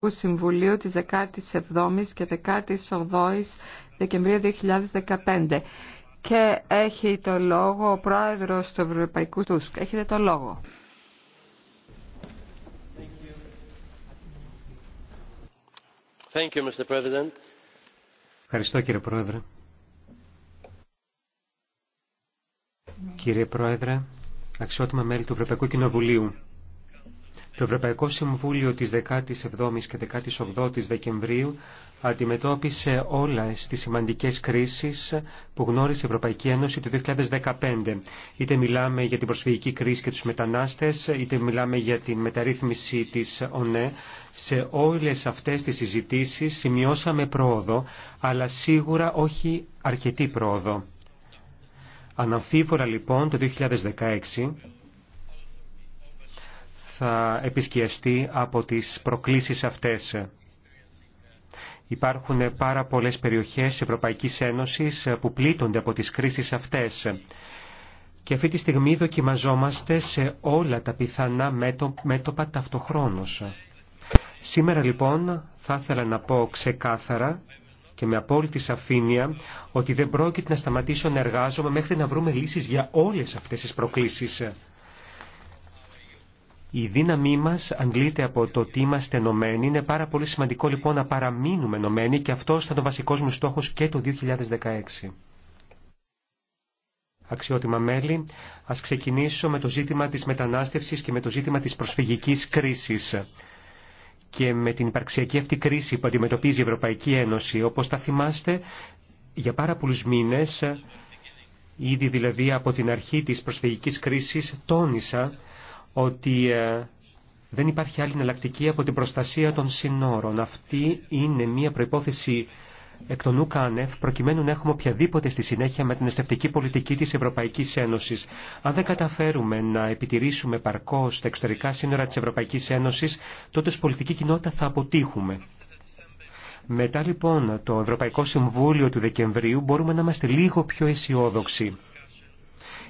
του Συμβουλίου της 17ης και 18ης Δεκεμβρίου 2015 και έχει το λόγο ο Πρόεδρος του Ευρωπαϊκού Τούσκ. Έχετε το λόγο. Ευχαριστώ κύριε Πρόεδρε. Κύριε Πρόεδρε, αξιότιμα μέλη του Ευρωπαϊκού Κοινοβουλίου. Το Ευρωπαϊκό Συμβούλιο της 17ης και 18ης Δεκεμβρίου αντιμετώπισε όλες τις σημαντικές κρίσεις που γνώρισε η Ευρωπαϊκή Ένωση το 2015. Είτε μιλάμε για την προσφυγική κρίση και τους μετανάστες, είτε μιλάμε για την μεταρρύθμιση της ΟΝΕ. Σε όλες αυτές τις συζητήσεις σημειώσαμε πρόοδο, αλλά σίγουρα όχι αρκετή πρόοδο. Αναμφίβολα λοιπόν το 2016 θα επισκιαστεί από τις προκλήσεις αυτές. Υπάρχουν πάρα πολλές περιοχές της Ευρωπαϊκής Ένωσης που πλήττονται από τις κρίσεις αυτές. Και αυτή τη στιγμή δοκιμαζόμαστε σε όλα τα πιθανά μέτωπα ταυτοχρόνως. Σήμερα λοιπόν θα ήθελα να πω ξεκάθαρα και με απόλυτη σαφήνεια ότι δεν πρόκειται να σταματήσω να εργάζομαι μέχρι να βρούμε λύσεις για όλες αυτές τις προκλήσεις. Η δύναμή μας αντλείται από το ότι είμαστε ενωμένοι. Είναι πάρα πολύ σημαντικό λοιπόν να παραμείνουμε ενωμένοι και αυτό ήταν ο βασικός μου στόχος και το 2016. Αξιότιμα μέλη, Α ξεκινήσω με το ζήτημα της μετανάστευσης και με το ζήτημα της προσφυγικής κρίσης και με την υπαρξιακή αυτή κρίση που αντιμετωπίζει η Ευρωπαϊκή Ένωση. όπω τα θυμάστε, για πάρα πολλού μήνε, ήδη δηλαδή από την αρχή τη προσφυγική κρίση τόνισα ότι ε, δεν υπάρχει άλλη εναλλακτική από την προστασία των συνόρων. Αυτή είναι μια προϋπόθεση εκ των ΟΚΑΝΕΦ προκειμένου να έχουμε οποιαδήποτε στη συνέχεια με την εστευτική πολιτική της Ευρωπαϊκής Ένωσης. Αν δεν καταφέρουμε να επιτηρήσουμε παρκώς τα εξωτερικά σύνορα της Ευρωπαϊκής Ένωσης, τότε ως πολιτική κοινότητα θα αποτύχουμε. Μετά λοιπόν το Ευρωπαϊκό Συμβούλιο του Δεκεμβρίου μπορούμε να είμαστε λίγο πιο αισιόδοξοι.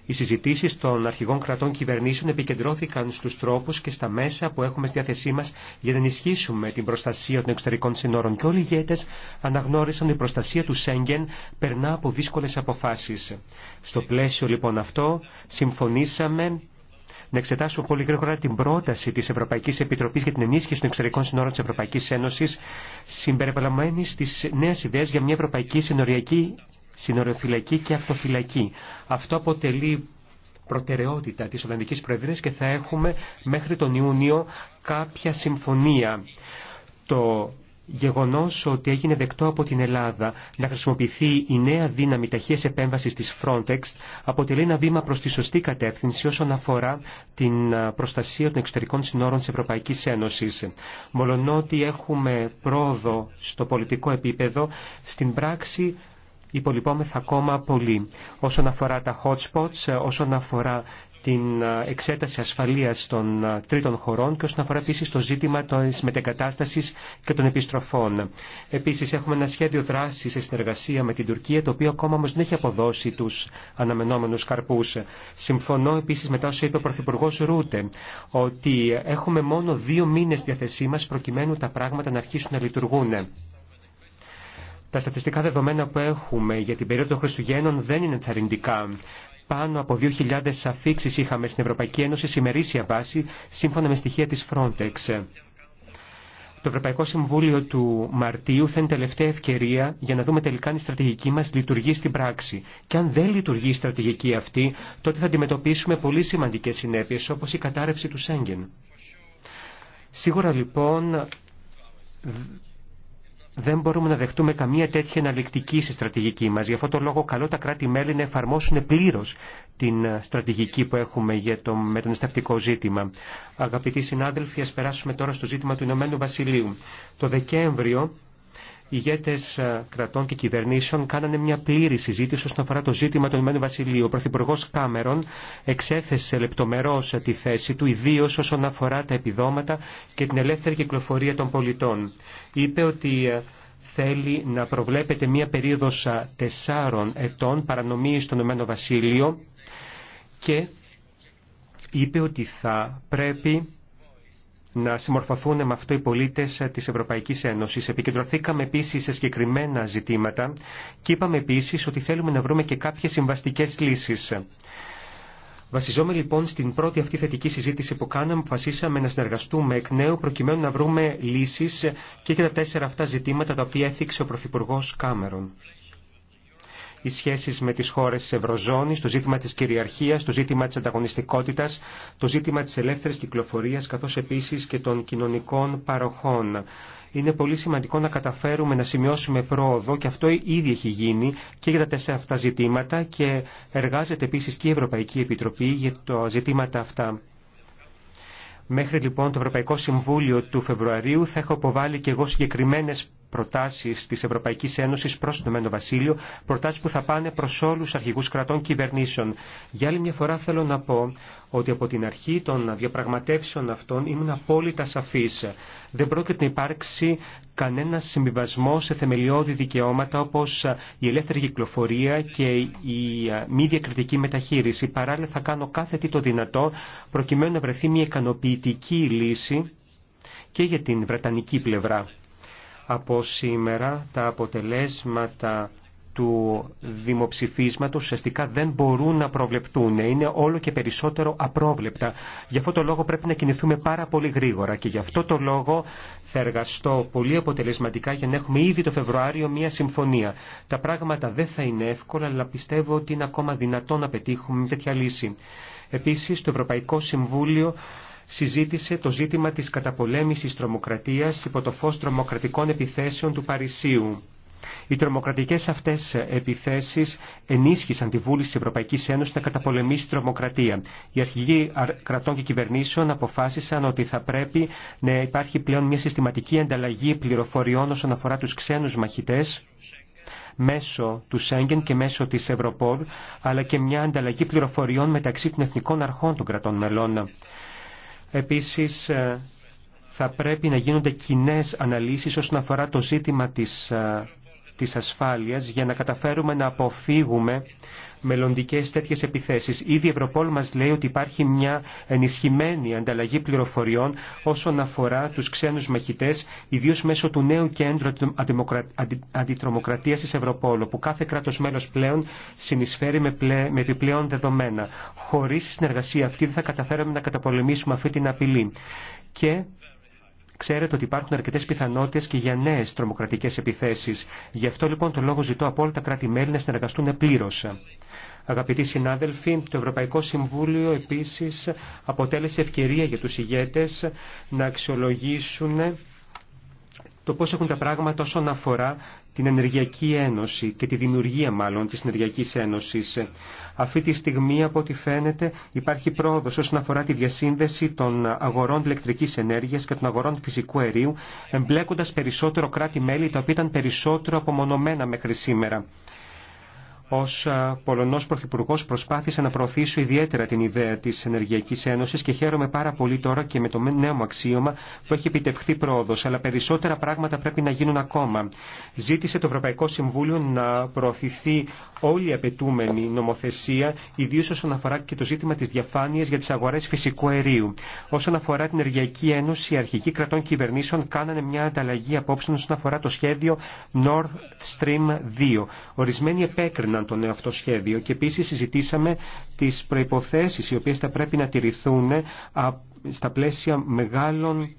Οι συζητήσεις των αρχηγών κρατών κυβερνήσεων επικεντρώθηκαν στους τρόπους και στα μέσα που έχουμε στη διάθεσή μας για να ενισχύσουμε την προστασία των εξωτερικών συνόρων και όλοι οι ηγέτες αναγνώρισαν ότι η προστασία του Σέγγεν περνά από δύσκολες αποφάσεις. Στο πλαίσιο λοιπόν αυτό συμφωνήσαμε να εξετάσουμε πολύ γρήγορα την πρόταση τη Ευρωπαϊκή Επιτροπή για την ενίσχυση των εξωτερικών συνόρων τη Ευρωπαϊκή Ένωση, συμπεριλαμβανομένη τη νέα ιδέα για μια Ευρωπαϊκή Συνοριακή συνοριοφυλακή και αυτοφυλακή. Αυτό αποτελεί προτεραιότητα της Ολλανδικής Προεδρίας και θα έχουμε μέχρι τον Ιούνιο κάποια συμφωνία. Το γεγονός ότι έγινε δεκτό από την Ελλάδα να χρησιμοποιηθεί η νέα δύναμη ταχείας επέμβασης της Frontex αποτελεί ένα βήμα προς τη σωστή κατεύθυνση όσον αφορά την προστασία των εξωτερικών συνόρων της Ευρωπαϊκής Ένωσης. Μολονότι έχουμε πρόοδο στο πολιτικό επίπεδο, στην πράξη υπολοιπόμεθα ακόμα πολύ. Όσον αφορά τα hot spots, όσον αφορά την εξέταση ασφαλείας των τρίτων χωρών και όσον αφορά επίσης το ζήτημα της μετεγκατάστασης και των επιστροφών. Επίσης έχουμε ένα σχέδιο δράσης σε συνεργασία με την Τουρκία, το οποίο ακόμα όμως δεν έχει αποδώσει τους αναμενόμενους καρπούς. Συμφωνώ επίσης μετά όσο είπε ο Πρωθυπουργός Ρούτε, ότι έχουμε μόνο δύο μήνες διαθεσή μας προκειμένου τα πράγματα να αρχίσουν να λειτουργούν. Τα στατιστικά δεδομένα που έχουμε για την περίοδο των Χριστουγέννων δεν είναι θαρρυντικά. Πάνω από 2.000 αφήξεις είχαμε στην Ευρωπαϊκή Ένωση σε ημερήσια βάση, σύμφωνα με στοιχεία της Frontex. Το Ευρωπαϊκό Συμβούλιο του Μαρτίου θα είναι τελευταία ευκαιρία για να δούμε τελικά αν η στρατηγική μα λειτουργεί στην πράξη. Και αν δεν λειτουργεί η στρατηγική αυτή, τότε θα αντιμετωπίσουμε πολύ σημαντικέ συνέπειε, όπω η κατάρρευση του Σέγγεν. Σίγουρα λοιπόν δεν μπορούμε να δεχτούμε καμία τέτοια εναλλεκτική στη στρατηγική μας. Γι' αυτό το λόγο καλό τα κράτη-μέλη να εφαρμόσουν πλήρως την ε, στρατηγική που έχουμε για το μεταναστευτικό ζήτημα. Αγαπητοί συνάδελφοι, ας περάσουμε τώρα στο ζήτημα του Ηνωμένου Βασιλείου. Το Δεκέμβριο οι ηγέτε ε, κρατών και κυβερνήσεων κάνανε μια πλήρη συζήτηση όσον αφορά το ζήτημα του Ηνωμένου Βασιλείου. Ο Πρωθυπουργό Κάμερον εξέθεσε λεπτομερώ ε, τη θέση του, ιδίω όσον αφορά τα επιδόματα και την ελεύθερη κυκλοφορία των πολιτών. Είπε ότι ε, θέλει να προβλέπεται μια περίοδο τεσσάρων ετών παρανομή στο Ηνωμένο Βασίλειο και είπε ότι θα πρέπει να συμμορφωθούν με αυτό οι πολίτες ε, της Ευρωπαϊκής Ένωσης. Επικεντρωθήκαμε επίσης σε συγκεκριμένα ζητήματα και είπαμε επίσης ότι θέλουμε να βρούμε και κάποιες συμβαστικές λύσεις. Βασιζόμενοι λοιπόν στην πρώτη αυτή θετική συζήτηση που κάναμε, αποφασίσαμε να συνεργαστούμε εκ νέου προκειμένου να βρούμε λύσεις και για τα τέσσερα αυτά ζητήματα τα οποία έθιξε ο Πρωθυπουργό Κάμερον οι σχέσει με τι χώρε τη Ευρωζώνη, το ζήτημα τη κυριαρχία, το ζήτημα τη ανταγωνιστικότητα, το ζήτημα τη ελεύθερη κυκλοφορία, καθώ επίση και των κοινωνικών παροχών. Είναι πολύ σημαντικό να καταφέρουμε να σημειώσουμε πρόοδο και αυτό ήδη έχει γίνει και για τα τέσσερα αυτά ζητήματα και εργάζεται επίση και η Ευρωπαϊκή Επιτροπή για τα ζητήματα αυτά. Μέχρι λοιπόν το Ευρωπαϊκό Συμβούλιο του Φεβρουαρίου θα έχω αποβάλει και εγώ συγκεκριμένε προτάσει τη Ευρωπαϊκή Ένωση προ το Ηνωμένο Βασίλειο, προτάσει που θα πάνε προ όλου του αρχηγού κρατών κυβερνήσεων. Για άλλη μια φορά θέλω να πω ότι από την αρχή των διαπραγματεύσεων αυτών ήμουν απόλυτα σαφή. Δεν πρόκειται να υπάρξει κανένα συμβιβασμό σε θεμελιώδη δικαιώματα όπω η ελεύθερη κυκλοφορία και η ε, μη διακριτική μεταχείριση. Παράλληλα, θα κάνω κάθε τι το δυνατό προκειμένου να βρεθεί μια ικανοποιητική λύση και για την Βρετανική πλευρά από σήμερα τα αποτελέσματα του δημοψηφίσματος ουσιαστικά δεν μπορούν να προβλεπτούν. Είναι όλο και περισσότερο απρόβλεπτα. Γι' αυτό το λόγο πρέπει να κινηθούμε πάρα πολύ γρήγορα και γι' αυτό το λόγο θα εργαστώ πολύ αποτελεσματικά για να έχουμε ήδη το Φεβρουάριο μια συμφωνία. Τα πράγματα δεν θα είναι εύκολα, αλλά πιστεύω ότι είναι ακόμα δυνατό να πετύχουμε μια τέτοια λύση. Επίσης, το Ευρωπαϊκό Συμβούλιο συζήτησε το ζήτημα της καταπολέμησης τρομοκρατίας υπό το φως τρομοκρατικών επιθέσεων του Παρισίου. Οι τρομοκρατικές αυτές επιθέσεις ενίσχυσαν τη βούληση της Ευρωπαϊκής Ένωσης να καταπολεμήσει τρομοκρατία. Οι αρχηγοί κρατών και κυβερνήσεων αποφάσισαν ότι θα πρέπει να υπάρχει πλέον μια συστηματική ανταλλαγή πληροφοριών όσον αφορά τους ξένους μαχητές μέσω του Σέγγεν και μέσω της Ευρωπόλ, αλλά και μια ανταλλαγή πληροφοριών μεταξύ των εθνικών αρχών των κρατών μελών. Επίσης, ε, θα πρέπει να γίνονται κοινέ αναλύσεις όσον αφορά το ζήτημα της ε, της ασφάλειας για να καταφέρουμε να αποφύγουμε μελλοντικέ τέτοιε επιθέσεις. Ήδη η Ευρωπόλ μας λέει ότι υπάρχει μια ενισχυμένη ανταλλαγή πληροφοριών όσον αφορά τους ξένους μαχητέ, ιδίως μέσω του νέου κέντρου αντιτρομοκρατία τη Ευρωπόλ, όπου κάθε κράτος μέλος πλέον συνεισφέρει με, επιπλέον δεδομένα. Χωρί συνεργασία αυτή δεν θα καταφέρουμε να καταπολεμήσουμε αυτή την απειλή. Και Ξέρετε ότι υπάρχουν αρκετέ πιθανότητε και για νέε τρομοκρατικέ επιθέσει. Γι' αυτό λοιπόν το λόγο ζητώ από όλα τα κράτη-μέλη να συνεργαστούν πλήρω. Αγαπητοί συνάδελφοι, το Ευρωπαϊκό Συμβούλιο επίσης αποτέλεσε ευκαιρία για τους ηγέτες να αξιολογήσουν το πώς έχουν τα πράγματα όσον αφορά την Ενεργειακή Ένωση και τη δημιουργία μάλλον της Ενεργειακής Ένωσης. Αυτή τη στιγμή, από ό,τι φαίνεται, υπάρχει πρόοδος όσον αφορά τη διασύνδεση των αγορών ηλεκτρικής ενέργειας και των αγορών φυσικού αερίου, εμπλέκοντας περισσότερο κράτη-μέλη τα οποία ήταν περισσότερο απομονωμένα μέχρι σήμερα. Ω ε, Πολωνό Πρωθυπουργό προσπάθησα να προωθήσω ιδιαίτερα την ιδέα τη Ενεργειακή Ένωση και χαίρομαι πάρα πολύ τώρα και με το νέο μου αξίωμα που έχει επιτευχθεί πρόοδος, αλλά περισσότερα πράγματα πρέπει να γίνουν ακόμα. Ζήτησε το Ευρωπαϊκό Συμβούλιο να προωθηθεί όλη η απαιτούμενη νομοθεσία, ιδίω όσον αφορά και το ζήτημα της διαφάνειας για τι αγορές φυσικού αερίου. Όσον αφορά την Ενεργειακή Ένωση, οι αρχικοί κρατών κυβερνήσεων κάνανε μια ανταλλαγή απόψεων όσον αφορά το σχέδιο Nord Stream 2. Ορισμένοι επέκριναν τον το νέο αυτό σχέδιο και επίσης συζητήσαμε τις προϋποθέσεις οι οποίες θα πρέπει να τηρηθούν ε, στα πλαίσια μεγάλων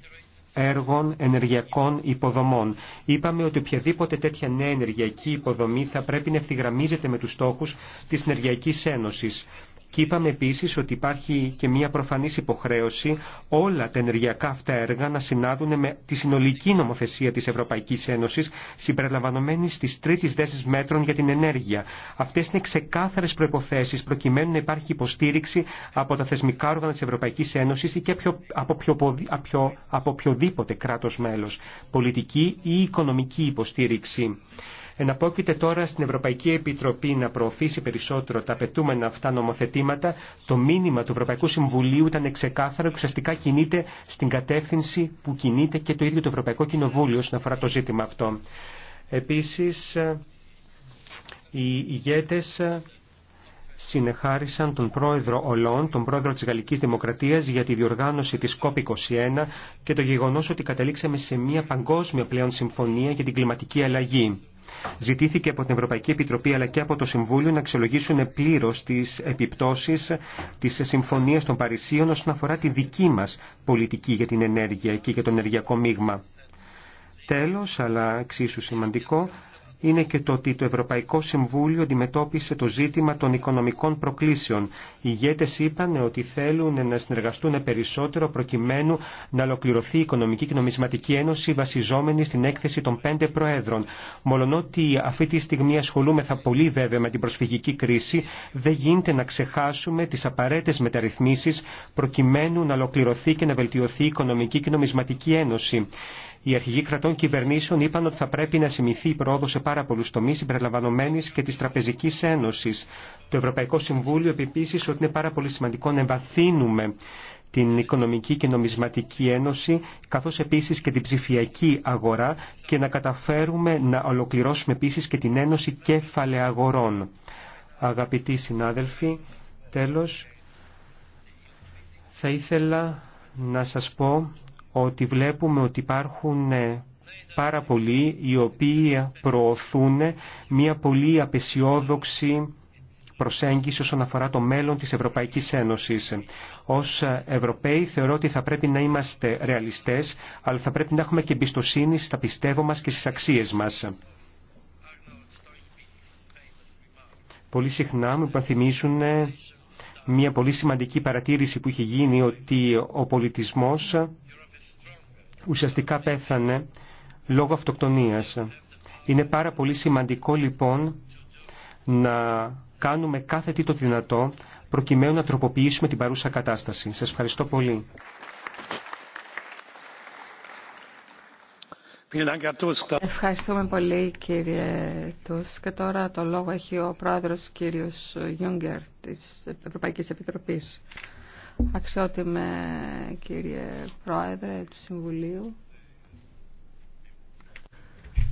έργων ενεργειακών υποδομών. Είπαμε ότι οποιαδήποτε τέτοια νέα ενεργειακή υποδομή θα πρέπει να ευθυγραμμίζεται με τους στόχους της Ενεργειακής Ένωσης. Και είπαμε επίση ότι υπάρχει και μια προφανή υποχρέωση όλα τα ενεργειακά αυτά έργα να συνάδουν με τη συνολική νομοθεσία τη Ευρωπαϊκή Ένωση, συμπεριλαμβανομένη στις τρίτη δέση μέτρων για την ενέργεια. Αυτέ είναι ξεκάθαρε προποθέσει προκειμένου να υπάρχει υποστήριξη από τα θεσμικά όργανα τη Ευρωπαϊκή Ένωση ή και από, από οποιοδήποτε κράτο μέλο. Πολιτική ή οικονομική υποστήριξη. Εναπόκειται τώρα στην Ευρωπαϊκή Επιτροπή να προωθήσει περισσότερο τα απαιτούμενα αυτά νομοθετήματα. Το μήνυμα του Ευρωπαϊκού Συμβουλίου ήταν ξεκάθαρο και ουσιαστικά κινείται στην κατεύθυνση που κινείται και το ίδιο το Ευρωπαϊκό Κοινοβούλιο όσον αφορά το ζήτημα αυτό. Επίσης, οι ηγέτες συνεχάρισαν τον πρόεδρο Ολόν, τον πρόεδρο της Γαλλικής Δημοκρατίας για τη διοργάνωση της COP21 και το γεγονός ότι καταλήξαμε σε μια παγκόσμια πλέον συμφωνία για την κλιματική αλλαγή. Ζητήθηκε από την Ευρωπαϊκή Επιτροπή αλλά και από το Συμβούλιο να αξιολογήσουν πλήρω τι επιπτώσει τη Συμφωνία των Παρισίων όσον αφορά τη δική μα πολιτική για την ενέργεια και για το ενεργειακό μείγμα. Τέλος, αλλά εξίσου σημαντικό, είναι και το ότι το Ευρωπαϊκό Συμβούλιο αντιμετώπισε το ζήτημα των οικονομικών προκλήσεων. Οι ηγέτες είπαν ότι θέλουν να συνεργαστούν περισσότερο προκειμένου να ολοκληρωθεί η Οικονομική και Νομισματική Ένωση βασιζόμενη στην έκθεση των πέντε προέδρων. Μολονότι αυτή τη στιγμή ασχολούμεθα πολύ βέβαια με την προσφυγική κρίση, δεν γίνεται να ξεχάσουμε τις απαραίτητες μεταρρυθμίσεις προκειμένου να ολοκληρωθεί και να βελτιωθεί η Οικονομική και Νομισματική Ένωση. Οι αρχηγοί κρατών κυβερνήσεων είπαν ότι θα πρέπει να σημειθεί η πρόοδο σε πάρα πολλού τομεί, συμπεριλαμβανομένη και τη Τραπεζική Ένωση. Το Ευρωπαϊκό Συμβούλιο επίση ότι είναι πάρα πολύ σημαντικό να εμβαθύνουμε την Οικονομική και Νομισματική Ένωση, καθώς επίσης και την ψηφιακή αγορά και να καταφέρουμε να ολοκληρώσουμε επίσης και την Ένωση Κέφαλε Αγορών. Αγαπητοί συνάδελφοι, τέλος, θα ήθελα να σας πω ότι βλέπουμε ότι υπάρχουν ε, πάρα πολλοί οι οποίοι προωθούν μια πολύ απεσιόδοξη προσέγγιση όσον αφορά το μέλλον της Ευρωπαϊκής Ένωσης. Ως ε, Ευρωπαίοι θεωρώ ότι θα πρέπει να είμαστε ρεαλιστές, αλλά θα πρέπει να έχουμε και εμπιστοσύνη στα πιστεύω μας και στις αξίες μας. Πολύ συχνά μου υπενθυμίζουν ε, μια πολύ σημαντική παρατήρηση που είχε γίνει ότι ο πολιτισμός ουσιαστικά πέθανε λόγω αυτοκτονίας. Είναι πάρα πολύ σημαντικό λοιπόν να κάνουμε κάθε τι το δυνατό προκειμένου να τροποποιήσουμε την παρούσα κατάσταση. Σας ευχαριστώ πολύ. Ευχαριστούμε πολύ κύριε Τούς. Και τώρα το λόγο έχει ο πρόεδρος κύριος Γιούγκερ της Ευρωπαϊκής Επιτροπής. Αξιότιμε κύριε Πρόεδρε του Συμβουλίου.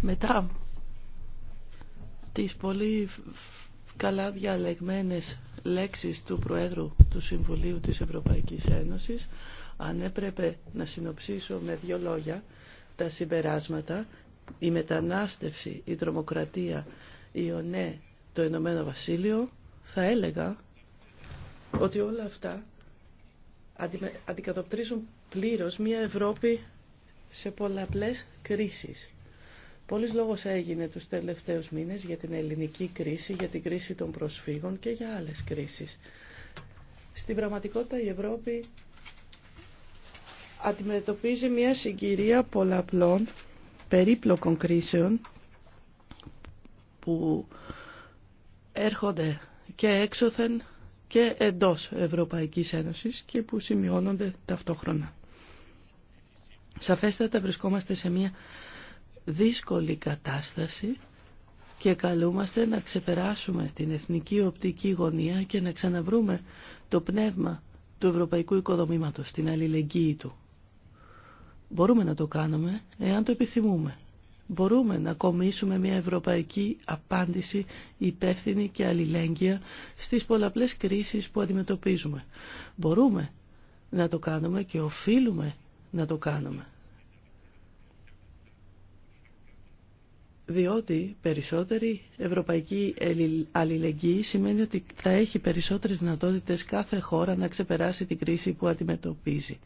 Μετά τις πολύ καλά διαλεγμένες λέξεις του Προέδρου του Συμβουλίου της Ευρωπαϊκής Ένωσης, αν έπρεπε να συνοψίσω με δύο λόγια τα συμπεράσματα, η μετανάστευση, η τρομοκρατία, η ΟΝΕ, το Ηνωμένο Βασίλειο, θα έλεγα ότι όλα αυτά αντικατοπτρίζουν πλήρως μια Ευρώπη σε πολλαπλές κρίσεις. Πολλής λόγος έγινε τους τελευταίους μήνες για την ελληνική κρίση, για την κρίση των προσφύγων και για άλλες κρίσεις. Στην πραγματικότητα η Ευρώπη αντιμετωπίζει μια συγκυρία πολλαπλών, περίπλοκων κρίσεων που έρχονται και έξωθεν και εντός Ευρωπαϊκής Ένωσης και που σημειώνονται ταυτόχρονα. Σαφέστατα βρισκόμαστε σε μια δύσκολη κατάσταση και καλούμαστε να ξεπεράσουμε την εθνική οπτική γωνία και να ξαναβρούμε το πνεύμα του ευρωπαϊκού οικοδομήματος, την αλληλεγγύη του. Μπορούμε να το κάνουμε εάν το επιθυμούμε μπορούμε να κομίσουμε μια ευρωπαϊκή απάντηση υπεύθυνη και αλληλέγγυα στις πολλαπλές κρίσεις που αντιμετωπίζουμε. Μπορούμε να το κάνουμε και οφείλουμε να το κάνουμε. διότι περισσότερη ευρωπαϊκή αλληλεγγύη σημαίνει ότι θα έχει περισσότερες δυνατότητες κάθε χώρα να ξεπεράσει την κρίση που αντιμετωπίζει.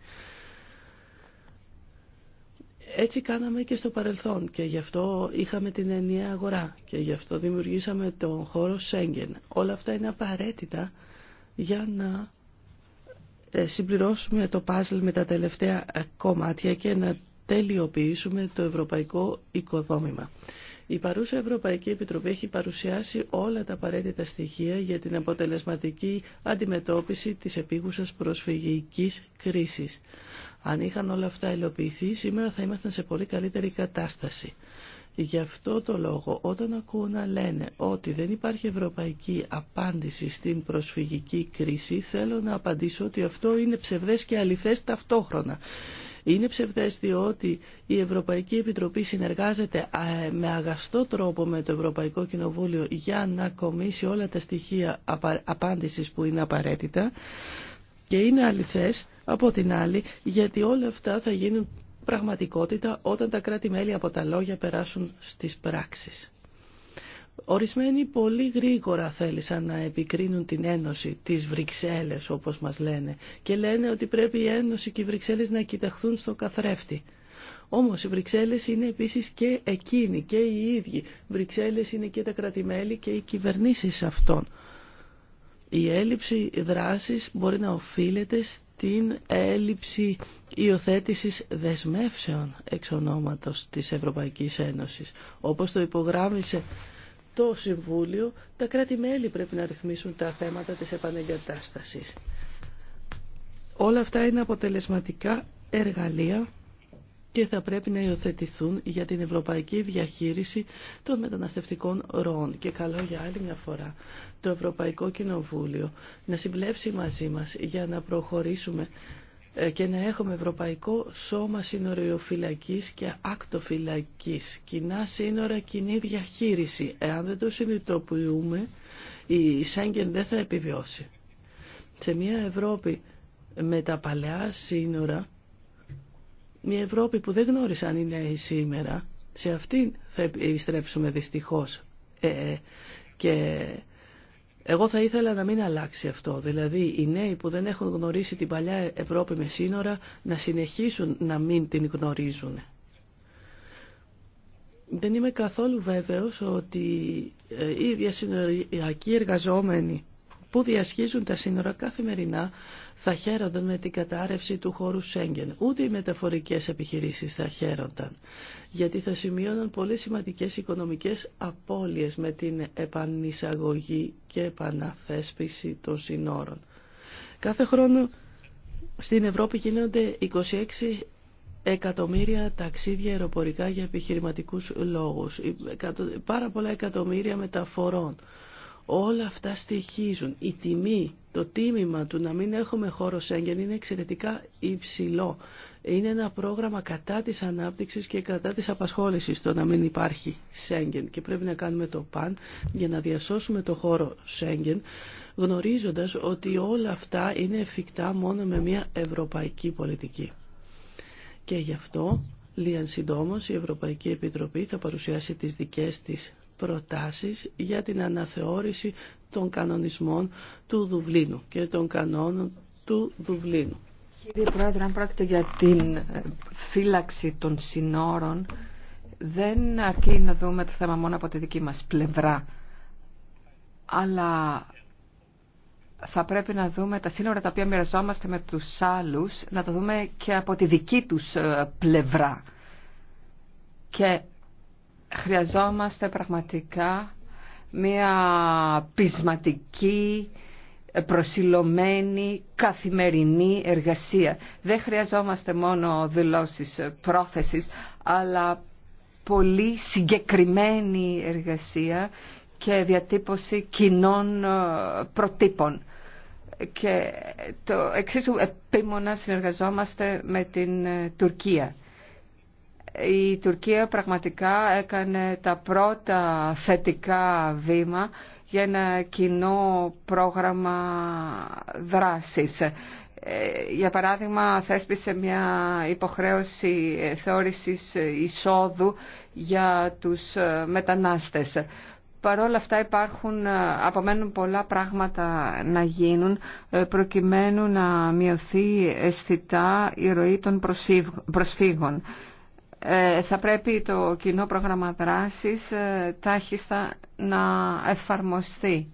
Έτσι κάναμε και στο παρελθόν και γι' αυτό είχαμε την ενιαία αγορά και γι' αυτό δημιουργήσαμε τον χώρο Σέγγεν. Όλα αυτά είναι απαραίτητα για να ε, συμπληρώσουμε το πάζλ με τα τελευταία ε, κομμάτια και να τελειοποιήσουμε το ευρωπαϊκό οικοδόμημα. Η παρούσα Ευρωπαϊκή Επιτροπή έχει παρουσιάσει όλα τα απαραίτητα στοιχεία για την αποτελεσματική αντιμετώπιση της επίγουσας προσφυγικής κρίσης. Αν είχαν όλα αυτά υλοποιηθεί, σήμερα θα ήμασταν σε πολύ καλύτερη κατάσταση. Γι' αυτό το λόγο όταν ακούω να λένε ότι δεν υπάρχει ευρωπαϊκή απάντηση στην προσφυγική κρίση θέλω να απαντήσω ότι αυτό είναι ψευδές και αληθές ταυτόχρονα. Είναι ψευδές διότι η Ευρωπαϊκή Επιτροπή συνεργάζεται με αγαστό τρόπο με το Ευρωπαϊκό Κοινοβούλιο για να κομίσει όλα τα στοιχεία απάντησης που είναι απαραίτητα και είναι αληθές από την άλλη γιατί όλα αυτά θα γίνουν πραγματικότητα όταν τα κράτη-μέλη από τα λόγια περάσουν στις πράξεις. Ορισμένοι πολύ γρήγορα θέλησαν να επικρίνουν την Ένωση της Βρυξέλλες όπως μας λένε και λένε ότι πρέπει η Ένωση και οι Βρυξέλλες να κοιταχθούν στο καθρέφτη. Όμως οι Βρυξέλλες είναι επίσης και εκείνοι και οι ίδιοι. Βρυξέλλες είναι και τα κρατημέλη και οι κυβερνήσεις αυτών. Η έλλειψη δράσης μπορεί να οφείλεται στην έλλειψη υιοθέτηση δεσμεύσεων εξ ονόματος της Ευρωπαϊκής Ένωσης. Όπως το υπογράμμισε το Συμβούλιο, τα κράτη-μέλη πρέπει να ρυθμίσουν τα θέματα της επανεγκατάστασης. Όλα αυτά είναι αποτελεσματικά εργαλεία και θα πρέπει να υιοθετηθούν για την ευρωπαϊκή διαχείριση των μεταναστευτικών ροών. Και καλό για άλλη μια φορά το Ευρωπαϊκό Κοινοβούλιο να συμπλέψει μαζί μας για να προχωρήσουμε ε, και να έχουμε Ευρωπαϊκό Σώμα Συνοριοφυλακής και Ακτοφυλακής. Κοινά σύνορα, κοινή διαχείριση. Εάν δεν το συνειδητοποιούμε, η Σέγγεν δεν θα επιβιώσει. Σε μια Ευρώπη με τα παλαιά σύνορα, μια Ευρώπη που δεν γνώρισαν αν είναι σήμερα, σε αυτήν θα επιστρέψουμε δυστυχώς. Ε, ε εγώ θα ήθελα να μην αλλάξει αυτό, δηλαδή οι νέοι που δεν έχουν γνωρίσει την παλιά Ευρώπη με σύνορα να συνεχίσουν να μην την γνωρίζουν. Δεν είμαι καθόλου βέβαιος ότι ε, οι διασυνοριακοί εργαζόμενοι που διασχίζουν τα σύνορα καθημερινά θα χαίρονταν με την κατάρρευση του χώρου Σέγγεν. Ούτε οι μεταφορικές επιχειρήσεις θα χαίρονταν, γιατί θα σημείωναν πολύ σημαντικές οικονομικές απώλειες με την επανεισαγωγή και επαναθέσπιση των συνόρων. Κάθε χρόνο στην Ευρώπη γίνονται 26 εκατομμύρια ταξίδια αεροπορικά για επιχειρηματικούς λόγους, πάρα πολλά εκατομμύρια μεταφορών. Όλα αυτά στοιχίζουν. Η τιμή, το τίμημα του να μην έχουμε χώρο Σέγγεν είναι εξαιρετικά υψηλό. Είναι ένα πρόγραμμα κατά της ανάπτυξης και κατά της απασχόλησης το να μην υπάρχει Σέγγεν και πρέπει να κάνουμε το παν για να διασώσουμε το χώρο Σέγγεν γνωρίζοντας ότι όλα αυτά είναι εφικτά μόνο με μια ευρωπαϊκή πολιτική. Και γι' αυτό, λίγαν συντόμως, η Ευρωπαϊκή Επιτροπή θα παρουσιάσει τις δικές της προτάσεις για την αναθεώρηση των κανονισμών του Δουβλίνου και των κανόνων του Δουβλίνου. Κύριε Πρόεδρε, αν πρόκειται για την ε, φύλαξη των συνόρων, δεν αρκεί να δούμε το θέμα μόνο από τη δική μας πλευρά, αλλά θα πρέπει να δούμε τα σύνορα τα οποία μοιραζόμαστε με τους άλλους, να τα δούμε και από τη δική τους ε, πλευρά. Και χρειαζόμαστε πραγματικά μια πεισματική, προσιλωμένη, καθημερινή εργασία. Δεν χρειαζόμαστε μόνο δηλώσεις πρόθεσης, αλλά πολύ συγκεκριμένη εργασία και διατύπωση κοινών ε, προτύπων. Και το εξίσου επίμονα συνεργαζόμαστε με την ε, Τουρκία η Τουρκία πραγματικά έκανε τα πρώτα θετικά βήμα για ένα κοινό πρόγραμμα δράσης. Ε, για παράδειγμα, θέσπισε μια υποχρέωση θεώρησης εισόδου για τους ε, μετανάστες. Παρ' όλα αυτά υπάρχουν, ε, απομένουν πολλά πράγματα να γίνουν προκειμένου να μειωθεί αισθητά η ροή των προσφύγων. Ε, θα πρέπει το κοινό πρόγραμμα δράσης ε, τάχιστα να εφαρμοστεί.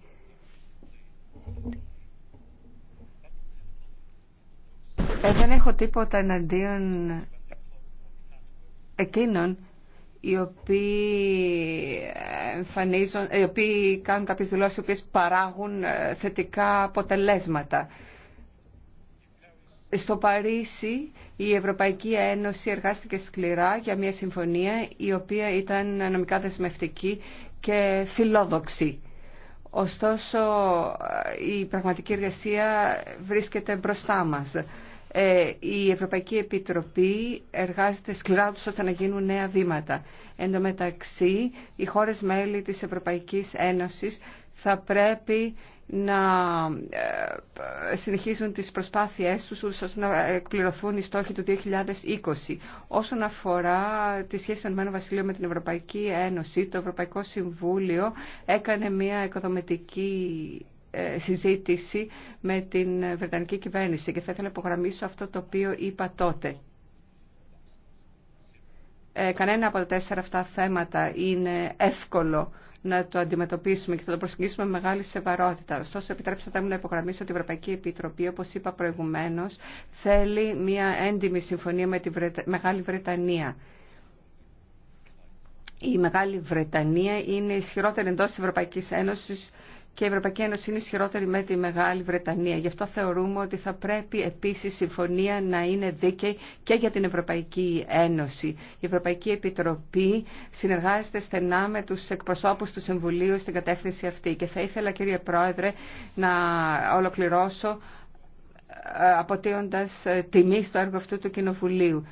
Ε, δεν έχω τίποτα εναντίον εκείνων οι οποίοι, εμφανίζουν, οι οποίοι κάνουν κάποιες δηλώσεις οι οποίες παράγουν θετικά αποτελέσματα στο Παρίσι η Ευρωπαϊκή Ένωση εργάστηκε σκληρά για μια συμφωνία η οποία ήταν νομικά δεσμευτική και φιλόδοξη. Ωστόσο η πραγματική εργασία βρίσκεται μπροστά μας. Ε, η Ευρωπαϊκή Επιτροπή εργάζεται σκληρά ώστε να γίνουν νέα βήματα. Εν τω μεταξύ, οι χώρες μέλη της Ευρωπαϊκής Ένωσης θα πρέπει να ε, συνεχίσουν τις προσπάθειές τους ώστε να εκπληρωθούν οι στόχοι του 2020. Όσον αφορά τη σχέση του Ενωμένου με την Ευρωπαϊκή Ένωση, το Ευρωπαϊκό Συμβούλιο έκανε μια οικοδομητική ε, συζήτηση με την Βρετανική κυβέρνηση και θα ήθελα να υπογραμμίσω αυτό το οποίο είπα τότε. Ε, κανένα από τα τέσσερα αυτά θέματα είναι εύκολο να το αντιμετωπίσουμε και θα το προσεγγίσουμε με μεγάλη σεβαρότητα. Ωστόσο, επιτρέψατε μου να υπογραμμίσω ότι η Ευρωπαϊκή Επιτροπή, όπω είπα προηγουμένω, θέλει μια έντιμη συμφωνία με τη Μεγάλη Βρετανία. Η Μεγάλη Βρετανία είναι ισχυρότερη εντό τη Ευρωπαϊκή Ένωση και η Ευρωπαϊκή Ένωση είναι ισχυρότερη με τη Μεγάλη Βρετανία. Γι' αυτό θεωρούμε ότι θα πρέπει επίση η συμφωνία να είναι δίκαιη και για την Ευρωπαϊκή Ένωση. Η Ευρωπαϊκή Επιτροπή συνεργάζεται στενά με του εκπροσώπου του Συμβουλίου στην κατεύθυνση αυτή. Και θα ήθελα κύριε Πρόεδρε να ολοκληρώσω ε, αποτείοντας ε, τιμή στο έργο αυτού του Κοινοβουλίου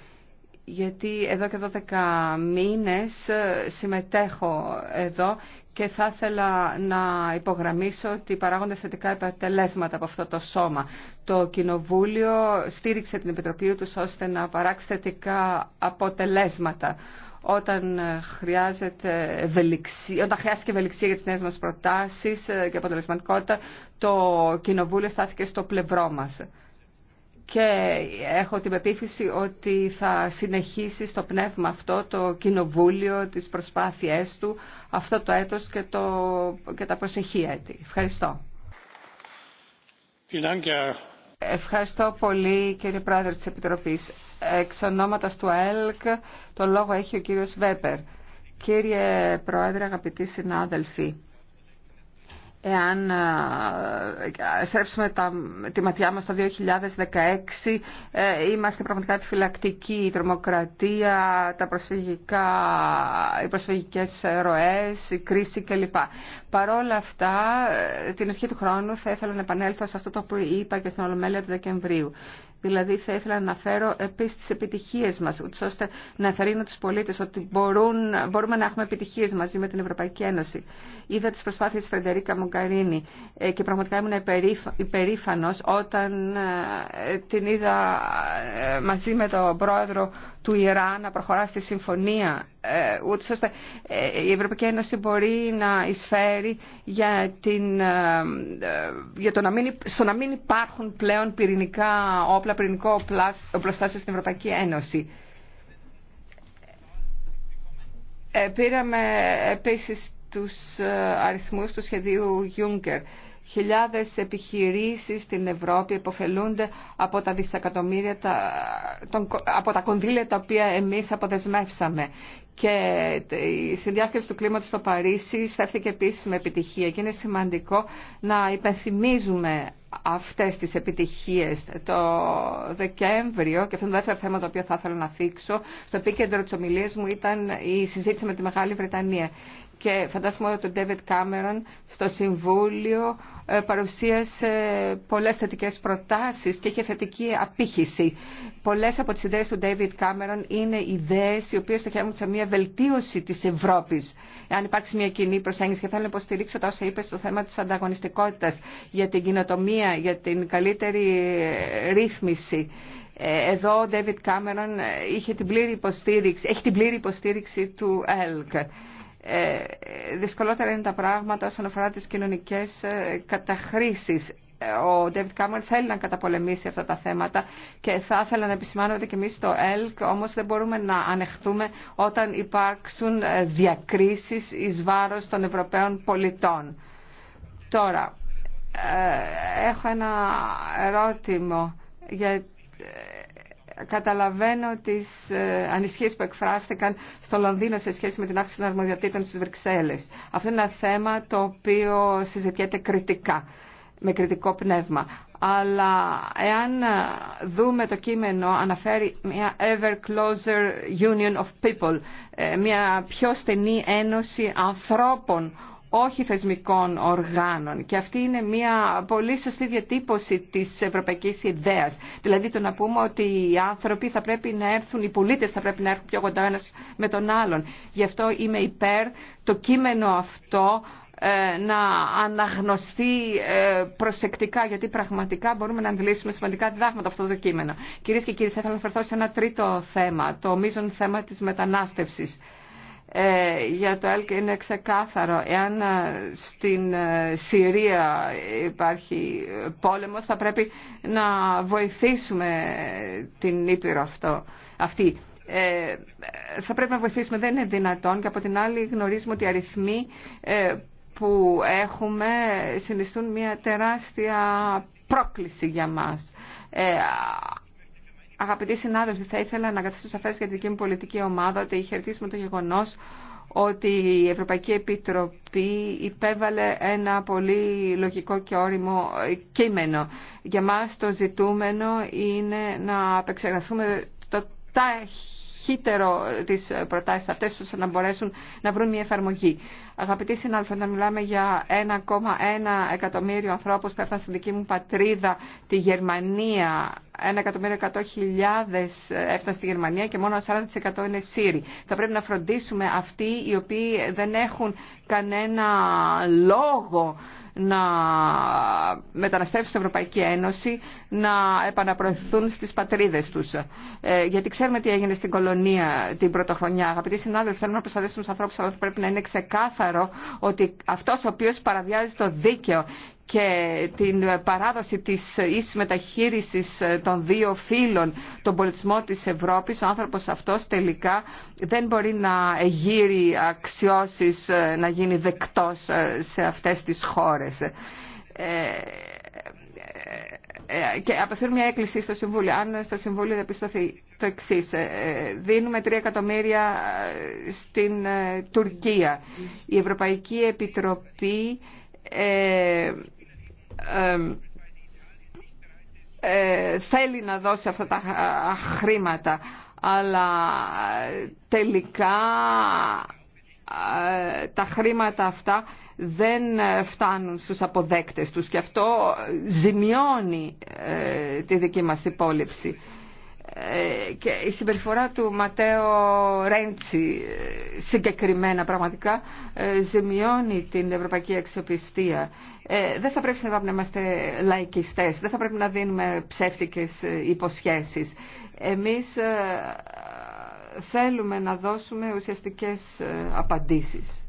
γιατί εδώ και 12 μήνες ε, συμμετέχω εδώ και θα ήθελα να υπογραμμίσω ότι παράγονται θετικά επιτελέσματα από αυτό το σώμα. Το Κοινοβούλιο στήριξε την Επιτροπή του ώστε να παράξει θετικά αποτελέσματα. Όταν, χρειάζεται ευελιξία, όταν χρειάστηκε ευελιξία για τις νέες μας προτάσεις και αποτελεσματικότητα, το Κοινοβούλιο στάθηκε στο πλευρό μας και έχω την πεποίθηση ότι θα συνεχίσει στο πνεύμα αυτό το κοινοβούλιο, τις προσπάθειές του αυτό το έτος και, τα προσεχή έτη. Ευχαριστώ. Ευχαριστώ πολύ κύριε Πρόεδρε της Επιτροπής. Εξ ονόματος του ΑΕΛΚ το λόγο έχει ο κύριος Βέπερ. Κύριε Πρόεδρε, αγαπητοί συνάδελφοι, Εάν στρέψουμε τη ματιά μας το 2016, ε, είμαστε πραγματικά επιφυλακτικοί. Η τρομοκρατία, τα προσφυγικά, οι προσφυγικές ροές, η κρίση κλπ. Παρόλα αυτά, ε, την αρχή του χρόνου θα ήθελα να επανέλθω σε αυτό το που είπα και στην Ολομέλεια του Δεκεμβρίου. Δηλαδή θα ήθελα να αναφέρω επίσης τις επιτυχίες μας, ώστε να ενθαρρύνω τους πολίτες ότι μπορούν, μπορούμε να έχουμε επιτυχίες μαζί με την Ευρωπαϊκή Ένωση. Είδα τις προσπάθειες της Φρεντερίκα Μογκαρίνη ε, και πραγματικά ήμουν υπερήφανος όταν ε, την είδα ε, μαζί με τον πρόεδρο του Ιράν να προχωρά στη συμφωνία, ε, ούτως ώστε ε, η Ευρωπαϊκή Ένωση μπορεί να εισφέρει για, την, ε, για το να μην, στο να μην υπάρχουν πλέον πυρηνικά όπλα, πυρηνικό οπλοστάσιο στην Ευρωπαϊκή Ένωση. πήραμε επίσης τους αριθμούς του σχεδίου Juncker. Χιλιάδες επιχειρήσεις στην Ευρώπη υποφελούνται από τα δισεκατομμύρια, από τα κονδύλια τα οποία εμείς αποδεσμεύσαμε. Και η συνδιάσκεψη του κλίματος στο Παρίσι στέφθηκε επίσης με επιτυχία και είναι σημαντικό να υπενθυμίζουμε αυτές τις επιτυχίες το Δεκέμβριο και αυτό είναι το δεύτερο θέμα το οποίο θα ήθελα να θίξω στο επίκεντρο της ομιλίας μου ήταν η συζήτηση με τη Μεγάλη Βρετανία και φαντάζομαι ότι ο Ντέβιτ Κάμερον στο Συμβούλιο ε, παρουσίασε πολλές θετικές προτάσεις και είχε θετική απήχηση. Πολλές από τις ιδέες του Ντέβιτ Κάμερον είναι ιδέες οι οποίες στοχεύουν σε μια βελτίωση της Ευρώπης. Αν υπάρξει μια κοινή προσέγγιση και θέλω να υποστηρίξω τα όσα είπε στο θέμα της ανταγωνιστικότητας για την κοινοτομία, για την καλύτερη ε, ρύθμιση. Ε, εδώ ο Ντέβιτ Κάμερον είχε την πλήρη υποστήριξη, έχει την πλήρη υποστήριξη του ΕΛΚ. Ε, δυσκολότερα είναι τα πράγματα όσον αφορά τις κοινωνικές ε, καταχρήσεις. Ε, ο Ντέβιτ Κάμερ θέλει να καταπολεμήσει αυτά τα θέματα και θα ήθελα να επισημάνω ότι και εμείς στο ΕΛΚ όμως δεν μπορούμε να ανεχτούμε όταν υπάρξουν διακρίσεις εις βάρος των Ευρωπαίων πολιτών. Τώρα, έχω ένα ερώτημα για καταλαβαίνω τις ε, που εκφράστηκαν στο Λονδίνο σε σχέση με την αύξηση των αρμοδιοτήτων στις Βρυξέλλες. Αυτό είναι ένα θέμα το οποίο συζητιέται κριτικά, με κριτικό πνεύμα. Αλλά εάν δούμε το κείμενο, αναφέρει μια ever closer union of people, ε, μια πιο στενή ένωση ανθρώπων όχι θεσμικών οργάνων. Και αυτή είναι μια πολύ σωστή διατύπωση της ευρωπαϊκής ιδέας. Δηλαδή το να πούμε ότι οι άνθρωποι θα πρέπει να έρθουν, οι πολίτες θα πρέπει να έρθουν πιο κοντά ένας με τον άλλον. Γι' αυτό είμαι υπέρ το κείμενο αυτό ε, να αναγνωστεί ε, προσεκτικά, γιατί πραγματικά μπορούμε να αντιλήσουμε σημαντικά διδάγματα από αυτό το κείμενο. Κυρίε και κύριοι, θα ήθελα να φερθώ σε ένα τρίτο θέμα, το μείζον θέμα τη μετανάστευση. Ε, για το ΕΛΚ είναι ξεκάθαρο. Εάν ε, στην ε, Συρία υπάρχει πόλεμος θα πρέπει να βοηθήσουμε την Ήπειρο αυτό, αυτή. Ε, θα πρέπει να βοηθήσουμε, δεν είναι δυνατόν και από την άλλη γνωρίζουμε ότι οι αριθμοί που έχουμε συνιστούν μια τεράστια πρόκληση για μας. Αγαπητοί συνάδελφοι, θα ήθελα να καθίσω σαφέ για τη δική μου πολιτική ομάδα ότι χαιρετίσουμε το γεγονό ότι η Ευρωπαϊκή Επιτροπή υπέβαλε ένα πολύ λογικό και όριμο κείμενο. Για μας το ζητούμενο είναι να απεξεργαστούμε το τάχη ταχύτερο ε, τις ε, προτάσεις αυτές ώστε να μπορέσουν να βρουν μια εφαρμογή. Αγαπητοί συνάδελφοι, όταν μιλάμε για 1,1 εκατομμύριο ανθρώπου που έφτασαν στην δική μου πατρίδα, τη Γερμανία, εκατομμύριο χιλιάδες έφτασαν στη Γερμανία και μόνο 40% είναι Σύριοι. Θα πρέπει να φροντίσουμε αυτοί οι οποίοι δεν έχουν κανένα λόγο να μεταναστεύσουν στην Ευρωπαϊκή Ένωση, να επαναπροωθούν στις πατρίδες τους. Ε, γιατί ξέρουμε τι έγινε στην κολονία την πρωτοχρονιά. Αγαπητοί συνάδελφοι, θέλουμε να προστατεύσουμε τους ανθρώπους, αλλά πρέπει να είναι ξεκάθαρο ότι αυτός ο οποίος παραβιάζει το δίκαιο και την παράδοση της ίσης μεταχείρισης των δύο φύλων, τον πολιτισμό της Ευρώπης, ο άνθρωπος αυτός τελικά δεν μπορεί να γύρει αξιώσεις, να γίνει δεκτός σε αυτές τις χώρες. Ε, ε, ε, και απευθύνω μια έκκληση στο Συμβούλιο. Αν στο Συμβούλιο δεν πιστωθεί το εξή. Δίνουμε 3 εκατομμύρια στην Τουρκία. Η Ευρωπαϊκή Επιτροπή ε, θέλει να δώσει αυτά τα χρήματα αλλά τελικά ε, τα χρήματα αυτά δεν φτάνουν στους αποδέκτες τους και αυτό ζημιώνει ε, τη δική μας υπόλοιψη. Ε, και η συμπεριφορά του Ματέο Ρέντσι ε, συγκεκριμένα πραγματικά ε, ζημιώνει την ευρωπαϊκή αξιοπιστία. δεν θα πρέπει να είμαστε λαϊκιστές, δεν θα πρέπει να δίνουμε ψεύτικες υποσχέσεις. Εμείς θέλουμε να δώσουμε ουσιαστικές απαντήσεις.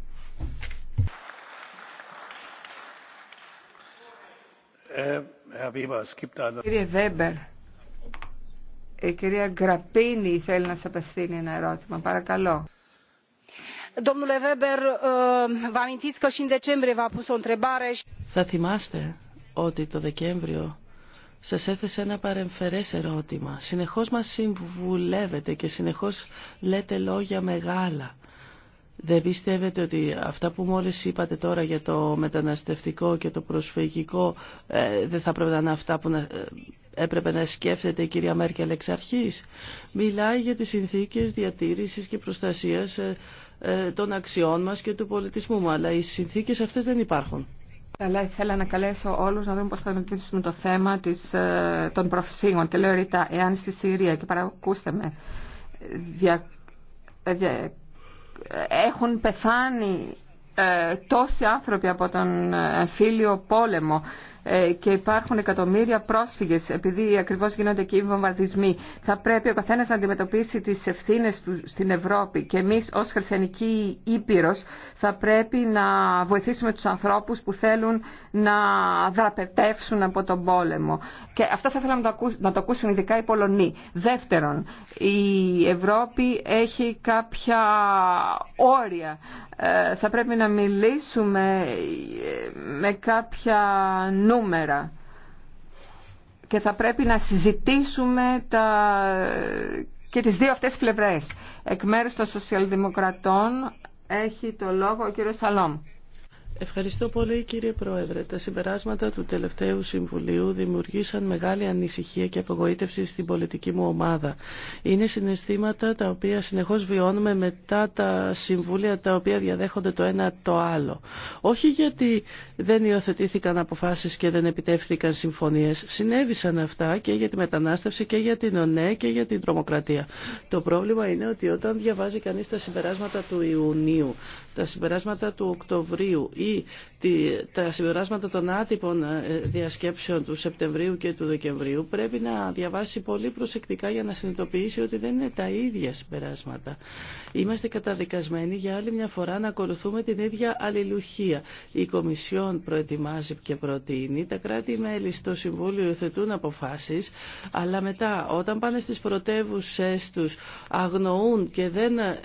Κύριε Βέμπερ, η κυρία Γκραπίνη θέλει να σα απευθύνει ένα ερώτημα. Παρακαλώ. Θα θυμάστε ότι το Δεκέμβριο σας έθεσε ένα παρεμφερές ερώτημα. Συνεχώς μας συμβουλεύετε και συνεχώς λέτε λόγια μεγάλα. Δεν πιστεύετε ότι αυτά που μόλις είπατε τώρα για το μεταναστευτικό και το προσφυγικό ε, δεν θα πρέπει να είναι αυτά που να. Ε, έπρεπε να σκέφτεται η κυρία Μέρκελ εξ αρχής. Μιλάει για τις συνθήκες διατήρησης και προστασίας ε, ε, των αξιών μας και του πολιτισμού μας, αλλά οι συνθήκες αυτές δεν υπάρχουν. Αλλά ήθελα να καλέσω όλου να δούμε πώ θα αντιμετωπίσουμε το θέμα της, ε, των προφυσίγων. Και λέω ρητά, εάν στη Συρία, και παρακούστε με, δια, έχουν πεθάνει τόσοι άνθρωποι από τον φίλιο πόλεμο ε, και υπάρχουν εκατομμύρια πρόσφυγες επειδή ακριβώς γίνονται εκεί οι βομβαρδισμοί. Θα πρέπει ο καθένας να αντιμετωπίσει τις ευθύνε του στην Ευρώπη και εμείς ως Χριστιανική ήπειρο θα πρέπει να βοηθήσουμε τους ανθρώπους που θέλουν να δραπετεύσουν από τον πόλεμο. Και αυτό θα ήθελα να το ακούσουν ειδικά οι Πολωνοί. Δεύτερον, η Ευρώπη έχει κάποια όρια. Ε, θα πρέπει να μιλήσουμε ε, με κάποια νούμερα και θα πρέπει να συζητήσουμε τα... και τις δύο αυτές πλευρές. Εκ μέρους των σοσιαλδημοκρατών έχει το λόγο ο κύριος Σαλόμ. Ευχαριστώ πολύ κύριε Πρόεδρε. Τα συμπεράσματα του τελευταίου Συμβουλίου δημιουργήσαν μεγάλη ανησυχία και απογοήτευση στην πολιτική μου ομάδα. Είναι συναισθήματα τα οποία συνεχώς βιώνουμε μετά τα συμβούλια τα οποία διαδέχονται το ένα το άλλο. Όχι γιατί δεν υιοθετήθηκαν αποφάσεις και δεν επιτεύχθηκαν συμφωνίες. Συνέβησαν αυτά και για τη μετανάστευση και για την ΟΝΕ και για την τρομοκρατία. Το πρόβλημα είναι ότι όταν διαβάζει κανείς τα συμπεράσματα του Ιουνίου, τα συμπεράσματα του Οκτωβρίου τα συμπεράσματα των άτυπων ε, διασκέψεων του Σεπτεμβρίου και του Δεκεμβρίου πρέπει να διαβάσει πολύ προσεκτικά για να συνειδητοποιήσει ότι δεν είναι τα ίδια συμπεράσματα. Είμαστε καταδικασμένοι για άλλη μια φορά να ακολουθούμε την ίδια αλληλουχία. Η Κομισιόν προετοιμάζει και προτείνει, τα κράτη-μέλη στο Συμβούλιο υιοθετούν αποφάσει, αλλά μετά όταν πάνε στι πρωτεύουσε του αγνοούν και δεν ε,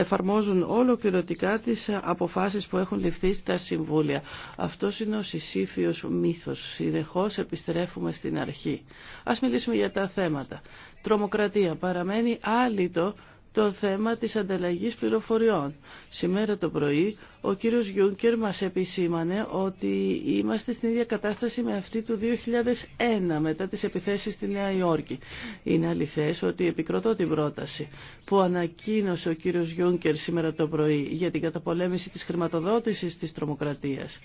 εφαρμόζουν ολοκληρωτικά τις αποφάσεις που έχουν ληφθεί στα συμβούλια. Αυτός είναι ο συσήφιος μύθος. Συνεχώ επιστρέφουμε στην αρχή. Ας μιλήσουμε για τα θέματα. Τρομοκρατία παραμένει άλυτο το θέμα της ανταλλαγής πληροφοριών. Σήμερα το πρωί ο κύριος Γιούνκερ μας επισήμανε ότι είμαστε στην ίδια κατάσταση με αυτή του 2001 μετά τις επιθέσεις στη Νέα Υόρκη. Είναι αληθές ότι επικροτώ την πρόταση που ανακοίνωσε ο κύριος Γιούνκερ σήμερα το πρωί για την καταπολέμηση της χρηματοδότησης της τρομοκρατίας.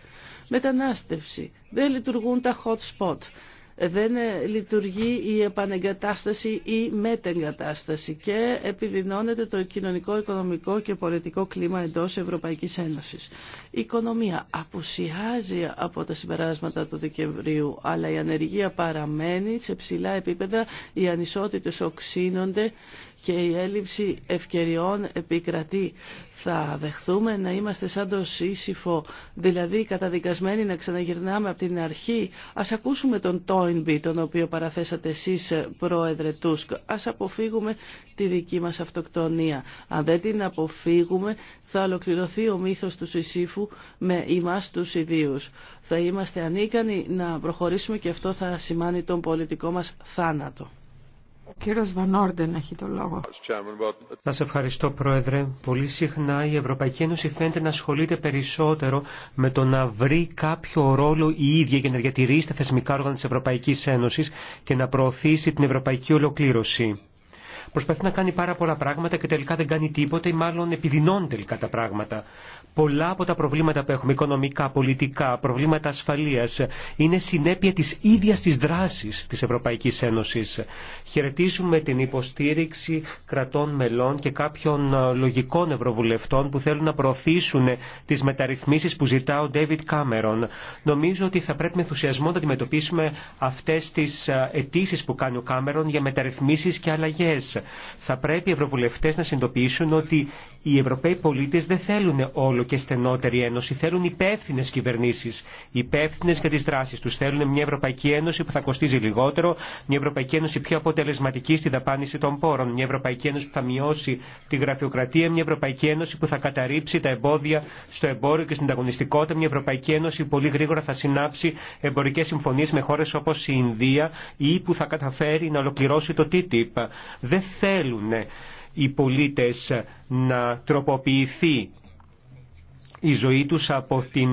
Μετανάστευση. Δεν λειτουργούν τα hot spot δεν λειτουργεί η επανεγκατάσταση ή μετεγκατάσταση και επιδεινώνεται το κοινωνικό, οικονομικό και πολιτικό κλίμα εντός Ευρωπαϊκής Ένωσης. Η οικονομία απουσιάζει από τα συμπεράσματα του Δεκεμβρίου, αλλά η ανεργία παραμένει σε ψηλά επίπεδα, οι ανισότητες οξύνονται και η έλλειψη ευκαιριών επικρατεί. Θα δεχθούμε να είμαστε σαν το σύσυφο, δηλαδή καταδικασμένοι να ξαναγυρνάμε από την αρχή. Ας ακούσουμε τον τόνο τον οποίο παραθέσατε εσείς πρόεδρε Τούσκ. Ας αποφύγουμε τη δική μας αυτοκτονία. Αν δεν την αποφύγουμε θα ολοκληρωθεί ο μύθος του Σισύφου με εμάς τους ιδίους. Θα είμαστε ανίκανοι να προχωρήσουμε και αυτό θα σημάνει τον πολιτικό μας θάνατο. Ο κύριος Βανόρντεν έχει το λόγο. Σας ευχαριστώ Πρόεδρε. Πολύ συχνά η Ευρωπαϊκή Ένωση φαίνεται να ασχολείται περισσότερο με το να βρει κάποιο ρόλο η ίδια για να διατηρήσει τα θεσμικά όργανα της Ευρωπαϊκής Ένωσης και να προωθήσει την ευρωπαϊκή ολοκλήρωση. Προσπαθεί να κάνει πάρα πολλά πράγματα και τελικά δεν κάνει τίποτα ή μάλλον επιδεινώνει τελικά τα πράγματα. Πολλά από τα προβλήματα που έχουμε, οικονομικά, πολιτικά, προβλήματα ασφαλεία, είναι συνέπεια τη ίδια τη δράση τη Ευρωπαϊκή Ένωση. Χαιρετίζουμε την υποστήριξη κρατών μελών και κάποιων ε, λογικών ευρωβουλευτών που θέλουν να προωθήσουν τι μεταρρυθμίσει που ζητά ο Ντέβιτ Κάμερον. Νομίζω ότι θα πρέπει με ενθουσιασμό να αντιμετωπίσουμε αυτέ τι ε, αιτήσει που κάνει ο Κάμερον για μεταρρυθμίσει και αλλαγέ. Θα πρέπει οι ευρωβουλευτέ να συνειδητοποιήσουν ότι οι Ευρωπαίοι πολίτε δεν θέλουν όλο και στενότερη ένωση, θέλουν υπεύθυνε κυβερνήσει, υπεύθυνε για τι δράσει του. Θέλουν μια Ευρωπαϊκή Ένωση που θα κοστίζει λιγότερο, μια Ευρωπαϊκή Ένωση πιο αποτελεσματική στη δαπάνηση των πόρων, μια Ευρωπαϊκή Ένωση που θα μειώσει τη γραφειοκρατία, μια Ευρωπαϊκή Ένωση που θα καταρρύψει τα εμπόδια στο εμπόριο και στην ανταγωνιστικότητα, μια Ευρωπαϊκή Ένωση που πολύ γρήγορα θα συνάψει εμπορικέ συμφωνίε με χώρε όπω η Ινδία ή που θα καταφέρει να ολοκληρώσει το TTIP. Δεν θέλουν οι πολίτες να τροποποιηθεί η ζωή τους από την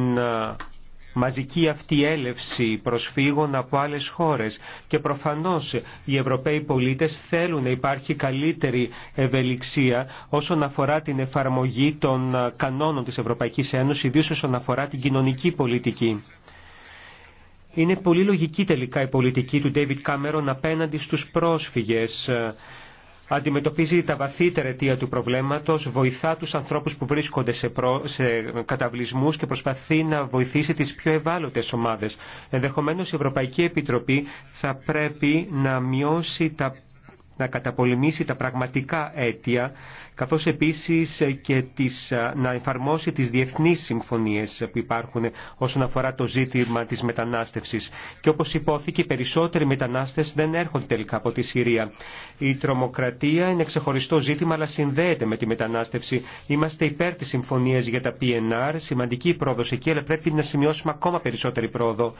μαζική αυτή έλευση προσφύγων από άλλες χώρες και προφανώς οι Ευρωπαίοι πολίτες θέλουν να υπάρχει καλύτερη ευελιξία όσον αφορά την εφαρμογή των κανόνων της Ευρωπαϊκής Ένωσης, ιδίως όσον αφορά την κοινωνική πολιτική. Είναι πολύ λογική τελικά η πολιτική του David Cameron απέναντι στους πρόσφυγες αντιμετωπίζει τα βαθύτερα αιτία του προβλέματος, βοηθά τους ανθρώπους που βρίσκονται σε, προ... καταβλισμούς και προσπαθεί να βοηθήσει τις πιο ευάλωτες ομάδες. Ενδεχομένως η Ευρωπαϊκή Επιτροπή θα πρέπει να μειώσει τα να καταπολεμήσει τα πραγματικά αίτια καθώς επίσης και τις, να εφαρμόσει τις διεθνείς συμφωνίες που υπάρχουν όσον αφορά το ζήτημα της μετανάστευσης. Και όπως υπόθηκε, οι περισσότεροι μετανάστες δεν έρχονται τελικά από τη Συρία. Η τρομοκρατία είναι ξεχωριστό ζήτημα, αλλά συνδέεται με τη μετανάστευση. Είμαστε υπέρ της συμφωνίας για τα PNR, σημαντική πρόοδο εκεί, αλλά πρέπει να σημειώσουμε ακόμα περισσότερη πρόοδο.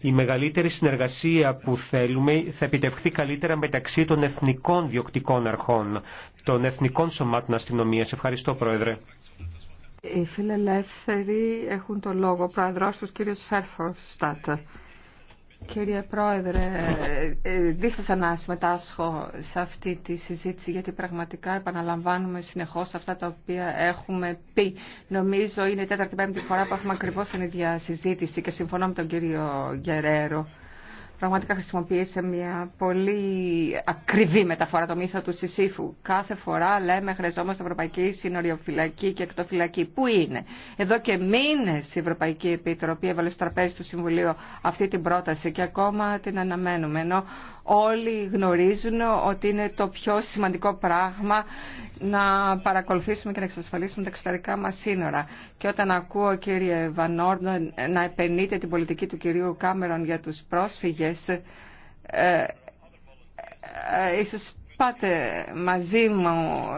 Η μεγαλύτερη συνεργασία που θέλουμε θα επιτευχθεί καλύτερα μεταξύ των εθνικών διοκτικών αρχών, των εθνικών σωμάτων την αστυνομία. Σε ευχαριστώ, Πρόεδρε. Οι φιλελεύθεροι έχουν το λόγο. Ο πρόεδρος τους, κύριος Φέρφορστατ. Κύριε Πρόεδρε, ε, δίστασα να συμμετάσχω σε αυτή τη συζήτηση γιατί πραγματικά επαναλαμβάνουμε συνεχώς αυτά τα οποία έχουμε πει. Νομίζω είναι η τέταρτη πέμπτη φορά που έχουμε ακριβώς την ίδια συζήτηση και συμφωνώ με τον κύριο Γκερέρο πραγματικά χρησιμοποίησε μια πολύ ακριβή μεταφορά, το μύθο του Σισίφου. Κάθε φορά λέμε χρειαζόμαστε Ευρωπαϊκή Συνοριοφυλακή και Εκτοφυλακή. Πού είναι. Εδώ και μήνε η Ευρωπαϊκή Επιτροπή έβαλε στο τραπέζι του Συμβουλίου αυτή την πρόταση και ακόμα την αναμένουμε. Ενώ όλοι γνωρίζουν ότι είναι το πιο σημαντικό πράγμα να παρακολουθήσουμε και να εξασφαλίσουμε τα εξωτερικά μα σύνορα. Και όταν ακούω, κύριε Βανόρντο, να επενείται την πολιτική του κυρίου Κάμερον για του πρόσφυγε, Σω ε, ε, ε, Ίσως πάτε μαζί μου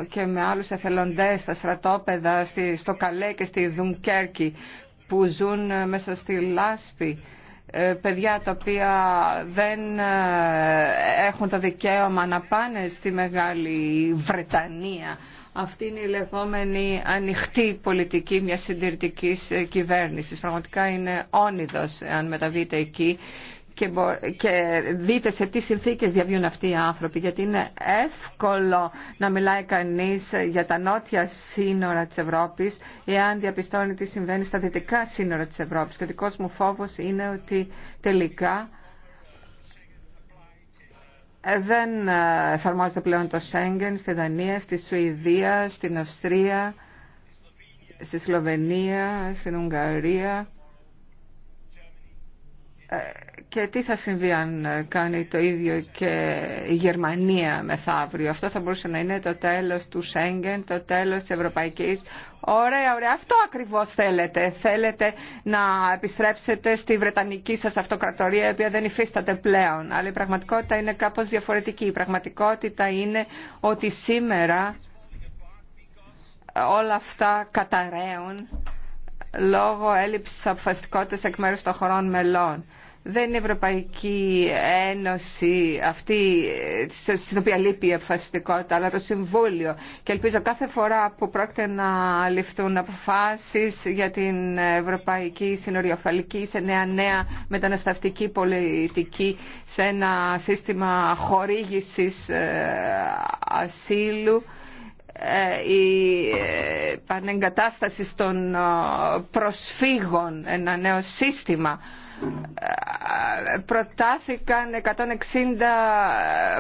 και με άλλους εθελοντές στα στρατόπεδα, στο Καλέ και στη Δουμκέρκη που ζουν μέσα στη λάσπη παιδιά τα οποία δεν έχουν το δικαίωμα να πάνε στη Μεγάλη Βρετανία. Αυτή είναι η λεγόμενη ανοιχτή πολιτική μιας συντηρητικής κυβέρνηση Πραγματικά είναι όνειδος αν μεταβείτε εκεί και, δείτε σε τι συνθήκες διαβιούν αυτοί οι άνθρωποι γιατί είναι εύκολο να μιλάει κανείς για τα νότια σύνορα της Ευρώπης εάν διαπιστώνει τι συμβαίνει στα δυτικά σύνορα της Ευρώπης και ο δικός μου φόβος είναι ότι τελικά δεν εφαρμόζεται πλέον το Σέγγεν στη Δανία, στη Σουηδία, στην Αυστρία, στη Σλοβενία, στην Ουγγαρία. Ε, και τι θα συμβεί αν κάνει το ίδιο και η Γερμανία μεθαύριο. Αυτό θα μπορούσε να είναι το τέλος του Σέγγεν, το τέλος της Ευρωπαϊκής. Ωραία, ωραία. Αυτό ακριβώς θέλετε. Θέλετε να επιστρέψετε στη Βρετανική σας αυτοκρατορία, η οποία δεν υφίσταται πλέον. Αλλά η πραγματικότητα είναι κάπως διαφορετική. Η πραγματικότητα είναι ότι σήμερα όλα αυτά καταραίουν λόγω έλλειψης αποφασιστικότητας εκ μέρους των χωρών μελών. Δεν είναι η Ευρωπαϊκή Ένωση αυτή στην οποία λείπει η αποφασιστικότητα, αλλά το Συμβούλιο. Και ελπίζω κάθε φορά που πρόκειται να ληφθούν αποφάσει για την ευρωπαϊκή συνοριοφαλική, σε νέα νέα μεταναστευτική πολιτική, σε ένα σύστημα χορήγηση ε, ασύλου, ε, η ε, πανεγκατάσταση των προσφύγων, ένα νέο σύστημα προτάθηκαν 160,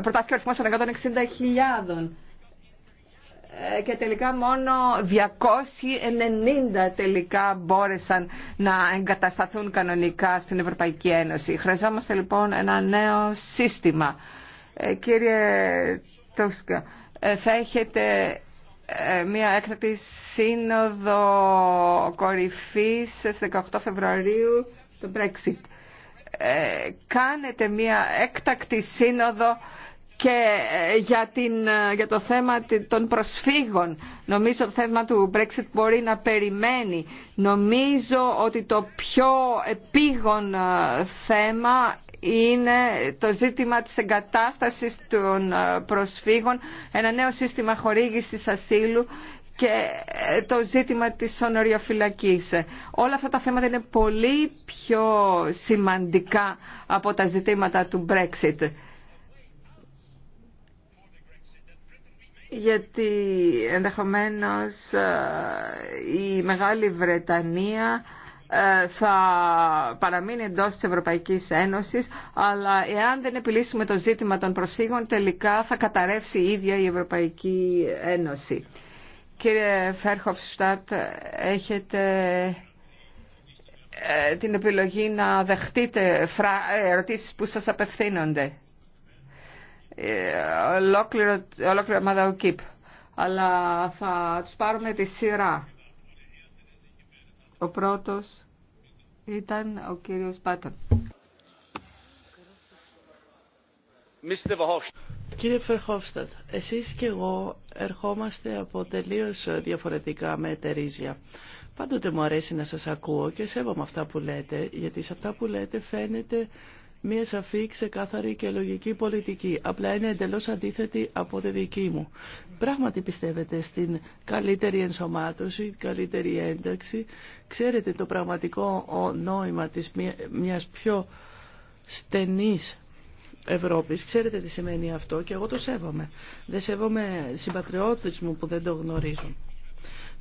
προτάθηκε ο αριθμός των 160.000 ε, και τελικά μόνο 290 τελικά μπόρεσαν να εγκατασταθούν κανονικά στην Ευρωπαϊκή Ένωση. Χρειαζόμαστε λοιπόν ένα νέο σύστημα. Ε, κύριε Τούσκα, ε, θα έχετε μια έκτατη σύνοδο κορυφής στις 18 Φεβρουαρίου στο Brexit. Ε, κάνετε μια έκτακτη σύνοδο και ε, για, την, ε, για το θέμα των προσφύγων. Νομίζω το θέμα του Brexit μπορεί να περιμένει. Νομίζω ότι το πιο επίγον θέμα είναι το ζήτημα της εγκατάστασης των προσφύγων, ένα νέο σύστημα χορήγησης ασύλου και ε, το ζήτημα της ονοριοφυλακής. Όλα αυτά τα θέματα είναι πολύ πιο σημαντικά από τα ζητήματα του Brexit. Γιατί ενδεχομένως ε, η Μεγάλη Βρετανία ε, θα παραμείνει εντό τη Ευρωπαϊκή Ένωση, αλλά εάν δεν επιλύσουμε το ζήτημα των προσφύγων, τελικά θα καταρρεύσει η ίδια η Ευρωπαϊκή Ένωση. Κύριε Φέρχοφστατ, έχετε ε, την επιλογή να δεχτείτε ε, ερωτήσεις που σας απευθύνονται. Ε, ολόκληρο, ομάδα ο ΚΙΠ. Αλλά θα τους πάρουμε τη σειρά. Ο πρώτος ήταν ο κύριος Πάτον. Κύριε Φερχόφστατ, εσείς και εγώ ερχόμαστε από τελείως διαφορετικά μετερίζια. Πάντοτε μου αρέσει να σας ακούω και σέβομαι αυτά που λέτε, γιατί σε αυτά που λέτε φαίνεται μια σαφή, ξεκάθαρη και λογική πολιτική. Απλά είναι εντελώς αντίθετη από τη δική μου. Πράγματι πιστεύετε στην καλύτερη ενσωμάτωση, καλύτερη ένταξη. Ξέρετε το πραγματικό νόημα της μιας πιο στενής Ευρώπης. Ξέρετε τι σημαίνει αυτό και εγώ το σέβομαι. Δεν σέβομαι συμπατριώτες μου που δεν το γνωρίζουν.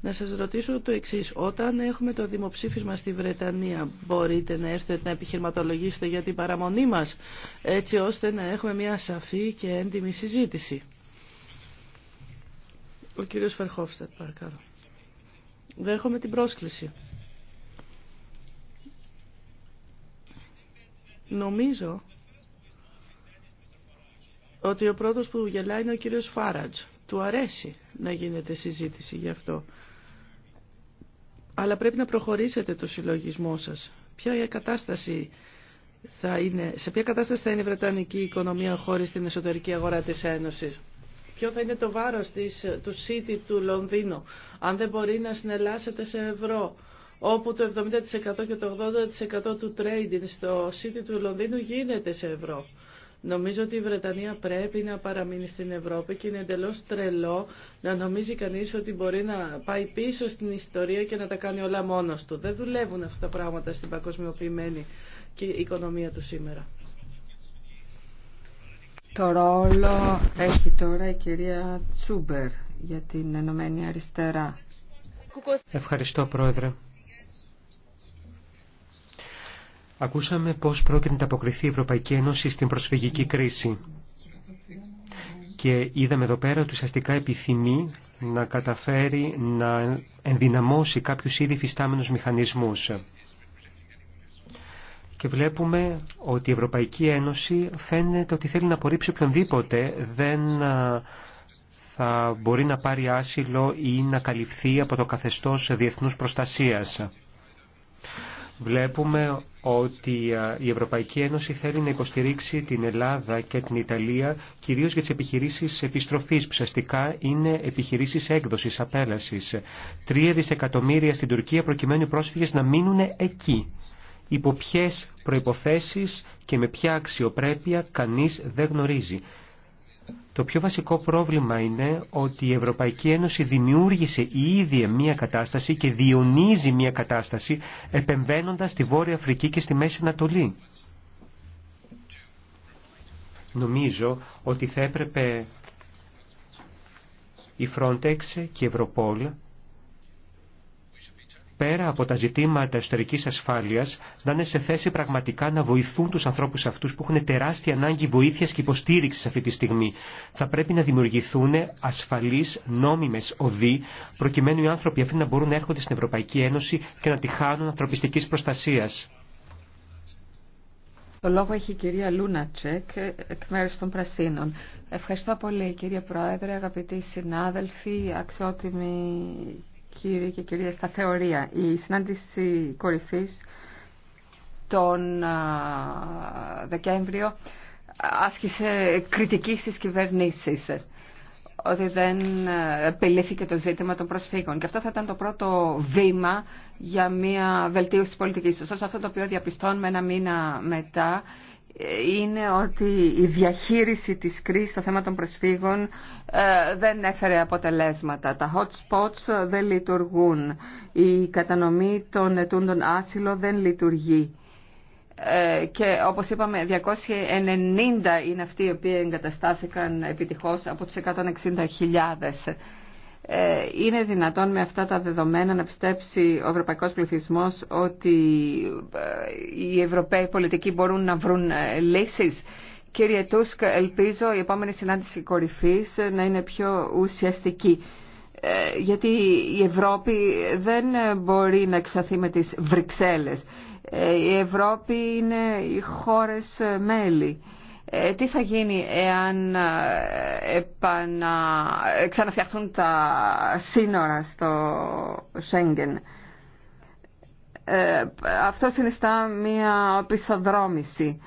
Να σας ρωτήσω το εξή: Όταν έχουμε το δημοψήφισμα στη Βρετανία, μπορείτε να έρθετε να επιχειρηματολογήσετε για την παραμονή μας, έτσι ώστε να έχουμε μια σαφή και έντιμη συζήτηση. Ο κύριος Φερχόφστατ, παρακαλώ. Δέχομαι την πρόσκληση. Νομίζω ότι ο πρώτος που γελάει είναι ο κύριος Φάρατζ. Του αρέσει να γίνεται συζήτηση γι' αυτό. Αλλά πρέπει να προχωρήσετε το συλλογισμό σας. Ποια η κατάσταση θα είναι, σε ποια κατάσταση θα είναι η Βρετανική οικονομία χωρί την εσωτερική αγορά της Ένωσης. Ποιο θα είναι το βάρος της, του City του Λονδίνου, αν δεν μπορεί να συνελάσσεται σε ευρώ, όπου το 70% και το 80% του trading στο City του Λονδίνου γίνεται σε ευρώ. Νομίζω ότι η Βρετανία πρέπει να παραμείνει στην Ευρώπη και είναι εντελώ τρελό να νομίζει κανεί ότι μπορεί να πάει πίσω στην ιστορία και να τα κάνει όλα μόνο του. Δεν δουλεύουν αυτά τα πράγματα στην παγκοσμιοποιημένη οικονομία του σήμερα. Το ρόλο έχει τώρα η κυρία Τσούμπερ για την Ενωμένη Αριστερά. Ευχαριστώ πρόεδρε. Ακούσαμε πώς πρόκειται να αποκριθεί η Ευρωπαϊκή Ένωση στην προσφυγική κρίση. Και είδαμε εδώ πέρα ότι ουσιαστικά επιθυμεί να καταφέρει να ενδυναμώσει κάποιους ήδη φυστάμενους μηχανισμούς. Και βλέπουμε ότι η Ευρωπαϊκή Ένωση φαίνεται ότι θέλει να απορρίψει οποιονδήποτε δεν θα μπορεί να πάρει άσυλο ή να καλυφθεί από το καθεστώς διεθνούς προστασίας βλέπουμε ότι η Ευρωπαϊκή Ένωση θέλει να υποστηρίξει την Ελλάδα και την Ιταλία κυρίως για τις επιχειρήσεις επιστροφής, Ψαστικά είναι επιχειρήσεις έκδοσης, απέλασης. Τρία δισεκατομμύρια στην Τουρκία προκειμένου οι πρόσφυγες να μείνουν εκεί. Υπό ποιες προϋποθέσεις και με ποια αξιοπρέπεια κανείς δεν γνωρίζει. Το πιο βασικό πρόβλημα είναι ότι η Ευρωπαϊκή Ένωση δημιούργησε η ίδια μία κατάσταση και διονύζει μία κατάσταση επεμβαίνοντας στη Βόρεια Αφρική και στη Μέση Ανατολή. Νομίζω ότι θα έπρεπε η Frontex και η Ευρωπόλ πέρα από τα ζητήματα εσωτερικής ασφάλειας, να είναι σε θέση πραγματικά να βοηθούν τους ανθρώπους αυτούς που έχουν τεράστια ανάγκη βοήθειας και υποστήριξης αυτή τη στιγμή. Θα πρέπει να δημιουργηθούν ασφαλείς, νόμιμες οδοί, προκειμένου οι άνθρωποι αυτοί να μπορούν να έρχονται στην Ευρωπαϊκή Ένωση και να τη χάνουν ανθρωπιστικής προστασίας. λόγο κυρία Τσεκ, Ευχαριστώ πολύ κύριε Πρόεδρε, αγαπητοί συνάδελφοι, αξιότιμοι κύριοι και κυρίες, στα θεωρία. Η συνάντηση κορυφής τον Δεκέμβριο άσκησε κριτική στις κυβερνήσεις ότι δεν επιλύθηκε το ζήτημα των προσφύγων. Και αυτό θα ήταν το πρώτο βήμα για μια βελτίωση της πολιτικής. Ωστόσο αυτό το οποίο διαπιστώνουμε ένα μήνα μετά είναι ότι η διαχείριση της κρίσης στο θέμα των προσφύγων ε, δεν έφερε αποτελέσματα. Τα hot spots ε, δεν λειτουργούν. Η κατανομή των ετούντων άσυλο δεν λειτουργεί. Ε, και όπως είπαμε 290 είναι αυτοί οι οποίοι εγκαταστάθηκαν επιτυχώς από τους 160.000. Ε, είναι δυνατόν με αυτά τα δεδομένα να πιστέψει ο ευρωπαϊκός πληθυσμός ότι ε, οι ευρωπαίοι πολιτικοί μπορούν να βρουν ε, λύσεις. Κύριε Τούσκ, ελπίζω η επόμενη συνάντηση κορυφής να είναι πιο ουσιαστική. Γιατί η Ευρώπη δεν μπορεί να εξαθεί με τις Βρυξέλλες. Η Ευρώπη είναι οι χώρες μέλη. Ε, τι θα γίνει εάν ε, επανα... ξαναφτιαχθούν τα σύνορα στο Σέγγεν. Ε, αυτό συνιστά μία πισθοδρόμηση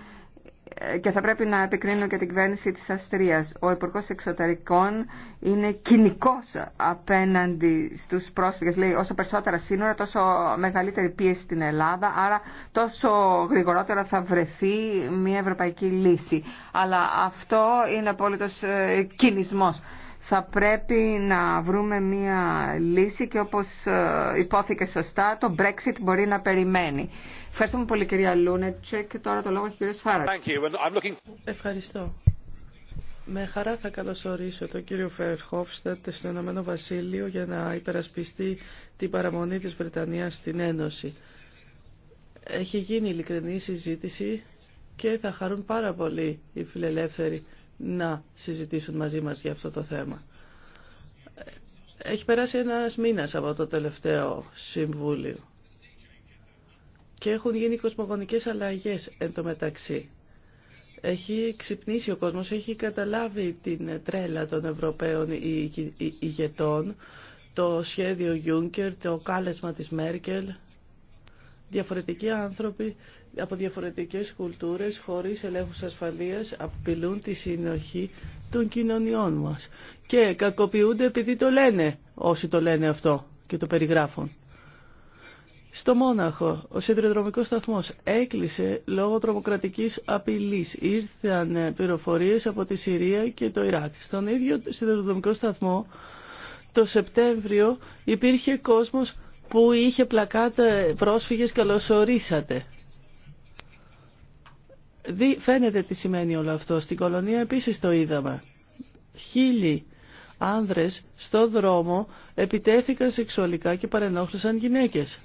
και θα πρέπει να επικρίνω και την κυβέρνηση της Αυστρίας. Ο Υπουργός Εξωτερικών είναι κοινικός απέναντι στους πρόσφυγες. Λέει όσο περισσότερα σύνορα τόσο μεγαλύτερη πίεση στην Ελλάδα, άρα τόσο γρηγορότερα θα βρεθεί μια ευρωπαϊκή λύση. Αλλά αυτό είναι απόλυτος ε, κινησμός θα πρέπει να βρούμε μία λύση και όπως ε, υπόθηκε σωστά το Brexit μπορεί να περιμένει. Ευχαριστούμε πολύ κυρία Λούνετσε και τώρα το λόγο έχει ο κύριο Φάραντ. Ευχαριστώ. Με χαρά θα καλωσορίσω τον κύριο Φερχόφστατ στο Ηνωμένο Βασίλειο για να υπερασπιστεί την παραμονή της Βρετανίας στην Ένωση. Έχει γίνει ειλικρινή συζήτηση και θα χαρούν πάρα πολύ οι φιλελεύθεροι να συζητήσουν μαζί μας για αυτό το θέμα. Έχει περάσει ένας μήνας από το τελευταίο Συμβούλιο και έχουν γίνει κοσμογονικές αλλαγές εν μεταξύ. Έχει ξυπνήσει ο κόσμος, έχει καταλάβει την τρέλα των Ευρωπαίων ηγετών, το σχέδιο Juncker, το κάλεσμα της Μέρκελ, διαφορετικοί άνθρωποι από διαφορετικές κουλτούρες χωρίς ελέγχους ασφαλείας απειλούν τη συνοχή των κοινωνιών μας και κακοποιούνται επειδή το λένε όσοι το λένε αυτό και το περιγράφουν. Στο Μόναχο, ο σιδηροδρομικός σταθμός έκλεισε λόγω τρομοκρατικής απειλής. Ήρθαν πληροφορίες από τη Συρία και το Ιράκ. Στον ίδιο σιδηροδρομικό σταθμό, το Σεπτέμβριο υπήρχε κόσμος που είχε πλακάτα ε, πρόσφυγες καλωσορίσατε. Δι, φαίνεται τι σημαίνει όλο αυτό. Στην κολονία επίσης το είδαμε. Χίλιοι άνδρες στο δρόμο επιτέθηκαν σεξουαλικά και παρενόχλησαν γυναίκες.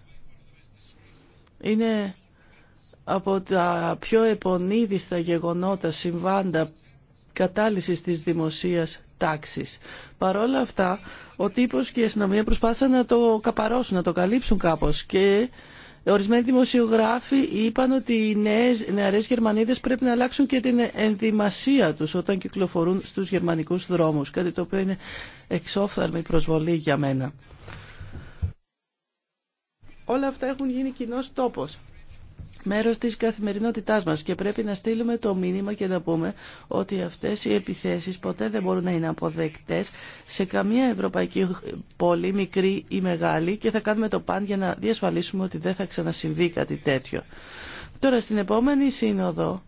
Είναι από τα πιο επονίδιστα γεγονότα συμβάντα κατάλυσης της δημοσίας τάξης. Παρόλα αυτά, ο τύπος και η αστυνομία προσπάθησαν να το καπαρώσουν, να το καλύψουν κάπως και Ορισμένοι δημοσιογράφοι είπαν ότι οι νέες, νεαρές Γερμανίδες πρέπει να αλλάξουν και την ενδυμασία τους όταν κυκλοφορούν στους γερμανικούς δρόμους, κάτι το οποίο είναι εξόφθαρμη προσβολή για μένα. Όλα αυτά έχουν γίνει κοινό τόπος μέρος της καθημερινότητάς μας και πρέπει να στείλουμε το μήνυμα και να πούμε ότι αυτές οι επιθέσεις ποτέ δεν μπορούν να είναι αποδεκτές σε καμία ευρωπαϊκή πόλη, μικρή ή μεγάλη και θα κάνουμε το παν για να διασφαλίσουμε ότι δεν θα ξανασυμβεί κάτι τέτοιο. Τώρα στην επόμενη σύνοδο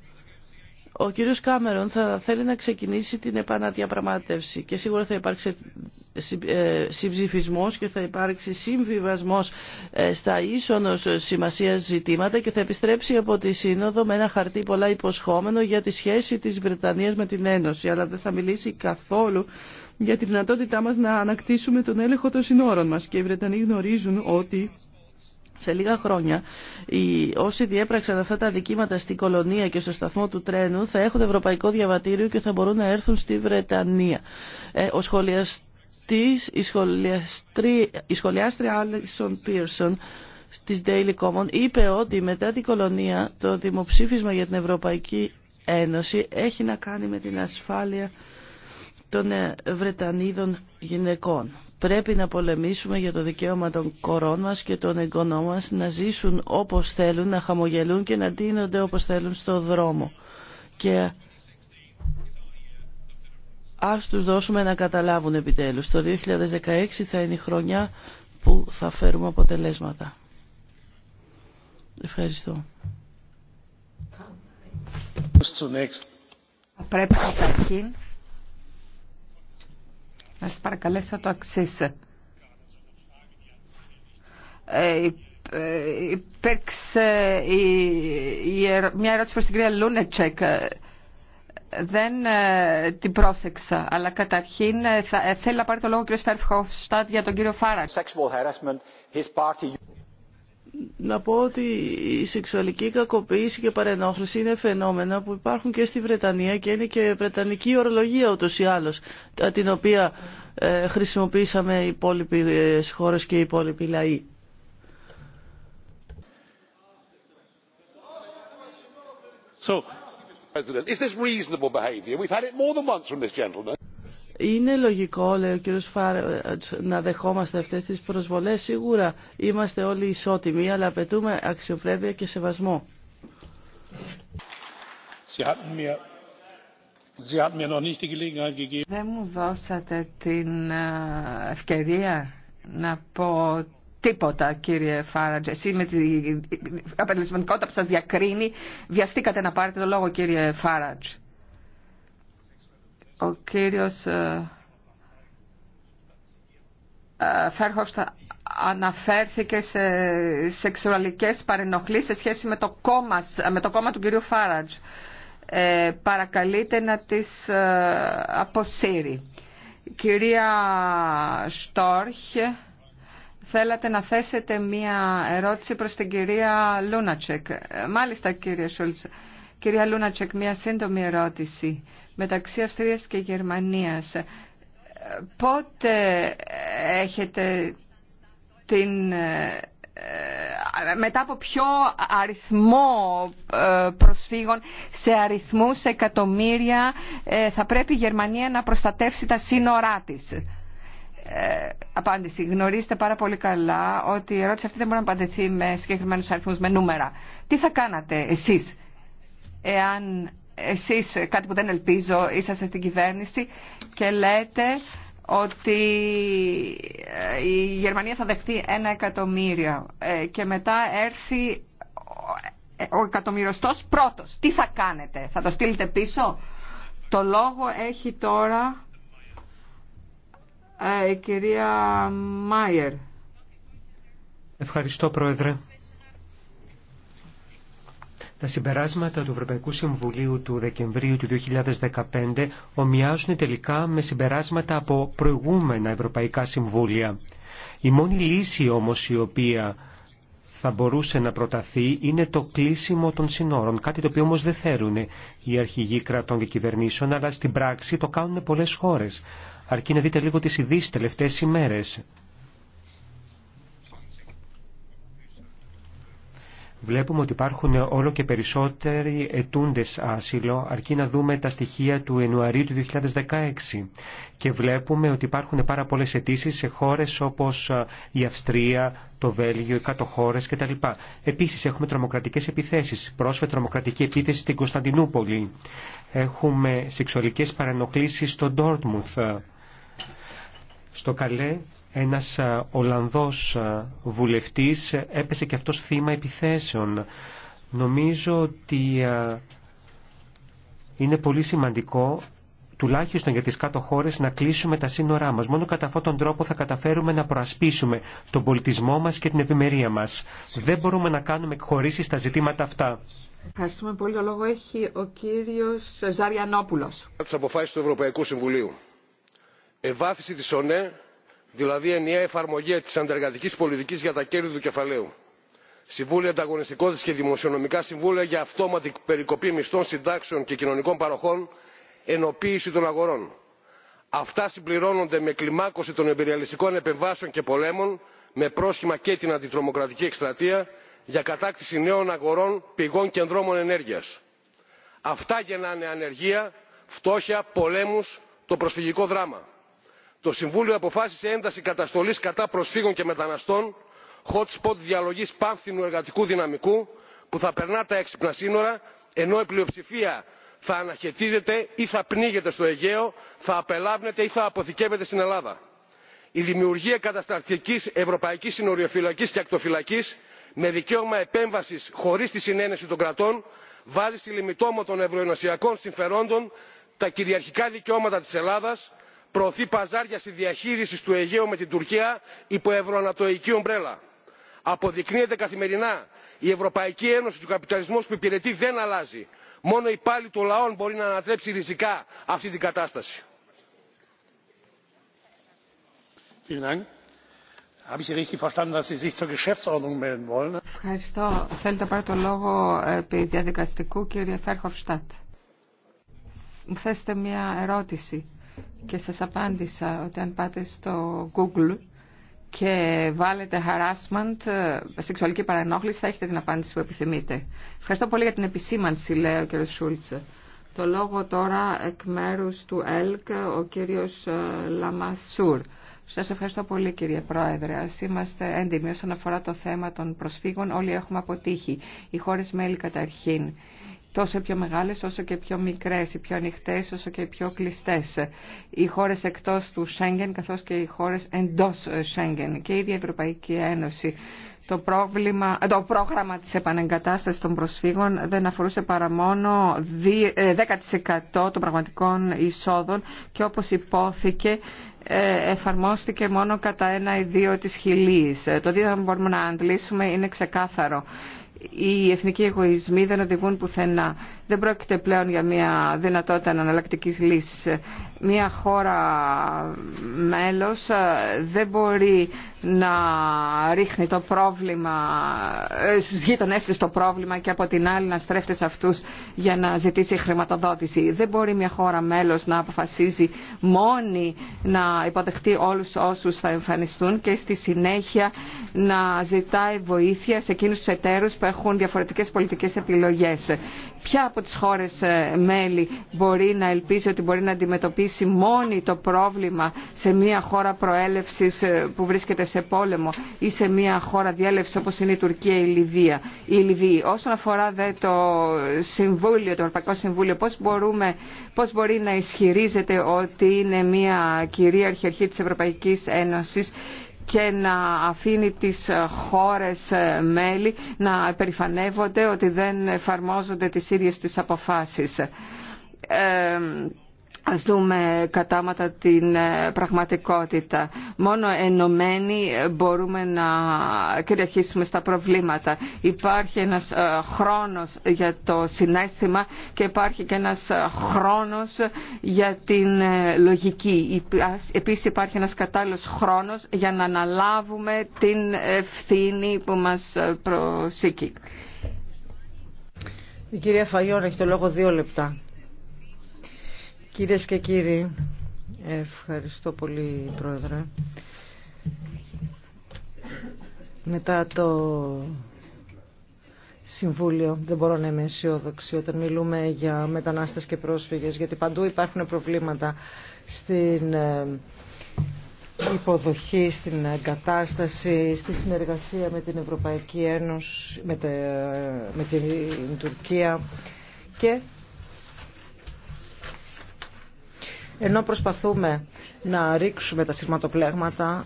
ο κύριος Κάμερον θα θέλει να ξεκινήσει την επαναδιαπραγμάτευση και σίγουρα θα υπάρξει ε, ε, συμψηφισμός και θα υπάρξει συμβιβασμός ε, στα ίσονος σημασία ζητήματα και θα επιστρέψει από τη Σύνοδο με ένα χαρτί πολλά υποσχόμενο για τη σχέση της Βρετανίας με την Ένωση, αλλά δεν θα μιλήσει καθόλου για τη δυνατότητά μας να ανακτήσουμε τον έλεγχο των συνόρων μας. Και οι Βρετανοί γνωρίζουν ότι σε λίγα χρόνια οι, όσοι διέπραξαν αυτά τα δικήματα στην κολονία και στο σταθμό του τρένου θα έχουν ευρωπαϊκό διαβατήριο και θα μπορούν να έρθουν στη Βρετανία. Ε, ο σχολιαστής, η, η σχολιάστρια Άλεξον Πίρσον της Daily Common είπε ότι μετά την κολονία το δημοψήφισμα για την Ευρωπαϊκή Ένωση έχει να κάνει με την ασφάλεια των ε, Βρετανίδων γυναικών. Πρέπει να πολεμήσουμε για το δικαίωμα των κορών μας και των εγγονών μας να ζήσουν όπως θέλουν, να χαμογελούν και να ντύνονται όπως θέλουν στο δρόμο. Και ας τους δώσουμε να καταλάβουν επιτέλους. Το 2016 θα είναι η χρονιά που θα φέρουμε αποτελέσματα. Ευχαριστώ. Πρέπει να σας παρακαλέσω το εξή. Ε, ε, υπήρξε μια ερώτηση προς την κυρία Λούνετσεκ. Δεν ε, την πρόσεξα, αλλά καταρχήν θα, να πάρει το λόγο ο κ. Φερφχοφστάτ για τον κύριο Φάραξ να πω ότι η σεξουαλική κακοποίηση και παρενόχληση είναι φαινόμενα που υπάρχουν και στη Βρετανία και είναι και βρετανική ορολογία ούτως ή άλλως, την οποία ε, χρησιμοποίησαμε οι υπόλοιποι ε, χώρες και οι υπόλοιποι λαοί. So, Is this reasonable We've had it more than from this gentleman. Είναι λογικό, λέει ο κύριος Φάρ, να δεχόμαστε αυτές τις προσβολές. Σίγουρα είμαστε όλοι ισότιμοι, αλλά απαιτούμε αξιοπρέπεια και σεβασμό. Δεν μου δώσατε την ε, ευκαιρία να πω τίποτα, κύριε Φάραντζ. Εσύ με την αποτελεσματικότητα που σας διακρίνει, βιαστήκατε να πάρετε το λόγο, κύριε Φάραντζ. Ο κύριος ε, ε, Φέρχοφστ αναφέρθηκε σε σεξουαλικές παρενοχλήσεις σε σχέση με το κόμμα, με το κόμμα του κυρίου Φάρατζ. Ε, παρακαλείται να τις ε, αποσύρει. Κυρία Στόρχ, θέλατε να θέσετε μία ερώτηση προς την κυρία Λούνατσεκ. Μάλιστα κύριε Σούλτσεκ. Κυρία Λούνατσεκ, μια σύντομη ερώτηση. Μεταξύ Αυστρίας και Γερμανίας, πότε έχετε την... Ε, μετά από ποιο αριθμό ε, προσφύγων σε αριθμού σε εκατομμύρια ε, θα πρέπει η Γερμανία να προστατεύσει τα σύνορά της. Ε, απάντηση. Γνωρίζετε πάρα πολύ καλά ότι η ερώτηση αυτή δεν μπορεί να απαντηθεί με συγκεκριμένου αριθμού, με νούμερα. Τι θα κάνατε εσεί εάν εσείς κάτι που δεν ελπίζω είσαστε στην κυβέρνηση και λέτε ότι ε, η Γερμανία θα δεχτεί ένα εκατομμύριο ε, και μετά έρθει ο εκατομμυριστός πρώτος. Τι θα κάνετε, θα το στείλετε πίσω. Το λόγο έχει τώρα ε, η κυρία Μάιερ. Ευχαριστώ Πρόεδρε. Τα συμπεράσματα του Ευρωπαϊκού Συμβουλίου του Δεκεμβρίου του 2015 ομοιάζουν τελικά με συμπεράσματα από προηγούμενα Ευρωπαϊκά Συμβούλια. Η μόνη λύση όμως η οποία θα μπορούσε να προταθεί είναι το κλείσιμο των συνόρων, κάτι το οποίο όμως δεν θέλουν οι αρχηγοί κρατών και κυβερνήσεων, αλλά στην πράξη το κάνουν πολλές χώρες. Αρκεί να δείτε λίγο τις ειδήσει τελευταίες ημέρες. Βλέπουμε ότι υπάρχουν όλο και περισσότεροι ετούντες άσυλο, αρκεί να δούμε τα στοιχεία του Ιανουαρίου του 2016. Και βλέπουμε ότι υπάρχουν πάρα πολλές αιτήσει σε χώρες όπως η Αυστρία, το Βέλγιο, οι κάτω χώρες κτλ. Επίσης έχουμε τρομοκρατικές επιθέσεις, πρόσφατη τρομοκρατική επίθεση στην Κωνσταντινούπολη. Έχουμε σεξουαλικές παρανοχλήσεις στο Ντόρτμουθ, στο Καλέ ένας ε, Ολλανδός ε, βουλευτής έπεσε και αυτός θύμα επιθέσεων. Νομίζω ότι ε, είναι πολύ σημαντικό τουλάχιστον για τις κάτω χώρες, να κλείσουμε τα σύνορά μας. Μόνο κατά αυτόν τον τρόπο θα καταφέρουμε να προασπίσουμε τον πολιτισμό μας και την ευημερία μας. Δεν μπορούμε να κάνουμε εκχωρήσεις στα ζητήματα αυτά. Ευχαριστούμε πολύ. Το λόγο έχει ο κύριος Ζαριανόπουλος. αποφάσεις του Ευρωπαϊκού Συμβουλίου. της ΟΝΕ δηλαδή ενιαία εφαρμογή της αντεργατικής πολιτικής για τα κέρδη του κεφαλαίου συμβούλια ανταγωνιστικότητας και δημοσιονομικά συμβούλια για αυτόματη περικοπή μισθών συντάξεων και κοινωνικών παροχών ενοποίηση των αγορών. αυτά συμπληρώνονται με κλιμάκωση των εμπεριαλιστικών επεμβάσεων και πολέμων με πρόσχημα και την αντιτρομοκρατική εκστρατεία για κατάκτηση νέων αγορών πηγών και δρόμων ενέργειας. αυτά γεννάνε ανεργία φτώχεια πολέμους το προσφυγικό δράμα το συμβούλιο αποφάσισε ένταση καταστολής κατά προσφύγων και μεταναστών hot spot διαλογής πάνθηνου εργατικού δυναμικού που θα περνά τα έξυπνα σύνορα ενώ η πλειοψηφία θα αναχαιτίζεται ή θα πνίγεται στο αιγαίο θα απελάβνεται ή θα αποθηκεύεται στην ελλάδα. η δημιουργία κατασταλτικής ευρωπαϊκής συνοριοφυλακής και ακτοφυλακής με δικαίωμα επέμβασης χωρίς τη συνένεση των κρατών βάζει στη λιμιτόμο των ευρωενωσιακών συμφερόντων τα κυριαρχικά δικαιώματα της ελλάδας προωθεί παζάρια στη διαχείριση του αιγαίου με την τουρκία υπό ευρωανατολική ομπρέλα. αποδεικνύεται καθημερινά η ευρωπαϊκή ένωση του Καπιταλισμού που υπηρετεί δεν αλλάζει. μόνο η πάλη των λαών μπορεί να ανατρέψει ριζικά αυτή την κατάσταση. Ευχαριστώ. Θέλετε να το λόγο επί διαδικαστικού, κύριε Φέρχοφστατ. θέσετε μια ερώτηση και σας απάντησα ότι αν πάτε στο Google και βάλετε harassment, ε, σεξουαλική παρενόχληση, θα έχετε την απάντηση που επιθυμείτε. Ευχαριστώ πολύ για την επισήμανση, λέει ο κ. Σούλτς. Το λόγο τώρα εκ μέρου του ΕΛΚ, ο κ. Ε, Λαμασούρ. Σα ευχαριστώ πολύ κύριε Πρόεδρε. Α είμαστε έντιμοι όσον αφορά το θέμα των προσφύγων. Όλοι έχουμε αποτύχει. Οι χώρε μέλη καταρχήν τόσο πιο μεγάλες όσο και πιο μικρές, οι πιο ανοιχτέ όσο και οι πιο κλειστές. Οι χώρες εκτός του Σέγγεν καθώς και οι χώρες εντός ε, Σέγγεν και η ίδια Ευρωπαϊκή Ένωση. Το, πρόβλημα, ε, το πρόγραμμα της επανεγκατάστασης των προσφύγων δεν αφορούσε παρά μόνο 10% ε, των πραγματικών εισόδων και όπως υπόθηκε εφαρμόστηκε μόνο κατά ένα ή δύο της χιλίης. Το δύο μπορούμε να αντλήσουμε είναι ξεκάθαρο οι εθνικοί εγωισμοί δεν οδηγούν πουθενά. Δεν πρόκειται πλέον για μια δυνατότητα αναλλακτική λύση. Μια χώρα μέλος ε, δεν μπορεί να ρίχνει το πρόβλημα ε, στους γείτονές της το πρόβλημα και από την άλλη να στρέφεται σε αυτούς για να ζητήσει χρηματοδότηση. Δεν μπορεί μια χώρα μέλος να αποφασίζει μόνη να υποδεχτεί όλους όσους θα εμφανιστούν και στη συνέχεια να ζητάει βοήθεια σε εκείνους τους εταίρους που έχουν διαφορετικές πολιτικές επιλογές. Ποια από τις χώρες ε, μέλη μπορεί να ελπίζει ότι μπορεί να αντιμετωπίσει μόνη το πρόβλημα σε μια χώρα προέλευσης ε, που βρίσκεται σε πόλεμο ή σε μια χώρα διέλευσης όπως είναι η Τουρκία ή η Λιβύη. Η λιβυη οσον αφορά δε το Συμβούλιο, το Ευρωπαϊκό Συμβούλιο, πώς, μπορούμε, πώς μπορεί να ισχυρίζεται ότι είναι μια κυρίαρχη αρχή της Ευρωπαϊκής Ένωσης και να αφήνει τις χώρες ε, μέλη να περηφανεύονται ότι δεν εφαρμόζονται τις ίδιες τις αποφάσεις. Ε, Ας δούμε κατάματα την ε, πραγματικότητα. Μόνο ενωμένοι ε, μπορούμε να κυριαρχήσουμε στα προβλήματα. Υπάρχει ένας ε, χρόνος για το συνέστημα και υπάρχει και ένας χρόνος για την λογική. Επίσης υπάρχει ένας κατάλληλος χρόνος για να αναλάβουμε την ευθύνη που μας προσήκει. Η κυρία Φαγιόν έχει το λόγο δύο λεπτά. Κυρίες και κύριοι, ευχαριστώ πολύ Πρόεδρε. Μετά το Συμβούλιο δεν μπορώ να είμαι αισιόδοξη όταν μιλούμε για μετανάστες και πρόσφυγες γιατί παντού υπάρχουν προβλήματα στην ε, υποδοχή, στην εγκατάσταση, στη συνεργασία με την Ευρωπαϊκή Ένωση, με, ε, την Τουρκία και ενώ προσπαθούμε να ρίξουμε τα σειρματοπλέγματα,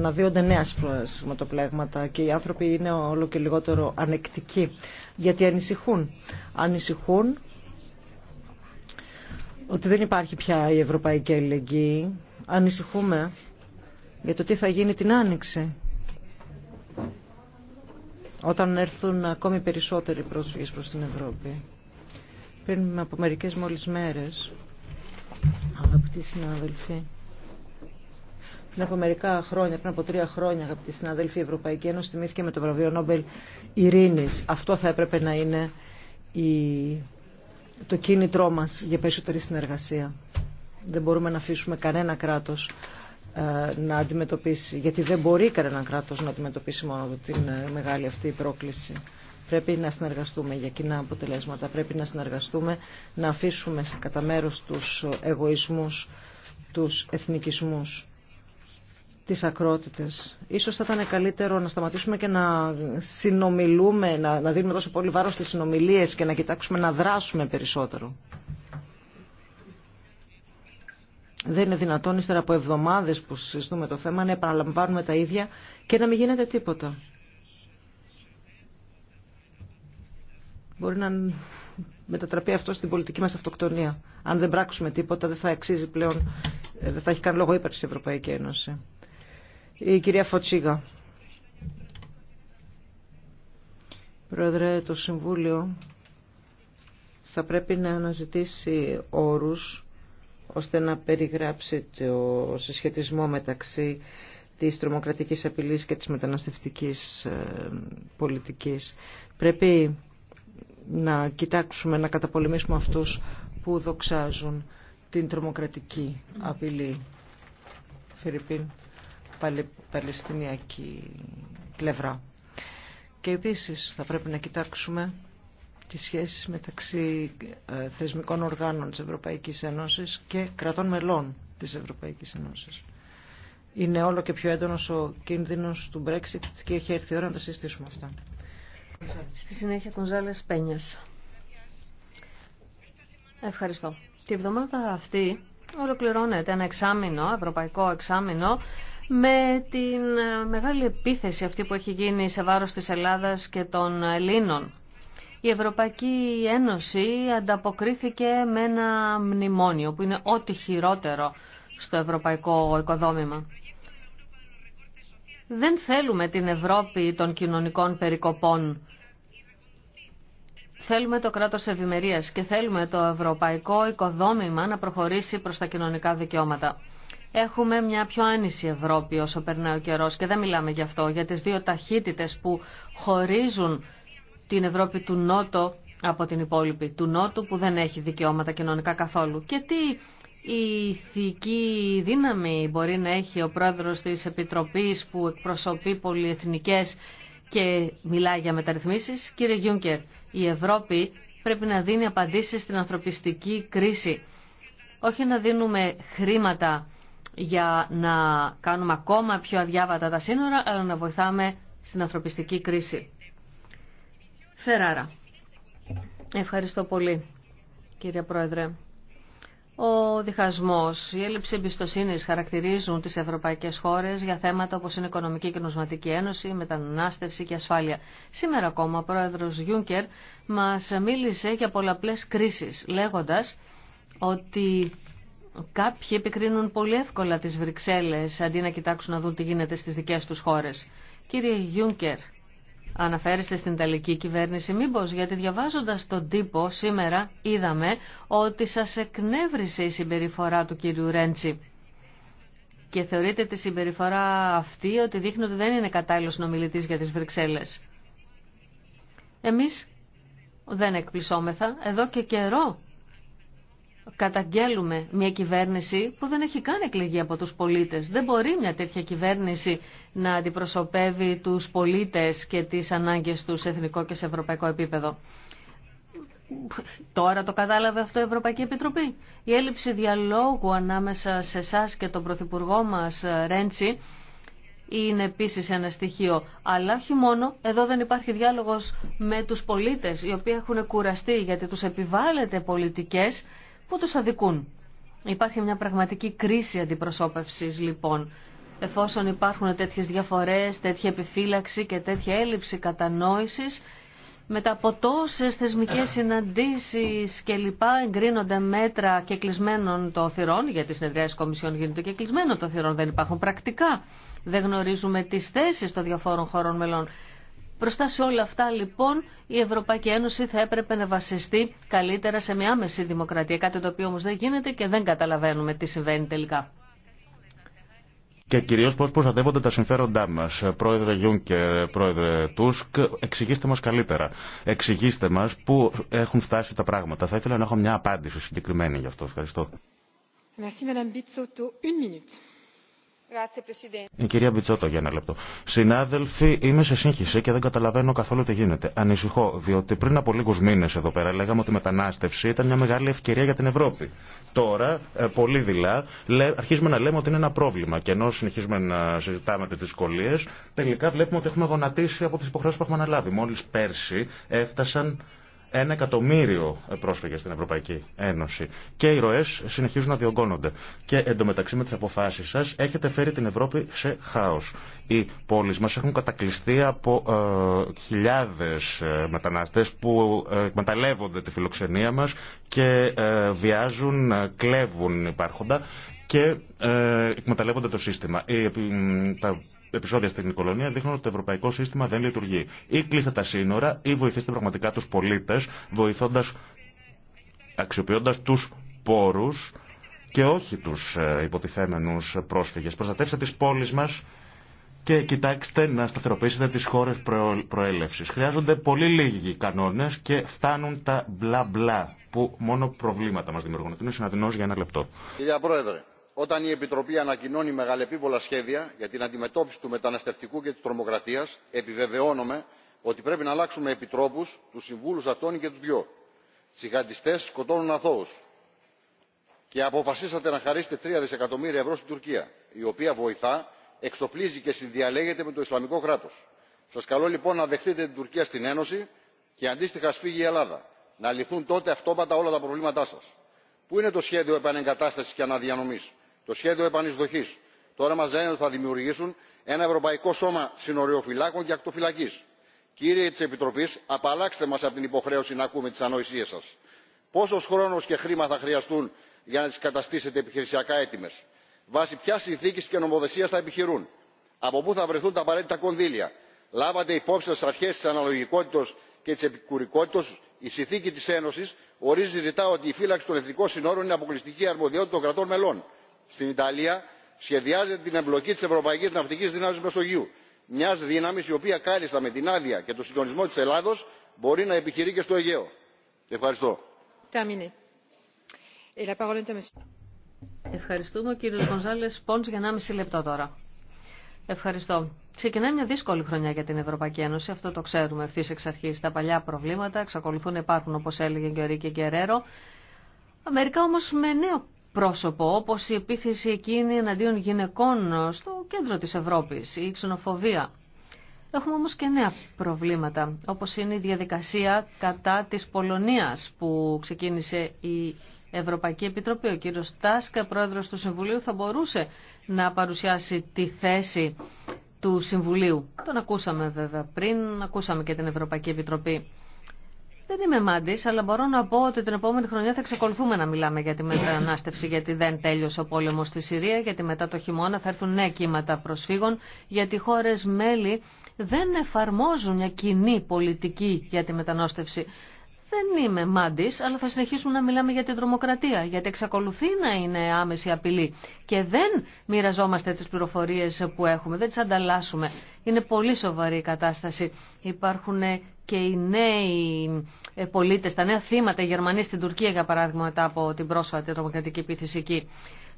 να διονται νέα σειρματοπλέγματα και οι άνθρωποι είναι όλο και λιγότερο ανεκτικοί, γιατί ανησυχούν. Ανησυχούν ότι δεν υπάρχει πια η ευρωπαϊκή αλληλεγγύη. Ανησυχούμε για το τι θα γίνει την Άνοιξη όταν έρθουν ακόμη περισσότεροι πρόσφυγες προς την Ευρώπη. Πριν από μερικές μόλις μέρες Αγαπητοί συνάδελφοι, πριν από μερικά χρόνια, πριν από τρία χρόνια, αγαπητοί συνάδελφοι, η Ευρωπαϊκή Ένωση τιμήθηκε με το βραβείο Νόμπελ Ειρήνη. Αυτό θα έπρεπε να είναι το κίνητρό μα για περισσότερη συνεργασία. Δεν μπορούμε να αφήσουμε κανένα κράτο ε, να αντιμετωπίσει, γιατί δεν μπορεί κανένα κράτος να αντιμετωπίσει μόνο την ε, μεγάλη αυτή πρόκληση. Πρέπει να συνεργαστούμε για κοινά αποτελέσματα. Πρέπει να συνεργαστούμε, να αφήσουμε κατά μέρο τους εγωισμούς, τους εθνικισμούς, τις ακρότητες. Ίσως θα ήταν καλύτερο να σταματήσουμε και να συνομιλούμε, να, να δίνουμε τόσο πολύ βάρος στις συνομιλίες και να κοιτάξουμε να δράσουμε περισσότερο. Δεν είναι δυνατόν ύστερα από εβδομάδες που συζητούμε το θέμα να επαναλαμβάνουμε τα ίδια και να μην γίνεται τίποτα. Μπορεί να μετατραπεί αυτό στην πολιτική μας αυτοκτονία. Αν δεν πράξουμε τίποτα δεν θα πλέον, ε, δεν θα έχει καν λόγο ύπαρξη η Ευρωπαϊκή Ένωση. Η κυρία Φωτσίγα. Πρόεδρε, το Συμβούλιο θα πρέπει να αναζητήσει όρους ώστε να περιγράψει το συσχετισμό μεταξύ της τρομοκρατικής απειλής και της μεταναστευτικής ε, πολιτικής. Πρέπει να κοιτάξουμε να καταπολεμήσουμε αυτούς που δοξάζουν την τρομοκρατική απειλή. Φιρυπίν, παλαιστινιακή πλευρά. Και επίσης θα πρέπει να κοιτάξουμε τις σχέσεις μεταξύ ε, θεσμικών οργάνων της Ευρωπαϊκής Ένωσης και κρατών μελών της Ευρωπαϊκής Ένωσης. Είναι όλο και πιο έντονος ο κίνδυνος του Brexit και έχει έρθει η ώρα να τα συστήσουμε αυτά. Στη συνέχεια Κονζάλε Πένιας. Ευχαριστώ. Τη εβδομάδα αυτή ολοκληρώνεται ένα εξάμεινο, ευρωπαϊκό εξάμεινο, με την ε, μεγάλη επίθεση αυτή που έχει γίνει σε βάρος της Ελλάδας και των Ελλήνων. Η Ευρωπαϊκή Ένωση ανταποκρίθηκε με ένα μνημόνιο που είναι ό,τι χειρότερο στο ευρωπαϊκό οικοδόμημα. Δεν θέλουμε την Ευρώπη των κοινωνικών περικοπών. Θέλουμε το κράτος ευημερία και θέλουμε το ευρωπαϊκό οικοδόμημα να προχωρήσει προς τα κοινωνικά δικαιώματα. Έχουμε μια πιο άνηση Ευρώπη όσο περνάει ο καιρός και δεν μιλάμε γι' αυτό, για τις δύο ταχύτητες που χωρίζουν την Ευρώπη του Νότου από την υπόλοιπη, του Νότου που δεν έχει δικαιώματα κοινωνικά καθόλου. Και τι η ηθική δύναμη μπορεί να έχει ο πρόεδρος της Επιτροπής που εκπροσωπεί πολυεθνικές και μιλάει για μεταρρυθμίσεις. Κύριε Γιούνκερ, η Ευρώπη πρέπει να δίνει απαντήσεις στην ανθρωπιστική κρίση. Όχι να δίνουμε χρήματα για να κάνουμε ακόμα πιο αδιάβατα τα σύνορα, αλλά να βοηθάμε στην ανθρωπιστική κρίση. Φεράρα. Ευχαριστώ πολύ, κύριε Πρόεδρε. Ο διχασμός, η έλλειψη εμπιστοσύνη χαρακτηρίζουν τις ευρωπαϊκές χώρες για θέματα όπως είναι Οικονομική και Νοσματική Ένωση, μετανάστευση και ασφάλεια. Σήμερα ακόμα ο πρόεδρος Γιούνκερ μας μίλησε για πολλαπλές κρίσεις, λέγοντας ότι κάποιοι επικρίνουν πολύ εύκολα τις Βρυξέλλες αντί να κοιτάξουν να δουν τι γίνεται στις δικές τους χώρες. Κύριε Γιούνκερ, Αναφέρεστε στην Ιταλική κυβέρνηση μήπως, γιατί διαβάζοντας τον τύπο σήμερα είδαμε ότι σας εκνεύρισε η συμπεριφορά του κύριου Ρέντσι. Και θεωρείτε τη συμπεριφορά αυτή ότι δείχνει ότι δεν είναι κατάλληλος νομιλητής για τις Βρυξέλλες. Εμείς δεν εκπλησόμεθα. Εδώ και καιρό καταγγέλουμε μια κυβέρνηση που δεν έχει καν εκλεγεί από τους πολίτες. Δεν μπορεί μια τέτοια κυβέρνηση να αντιπροσωπεύει τους πολίτες και τις ανάγκες τους σε εθνικό και σε ευρωπαϊκό επίπεδο. Τώρα το κατάλαβε αυτό η Ευρωπαϊκή Επιτροπή. Η έλλειψη διαλόγου ανάμεσα σε εσά και τον Πρωθυπουργό μας ε, Ρέντσι είναι επίσης ένα στοιχείο. Αλλά όχι μόνο, εδώ δεν υπάρχει διάλογος με τους πολίτες, οι οποίοι έχουν κουραστεί γιατί τους επιβάλλεται πολιτικές που τους αδικούν. Υπάρχει μια πραγματική κρίση αντιπροσώπευσης λοιπόν. Εφόσον υπάρχουν τέτοιες διαφορές, τέτοια επιφύλαξη και τέτοια έλλειψη κατανόησης, μετά από τόσες θεσμικές συναντήσεις και λοιπά εγκρίνονται μέτρα και κλεισμένων των θυρών, γιατί στην συνεδριάσεις κομισιών γίνονται και κλεισμένων των θυρών, δεν υπάρχουν πρακτικά. Δεν γνωρίζουμε τις θέσεις των διαφόρων χωρών μελών. Μπροστά σε όλα αυτά λοιπόν η Ευρωπαϊκή Ένωση θα έπρεπε να βασιστεί καλύτερα σε μια άμεση δημοκρατία, κάτι το οποίο όμως δεν γίνεται και δεν καταλαβαίνουμε τι συμβαίνει τελικά. Και κυρίως πώς προστατεύονται τα συμφέροντά μας. Πρόεδρε Γιούνκερ, πρόεδρε Τούσκ, εξηγήστε μας καλύτερα. Εξηγήστε μας πού έχουν φτάσει τα πράγματα. Θα ήθελα να έχω μια απάντηση συγκεκριμένη γι' αυτό. Ευχαριστώ. Merci, κυρία Μπιτσότο για ένα λεπτό. Συνάδελφοι, είμαι σε σύγχυση και δεν καταλαβαίνω καθόλου τι γίνεται. Ανησυχώ, διότι πριν από λίγου μήνε εδώ πέρα λέγαμε ότι η μετανάστευση ήταν μια μεγάλη ευκαιρία για την Ευρώπη. Τώρα, ε, πολύ δειλά, αρχίζουμε να λέμε ότι είναι ένα πρόβλημα. Και ενώ συνεχίζουμε να συζητάμε τι δυσκολίε, τελικά βλέπουμε ότι έχουμε γονατίσει από τι υποχρεώσει που έχουμε αναλάβει. Μόλι πέρσι έφτασαν ένα εκατομμύριο πρόσφυγε στην Ευρωπαϊκή Ένωση. Και οι ροέ συνεχίζουν να διωγγώνονται. Και εντωμεταξύ με τι αποφάσει σα έχετε φέρει την Ευρώπη σε χάο. Οι πόλει μα έχουν κατακλειστεί από ε, χιλιάδε μετανάστε που ε, εκμεταλλεύονται τη φιλοξενία μα και ε, βιάζουν, ε, κλέβουν υπάρχοντα και εκμεταλλεύονται το σύστημα. τα επεισόδια στην κολονία δείχνουν ότι το ευρωπαϊκό σύστημα δεν λειτουργεί. Ή κλείστε τα σύνορα ή βοηθήστε πραγματικά τους πολίτες βοηθώντας, αξιοποιώντας τους πόρους και όχι τους ε, υποτιθέμενους πρόσφυγες. Προστατεύστε τις πόλεις μας και κοιτάξτε να σταθεροποιήσετε τις χώρες προέλευσης. Χρειάζονται πολύ λίγοι κανόνες και φτάνουν τα μπλα μπλα που μόνο προβλήματα μας δημιουργούν. Είναι συναντηνός για ένα λεπτό. Κύριε Πρόεδρε, όταν η επιτροπή ανακοινώνει μεγαλεπίβολα σχέδια για την αντιμετώπιση του μεταναστευτικού και της τρομοκρατίας επιβεβαιώνομαι ότι πρέπει να αλλάξουμε επιτρόπους του συμβούλους αυτών και τους δυο. τσιγαντιστέ σκοτώνουν αθώους και αποφασίσατε να χαρίσετε 3 δισεκατομμύρια ευρώ στην τουρκία η οποία βοηθά εξοπλίζει και συνδιαλέγεται με το ισλαμικό κράτος. σας καλώ λοιπόν να δεχτείτε την τουρκία στην ένωση και αντίστοιχα σφίγγει η ελλάδα να λυθούν τότε αυτόματα όλα τα προβλήματά σας. πού είναι το σχέδιο επανεγκατάσταση και αναδιανομή το σχέδιο επανεισδοχής. τώρα μας λένε ότι θα δημιουργήσουν ένα ευρωπαϊκό σώμα συνοριοφυλάκων και ακτοφυλακής. κύριοι της επιτροπής απαλλάξτε μας από την υποχρέωση να ακούμε τις ανοησίες σας. πόσος χρόνος και χρήμα θα χρειαστούν για να τις καταστήσετε επιχειρησιακά έτοιμες; βάσει ποιά συνθήκη και νομοθεσίας θα επιχειρούν; από πού θα βρεθούν τα απαραίτητα κονδύλια; λάβατε υπόψη σας αρχές της αναλογικότητα και τη επικούρικότητα. η συνθήκη της ένωσης ορίζει ρητά ότι η φύλαξη των εθνικών συνόρων είναι αποκλειστική αρμοδιότητα των κρατών μελών στην ιταλία σχεδιάζεται την εμπλοκή τη ευρωπαϊκή ναυτική δύναμη μεσογείου μια δύναμη η οποία κάλλιστα με την άδεια και το συντονισμό τη ελλάδο μπορεί να επιχειρεί και στο αιγαίο. ευχαριστώ. Ευχαριστούμε. κύριο Γκονζάλε. Πόντ Πόντς για 1,5 λεπτό τώρα. Ευχαριστώ. Ξεκινάει μια δύσκολη χρονιά για την Ευρωπαϊκή Ένωση, αυτό το ξέρουμε ευθύ εξ αρχή. Τα παλιά προβλήματα εξακολουθούν να υπάρχουν, όπω έλεγε και ο Ρίκε Γκερέρο. Μερικά όμω με νέο πρόσωπο, όπως η επίθεση εκείνη εναντίον γυναικών στο κέντρο της Ευρώπης, η ξενοφοβία. Έχουμε όμως και νέα προβλήματα, όπως είναι η διαδικασία κατά της Πολωνίας που ξεκίνησε η Ευρωπαϊκή Επιτροπή. Ο κύριος Τάσκα, πρόεδρος του Συμβουλίου, θα μπορούσε να παρουσιάσει τη θέση του Συμβουλίου. Τον ακούσαμε βέβαια πριν, ακούσαμε και την Ευρωπαϊκή Επιτροπή. Δεν είμαι μάντη, αλλά μπορώ να πω ότι την επόμενη χρονιά θα εξακολουθούμε να μιλάμε για τη μετανάστευση, γιατί δεν τέλειωσε ο πόλεμο στη Συρία, γιατί μετά το χειμώνα θα έρθουν νέα κύματα προσφύγων, γιατί χώρε μέλη δεν εφαρμόζουν μια κοινή πολιτική για τη μετανάστευση δεν είμαι μάντη, αλλά θα συνεχίσουμε να μιλάμε για τη τρομοκρατία, γιατί εξακολουθεί να είναι άμεση απειλή και δεν μοιραζόμαστε τις πληροφορίε που έχουμε, δεν τι ανταλλάσσουμε. Είναι πολύ σοβαρή η κατάσταση. Υπάρχουν και οι νέοι ε, πολίτες, τα νέα θύματα, οι Γερμανοί στην Τουρκία για παράδειγμα μετά από την πρόσφατη τρομοκρατική επίθεση εκεί.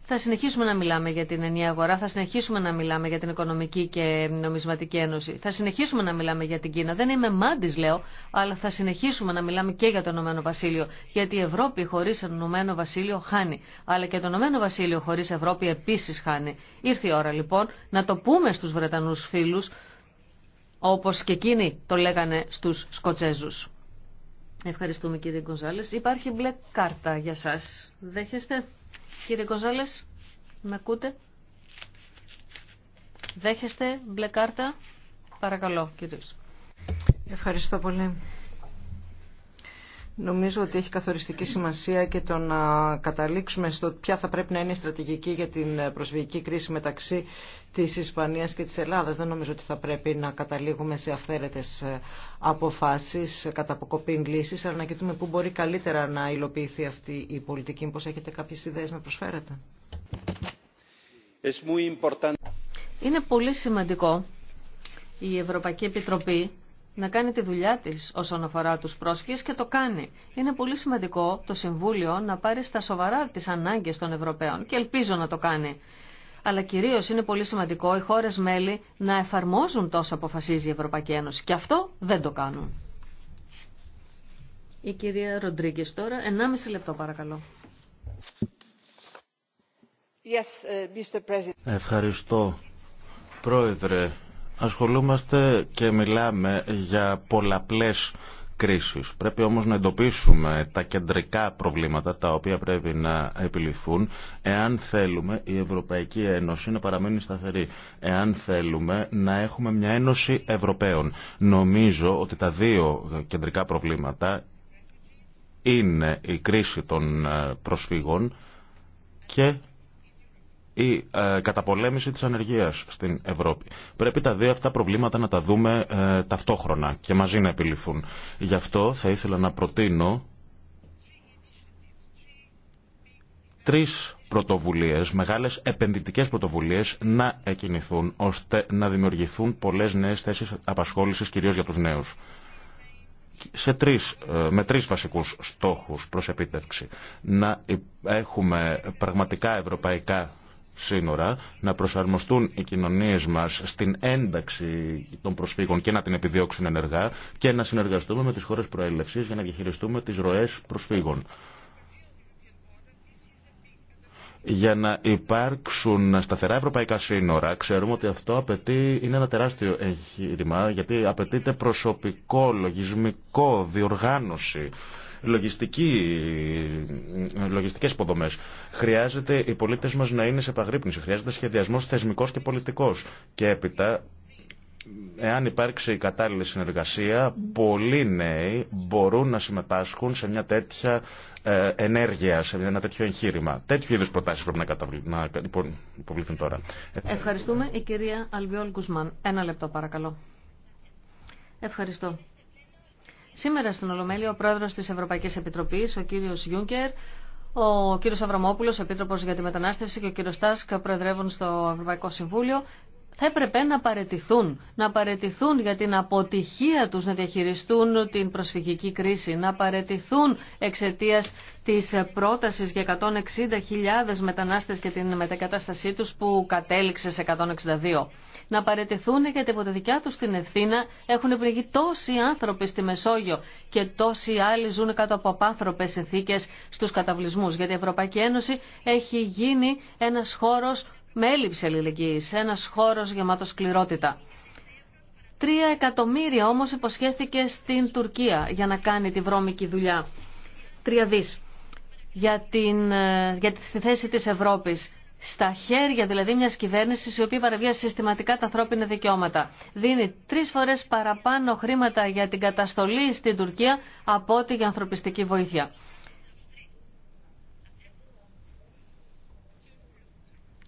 Θα συνεχίσουμε να μιλάμε για την ενιαία αγορά, θα συνεχίσουμε να μιλάμε για την Οικονομική και Νομισματική Ένωση, θα συνεχίσουμε να μιλάμε για την Κίνα. Δεν είμαι μάντη, λέω, αλλά θα συνεχίσουμε να μιλάμε και για το Ηνωμένο Βασίλειο. Γιατί η Ευρώπη χωρί Ηνωμένο Βασίλειο χάνει. Αλλά και το Ηνωμένο Βασίλειο χωρί Ευρώπη επίση χάνει. Ήρθε η ώρα λοιπόν να το πούμε στου Βρετανού φίλου, όπω και εκείνοι το λέγανε στου Σκοτσέζου. Ευχαριστούμε κύριε Γκονζάλες. Υπάρχει μπλε κάρτα για σά. Δέχεστε. Κύριε Κοζάλες, με ακούτε. Δέχεστε μπλε κάρτα. Παρακαλώ, κύριε. Ευχαριστώ πολύ. Νομίζω ότι έχει καθοριστική σημασία και το να καταλήξουμε στο ποια θα πρέπει να είναι η στρατηγική για την προσβυγική κρίση μεταξύ της Ισπανίας και της Ελλάδας. Δεν νομίζω ότι θα πρέπει να καταλήγουμε σε αυθαίρετες αποφάσεις, κατά αποκοπή λύση, αλλά να κοιτούμε πού μπορεί καλύτερα να υλοποιηθεί αυτή η πολιτική. Μήπως έχετε κάποιες ιδέες να προσφέρετε. Είναι πολύ σημαντικό η Ευρωπαϊκή Επιτροπή να κάνει τη δουλειά της όσον αφορά τους πρόσφυγες και το κάνει. Είναι πολύ σημαντικό το Συμβούλιο να πάρει στα σοβαρά τις ανάγκες των Ευρωπαίων και ελπίζω να το κάνει. Αλλά κυρίως είναι πολύ σημαντικό οι χώρες μέλη να εφαρμόζουν τόσα αποφασίζει η Ευρωπαϊκή Ένωση και αυτό δεν το κάνουν. Η κυρία Ροντρίγκε τώρα, 1,5 λεπτό παρακαλώ. Uh, Ευχαριστώ, Πρόεδρε. Ασχολούμαστε και μιλάμε για πολλαπλές κρίσεις. Πρέπει όμως να εντοπίσουμε τα κεντρικά προβλήματα τα οποία πρέπει να επιληθούν εάν θέλουμε η Ευρωπαϊκή Ένωση να παραμείνει σταθερή. Εάν θέλουμε να έχουμε μια Ένωση Ευρωπαίων. Νομίζω ότι τα δύο κεντρικά προβλήματα είναι η κρίση των ε, προσφύγων και η ε, καταπολέμηση της ανεργίας στην Ευρώπη. Πρέπει τα δύο αυτά προβλήματα να τα δούμε ε, ταυτόχρονα και μαζί να επιληθούν. Γι' αυτό θα ήθελα να προτείνω τρεις πρωτοβουλίες, μεγάλες επενδυτικές πρωτοβουλίες να εκινηθούν, ώστε να δημιουργηθούν πολλές νέες θέσεις απασχόλησης κυρίως για τους νέους σε τρεις, ε, με τρεις βασικούς στόχους προς επίτευξη. Να έχουμε πραγματικά ευρωπαϊκά σύνορα, να προσαρμοστούν οι κοινωνίες μας στην ένταξη των προσφύγων και να την επιδιώξουν ενεργά και να συνεργαστούμε με τις χώρες προέλευσης για να διαχειριστούμε τις ροές προσφύγων για να υπάρξουν σταθερά ευρωπαϊκά σύνορα, ξέρουμε ότι αυτό απαιτεί, είναι ένα τεράστιο εγχείρημα, γιατί απαιτείται προσωπικό, λογισμικό, διοργάνωση λογιστικές υποδομέ. Χρειάζεται οι πολίτες μας να είναι σε επαγρύπνηση. Χρειάζεται σχεδιασμός θεσμικός και πολιτικός. Και έπειτα εάν υπάρξει κατάλληλη συνεργασία, πολλοί νέοι μπορούν να συμμετάσχουν σε μια τέτοια ε, ενέργεια, σε ένα τέτοιο εγχείρημα. Τέτοιου είδους προτάσεις πρέπει να, να υποβληθούν τώρα. Ευχαριστούμε η κυρία Αλβιόλ Κουσμάν. Ένα λεπτό παρακαλώ. Ευχαριστώ. Σήμερα στην Ολομέλεια ο πρόεδρος της Ευρωπαϊκής Επιτροπής, ο κύριος Γιούγκερ, ο κύριος Αβραμόπουλο, Επίτροπο για τη μετανάστευση και ο κύριο Τάσκ, προεδρεύουν στο Ευρωπαϊκό Συμβούλιο θα έπρεπε να παρετηθούν, να παρετηθούν για την αποτυχία τους να διαχειριστούν την προσφυγική κρίση, να παρετηθούν εξαιτίας της πρότασης για 160.000 μετανάστες και την μετακατάστασή τους που κατέληξε σε 162. Να παρετηθούν γιατί από τη δικιά τους την ευθύνα έχουν πνιγεί τόσοι άνθρωποι στη Μεσόγειο και τόσοι άλλοι ζουν κάτω από απάνθρωπες συνθήκες στους καταβλισμούς. Γιατί η Ευρωπαϊκή Ένωση έχει γίνει ένας χώρος με έλλειψη αλληλεγγύης, ένας χώρος γεμάτο σκληρότητα. Τρία εκατομμύρια όμω υποσχέθηκε στην Τουρκία για να κάνει τη βρώμικη δουλειά. Τρία δι. για, την, ε, για τη θέση της Ευρώπης. Στα χέρια δηλαδή μια κυβέρνηση η οποία παραβιάζει συστηματικά τα ανθρώπινα δικαιώματα. Δίνει τρει φορέ παραπάνω χρήματα για την καταστολή στην Τουρκία από ό,τι για ανθρωπιστική βοήθεια.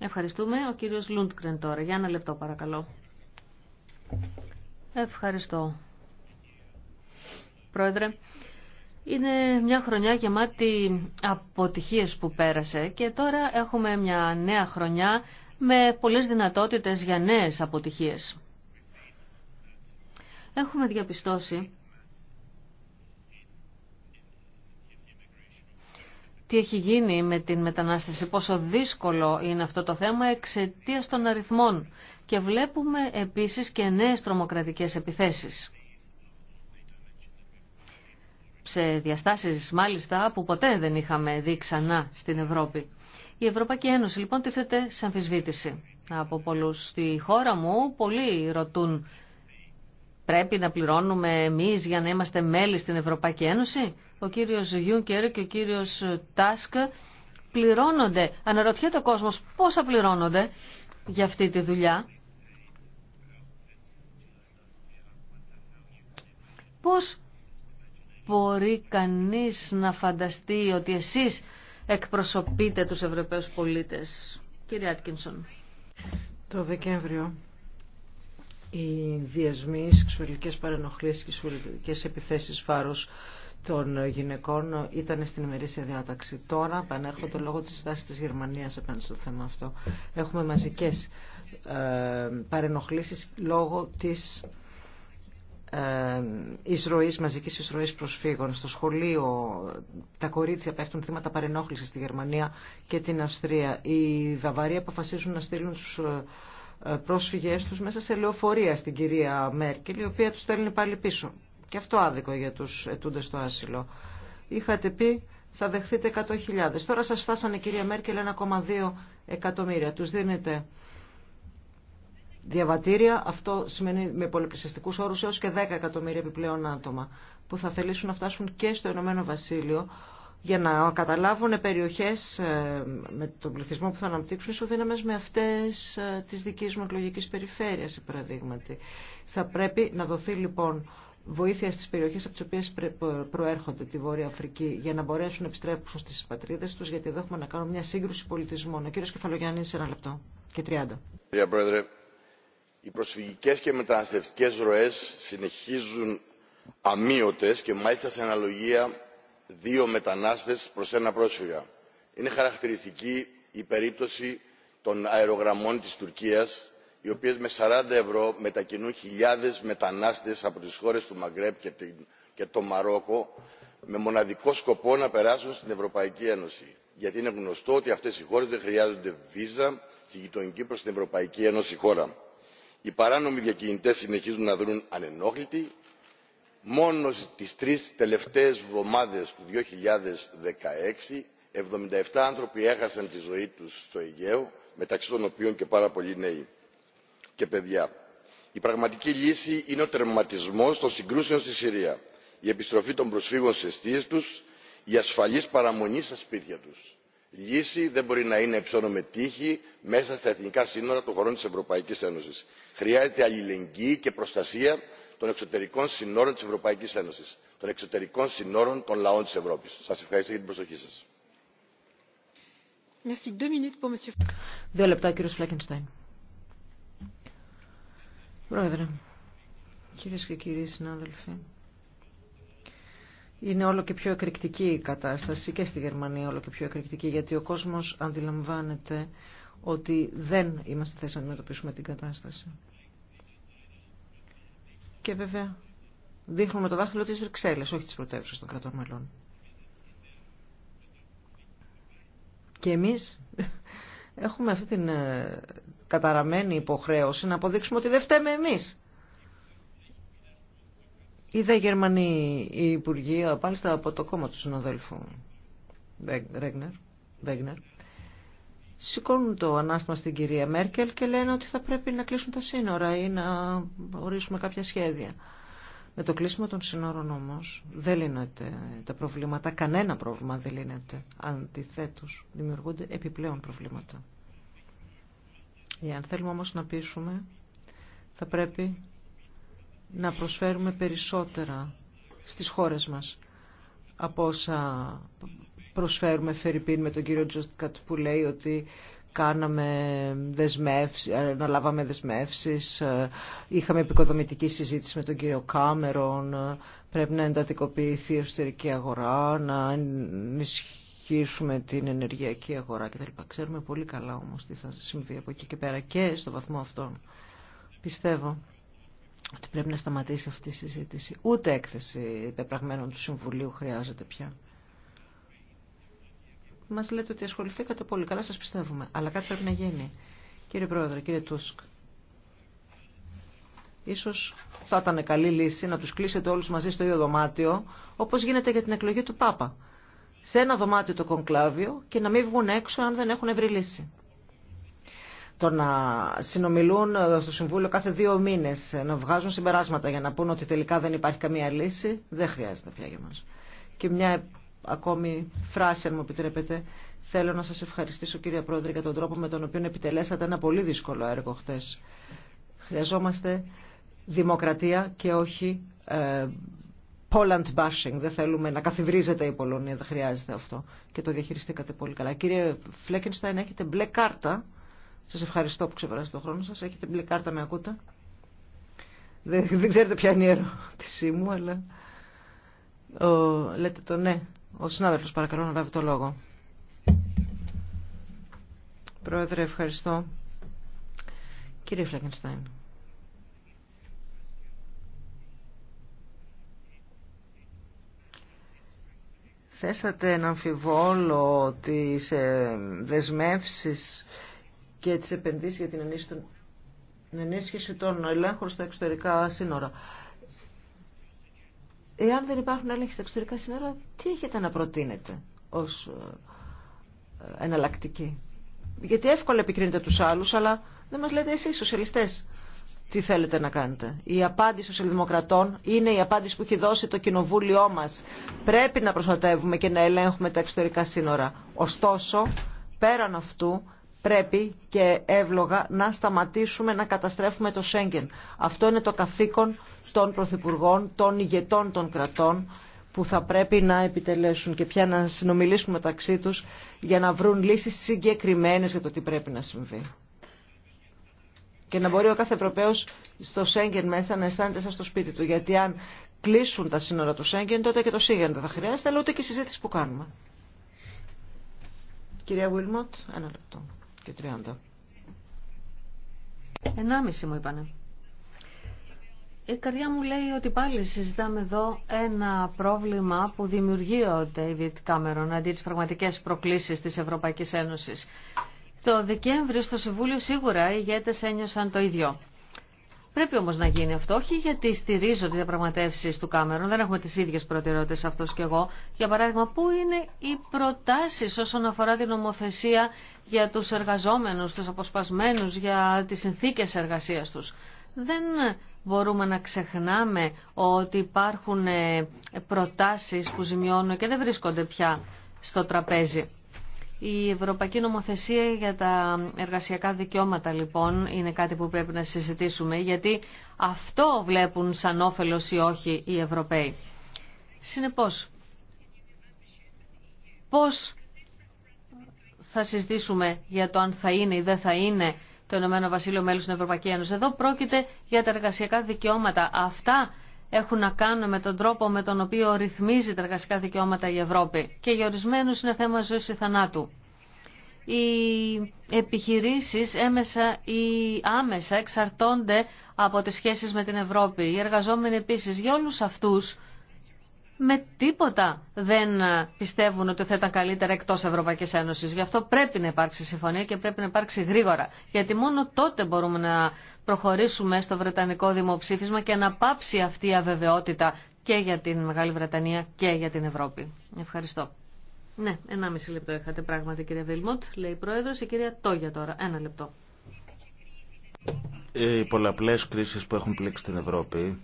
Ευχαριστούμε. Ο κύριος Λούντκρεν τώρα. Για ένα λεπτό παρακαλώ. Ευχαριστώ. Πρόεδρε, είναι μια χρονιά γεμάτη αποτυχίες που πέρασε και τώρα έχουμε μια νέα χρονιά με πολλές δυνατότητες για νέες αποτυχίες. Έχουμε διαπιστώσει τι έχει γίνει με την μετανάστευση, πόσο δύσκολο είναι αυτό το θέμα εξαιτία των αριθμών. Και βλέπουμε επίσης και νέες τρομοκρατικές επιθέσεις. Σε διαστάσεις μάλιστα που ποτέ δεν είχαμε δει ξανά στην Ευρώπη. Η Ευρωπαϊκή Ένωση λοιπόν τίθεται σε αμφισβήτηση από πολλούς. Στη χώρα μου πολλοί ρωτούν πρέπει να πληρώνουμε εμείς για να είμαστε μέλη στην Ευρωπαϊκή Ένωση ο κύριος Γιούνκερ και ο κύριος Τάσκ πληρώνονται. Αναρωτιέται ο κόσμος πόσα πληρώνονται για αυτή τη δουλειά. Πώς μπορεί κανείς να φανταστεί ότι εσείς εκπροσωπείτε τους Ευρωπαίους πολίτες. Κύριε Άτκινσον. Το Δεκέμβριο οι βιασμοί, σεξουαλικές παρενοχλήσεις και σεξουαλικές επιθέσεις φάρους των γυναικών ήταν στην ημερήσια διάταξη. Τώρα επανέρχονται λόγω της στάσης της Γερμανίας επέναντι στο θέμα αυτό. Έχουμε μαζικές ε, παρενοχλήσεις λόγω της ε, εισρωής, μαζικής εισρωής προσφύγων. Στο σχολείο τα κορίτσια πέφτουν θύματα παρενόχλησης στη Γερμανία και την Αυστρία. Οι Βαβαροί αποφασίζουν να στείλουν τους ε, ε, πρόσφυγές τους μέσα σε λεωφορεία στην κυρία Μέρκελ, η οποία τους στέλνει πάλι πίσω. Και αυτό άδικο για τους ετούντες στο άσυλο. Είχατε πει θα δεχθείτε 100.000. Τώρα σας φτάσανε κυρία Μέρκελ 1,2 εκατομμύρια. Τους δίνετε διαβατήρια. Αυτό σημαίνει με πολυπλησιαστικούς όρους έως και 10 εκατομμύρια επιπλέον άτομα που θα θελήσουν να φτάσουν και στο Ηνωμένο Βασίλειο για να καταλάβουν περιοχές ε, με τον πληθυσμό που θα αναπτύξουν ισοδύναμες με αυτές ε, της δικής μου εκλογικής περιφέρειας, παραδείγματι. Θα πρέπει να δοθεί λοιπόν βοήθεια στις περιοχές από τις οποίες προέρχονται τη Βόρεια Αφρική για να μπορέσουν να επιστρέψουν στις πατρίδες τους γιατί εδώ έχουμε να κάνουμε μια σύγκρουση πολιτισμών. Ο κύριος Κεφαλογιάννης, ένα λεπτό και 30. Κύριε Πρόεδρε, οι προσφυγικές και μεταναστευτικές ροές συνεχίζουν αμύωτες και μάλιστα σε αναλογία δύο μετανάστες προς ένα πρόσφυγα. Είναι χαρακτηριστική η περίπτωση των αερογραμμών της Τουρκίας οι οποίες με 40 ευρώ μετακινούν χιλιάδες μετανάστες από τις χώρες του Μαγκρέπ και, το Μαρόκο με μοναδικό σκοπό να περάσουν στην Ευρωπαϊκή Ένωση. Γιατί είναι γνωστό ότι αυτές οι χώρες δεν χρειάζονται βίζα στη γειτονική προς την Ευρωπαϊκή Ένωση χώρα. Οι παράνομοι διακινητές συνεχίζουν να δρουν ανενόχλητοι. Μόνο στις τρεις τελευταίες εβδομάδες του 2016 77 άνθρωποι έχασαν τη ζωή τους στο Αιγαίο, μεταξύ των οποίων και πάρα πολλοί νέοι και παιδιά. η πραγματική λύση είναι ο τερματισμός των συγκρούσεων στη συρία η επιστροφή των προσφύγων στις αιστείες τους η ασφαλής παραμονή στα σπίτια τους. λύση δεν μπορεί να είναι με τείχη μέσα στα εθνικά σύνορα των χωρών της ευρωπαϊκής ένωσης. χρειάζεται αλληλεγγύη και προστασία των εξωτερικών συνόρων της ευρωπαϊκής ένωσης των εξωτερικών συνόρων των λαών της ευρώπης. σας ευχαριστώ για την προσοχή σας. Δύο λεπτά, Φλέκενστάιν. Πρόεδρε, κυρίε και κύριοι συνάδελφοι, είναι όλο και πιο εκρηκτική η κατάσταση και στη Γερμανία όλο και πιο εκρηκτική γιατί ο κόσμος αντιλαμβάνεται ότι δεν είμαστε θέση να αντιμετωπίσουμε την κατάσταση. Και βέβαια δείχνουμε το δάχτυλο της Βρυξέλλες, όχι της πρωτεύουσας των κρατών μελών. Και εμείς έχουμε αυτή την ε, καταραμένη υποχρέωση να αποδείξουμε ότι δεν φταίμε εμείς. Είδα η Γερμανή οι Υπουργοί, ε, από το κόμμα του συνοδέλφου Ρέγνερ, Βέγνερ, σηκώνουν το ανάστημα στην κυρία Μέρκελ και λένε ότι θα πρέπει να κλείσουν τα σύνορα ή να ορίσουμε κάποια σχέδια. Με το κλείσιμο των συνόρων όμω δεν λύνονται τα προβλήματα, κανένα πρόβλημα δεν λύνεται. Αντιθέτως, δημιουργούνται επιπλέον προβλήματα. Για αν θέλουμε όμως να πείσουμε, θα πρέπει να προσφέρουμε περισσότερα στις χώρες μας από όσα προσφέρουμε φερειπίν με τον κύριο Τζοστκατ που λέει ότι κάναμε δεσμεύσεις, αναλάβαμε ε, δεσμεύσει, ε, είχαμε επικοδομητική συζήτηση με τον κύριο Κάμερον, ε, πρέπει να εντατικοποιηθεί η εσωτερική αγορά, να ενισχύσουμε την ενεργειακή αγορά κτλ. Ξέρουμε πολύ καλά όμως τι θα συμβεί από εκεί και πέρα και στο βαθμό αυτό. Πιστεύω ότι πρέπει να σταματήσει αυτή η συζήτηση. Ούτε έκθεση πεπραγμένων του Συμβουλίου χρειάζεται πια. Μα λέτε ότι ασχοληθήκατε πολύ καλά, σα πιστεύουμε. Αλλά κάτι πρέπει να γίνει. Κύριε Πρόεδρε, κύριε Τούσκ, ίσως θα ήταν καλή λύση να του κλείσετε όλου μαζί στο ίδιο δωμάτιο, Όπω γίνεται για την εκλογή του Πάπα. Σε ένα δωμάτιο το κονκλάβιο και να μην βγουν έξω αν δεν έχουν βρει λύση. Το να συνομιλούν ε, στο Συμβούλιο κάθε δύο μήνε ε, να βγάζουν συμπεράσματα για να πούν ότι τελικά δεν υπάρχει καμία λύση, δεν χρειάζεται πια για μα ακόμη φράση, αν μου επιτρέπετε. Θέλω να σας ευχαριστήσω, κύριε Πρόεδρε, για τον τρόπο με τον οποίο επιτελέσατε ένα πολύ δύσκολο έργο χτες. Χρειαζόμαστε δημοκρατία και όχι ε, Poland bashing. Δεν θέλουμε να καθιβρίζεται η Πολωνία, δεν χρειάζεται αυτό. Και το διαχειριστήκατε πολύ καλά. Κύριε Φλέκενστάιν, έχετε μπλε κάρτα. Σας ευχαριστώ που ξεπεράσετε τον χρόνο σας. Έχετε μπλε κάρτα, με ακούτε. Δεν, ξέρετε ποια είναι η ερώτησή μου, αλλά... Ο, λέτε το ναι. Ο συνάδελφος παρακαλώ να λάβει το λόγο. Πρόεδρε, ευχαριστώ. Κύριε Φλέγκενστάιν. Θέσατε ένα αμφιβόλο τις ε, δεσμεύσεις και τις επενδύσεις για την ενίσχυση των ελέγχων στα εξωτερικά σύνορα. Εάν δεν υπάρχουν έλεγχοι στα εξωτερικά σύνορα, τι έχετε να προτείνετε ως ε, εναλλακτική. Γιατί εύκολα επικρίνετε τους άλλους, αλλά δεν μας λέτε εσείς, σοσιαλιστές, τι θέλετε να κάνετε. Η απάντηση των σοσιαλδημοκρατών είναι η απάντηση που έχει δώσει το κοινοβούλιο μας. Πρέπει να προστατεύουμε και να ελέγχουμε τα εξωτερικά σύνορα. Ωστόσο, πέραν αυτού, πρέπει και εύλογα να σταματήσουμε να καταστρέφουμε το Σέγγεν. Αυτό είναι το καθήκον των Πρωθυπουργών, των ηγετών των κρατών που θα πρέπει να επιτελέσουν και πια να συνομιλήσουν μεταξύ τους για να βρουν λύσεις συγκεκριμένες για το τι πρέπει να συμβεί. Και να μπορεί ο κάθε Ευρωπαίος στο Σέγγεν μέσα να αισθάνεται σαν στο σπίτι του. Γιατί αν κλείσουν τα σύνορα του Σέγγεν, τότε και το Σίγεν δεν θα χρειάζεται, αλλά ούτε και η συζήτηση που κάνουμε. Κυρία Βουίλμοντ, ένα λεπτό και 30. Ενάμιση μου είπανε. Η καρδιά μου λέει ότι πάλι συζητάμε εδώ ένα πρόβλημα που δημιουργεί ο Ντέιβιτ Κάμερον αντί τις πραγματικές προκλήσεις της Ευρωπαϊκής Ένωσης. Το Δεκέμβριο στο Συμβούλιο σίγουρα οι ηγέτες ένιωσαν το ίδιο. Πρέπει όμως να γίνει αυτό, όχι γιατί στηρίζω τι διαπραγματεύσει του Κάμερον, δεν έχουμε τις ίδιες προτεραιότητες αυτό και εγώ. Για παράδειγμα, πού είναι οι προτάσει όσον αφορά την νομοθεσία για τους εργαζόμενους, τους αποσπασμένους, για τις συνθήκες εργασίας τους. Δεν μπορούμε να ξεχνάμε ότι υπάρχουν ε, προτάσεις που ζημιώνουν και δεν βρίσκονται πια στο τραπέζι. Η Ευρωπαϊκή Νομοθεσία για τα εργασιακά δικαιώματα λοιπόν είναι κάτι που πρέπει να συζητήσουμε γιατί αυτό βλέπουν σαν όφελος ή όχι οι Ευρωπαίοι. Συνεπώς, πώς θα συζητήσουμε για το αν θα είναι ή δεν θα είναι το Ηνωμένο Βασίλειο μέλος στην Ευρωπαϊκή Ένωση. Εδώ πρόκειται για τα εργασιακά δικαιώματα. Αυτά έχουν να κάνουν με τον τρόπο με τον οποίο ρυθμίζει τα εργασικά δικαιώματα η Ευρώπη. Και για ορισμένους είναι θέμα ζωής ή θανάτου. Οι επιχειρήσεις έμεσα ή άμεσα εξαρτώνται από τις σχέσεις με την Ευρώπη. Οι εργαζόμενοι επίσης για όλους αυτούς με τίποτα δεν ε, πιστεύουν ότι θα ήταν καλύτερα εκτός Ευρωπαϊκής Ένωσης. Γι' αυτό πρέπει να υπάρξει συμφωνία και πρέπει να υπάρξει γρήγορα. Γιατί μόνο τότε μπορούμε να προχωρήσουμε στο Βρετανικό δημοψήφισμα και να πάψει αυτή η αβεβαιότητα και για την Μεγάλη Βρετανία και για την Ευρώπη. Ευχαριστώ. Ναι, ένα μισή λεπτό είχατε πράγματι κυρία Βίλμοντ, λέει η Πρόεδρος, η κυρία Τόγια τώρα. Ένα λεπτό. Οι πολλαπλές κρίσεις που έχουν πλήξει την Ευρώπη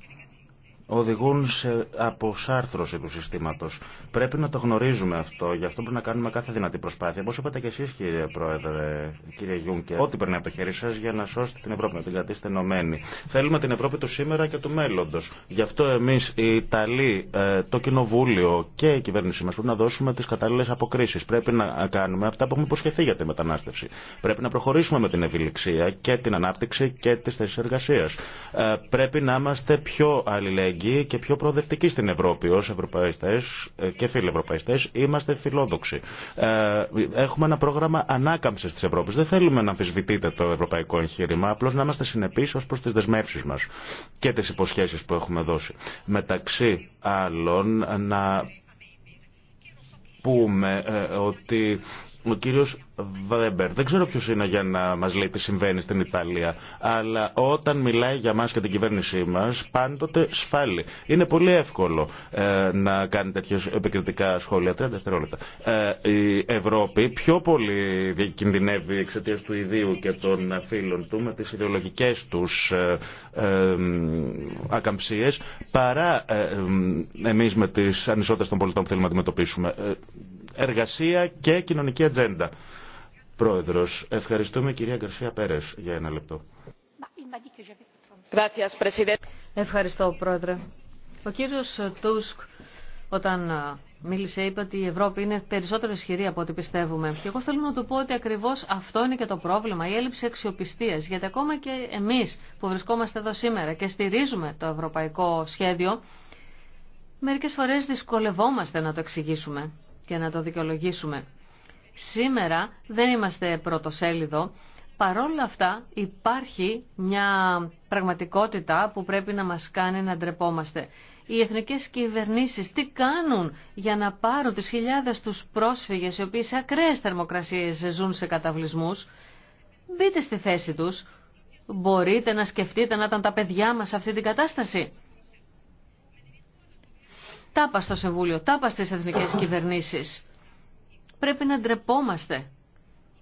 οδηγούν σε αποσάρθρωση του συστήματο. Πρέπει να το γνωρίζουμε αυτό, γι' αυτό πρέπει να κάνουμε κάθε δυνατή προσπάθεια. Όπω είπατε και εσεί, κύριε Πρόεδρε, κύριε Γιούνκερ, ό,τι περνάει από το χέρι σα για να σώσετε την Ευρώπη, να την κρατήσετε ενωμένη. Θέλουμε την Ευρώπη του σήμερα και του μέλλοντο. Γι' αυτό εμεί, οι Ιταλοί, ε, το Κοινοβούλιο και η κυβέρνησή μα πρέπει να δώσουμε τι κατάλληλε αποκρίσει. Πρέπει να κάνουμε αυτά που έχουμε υποσχεθεί για τη μετανάστευση. Πρέπει να προχωρήσουμε με την ευηλεξία και την ανάπτυξη και τι θέσει εργασία. Ε, πρέπει να είμαστε πιο αλληλέγγυοι και πιο προοδευτική στην Ευρώπη. Ω Ευρωπαϊστέ ε, και φίλοι είμαστε φιλόδοξοι. Ε, έχουμε ένα πρόγραμμα ανάκαμψη τη Ευρώπη. Δεν θέλουμε να αμφισβητείτε το ευρωπαϊκό εγχείρημα, απλώ να είμαστε συνεπεί ω προ τι δεσμεύσει μα και τι υποσχέσει που έχουμε δώσει. Μεταξύ άλλων, να πούμε ε, ότι ο κύριο Βέμπερ. Δεν ξέρω ποιο είναι για να μα λέει τι συμβαίνει στην Ιταλία. Αλλά όταν μιλάει για μα και την κυβέρνησή μα, πάντοτε σφάλει. Είναι πολύ εύκολο ε, να κάνει τέτοια επικριτικά σχόλια. 30 δευτερόλεπτα. Ε, η Ευρώπη πιο πολύ κινδυνεύει εξαιτία του ιδίου και των φίλων του με τι ιδεολογικέ του ε, ε, ακαμψίε παρά ε, εμεί με τι ανισότητε των πολιτών που θέλουμε να αντιμετωπίσουμε. Ε, εργασία και κοινωνική ατζέντα. Πρόεδρος, ευχαριστούμε κυρία Γκαρσία Πέρες για ένα λεπτό. Ευχαριστώ πρόεδρε. Ο κύριος Τούσκ όταν μίλησε είπε ότι η Ευρώπη είναι περισσότερο ισχυρή από ό,τι πιστεύουμε. Και εγώ θέλω να του πω ότι ακριβώς αυτό είναι και το πρόβλημα, η έλλειψη αξιοπιστίας. Γιατί ακόμα και εμείς που βρισκόμαστε εδώ σήμερα και στηρίζουμε το ευρωπαϊκό σχέδιο, μερικές φορέ δυσκολευόμαστε να το εξηγήσουμε και να το δικαιολογήσουμε. Σήμερα δεν είμαστε πρωτοσέλιδο. Παρόλα αυτά υπάρχει μια πραγματικότητα που πρέπει να μας κάνει να ντρεπόμαστε. Οι εθνικές κυβερνήσεις τι κάνουν για να πάρουν τις χιλιάδες τους πρόσφυγες οι οποίοι σε ακραίες θερμοκρασίες ζουν σε καταβλισμούς. Μπείτε στη θέση τους. Μπορείτε να σκεφτείτε να ήταν τα παιδιά μας σε αυτή την κατάσταση τάπα στο Συμβούλιο, τάπα στις εθνικές κυβερνήσεις. Πρέπει να ντρεπόμαστε.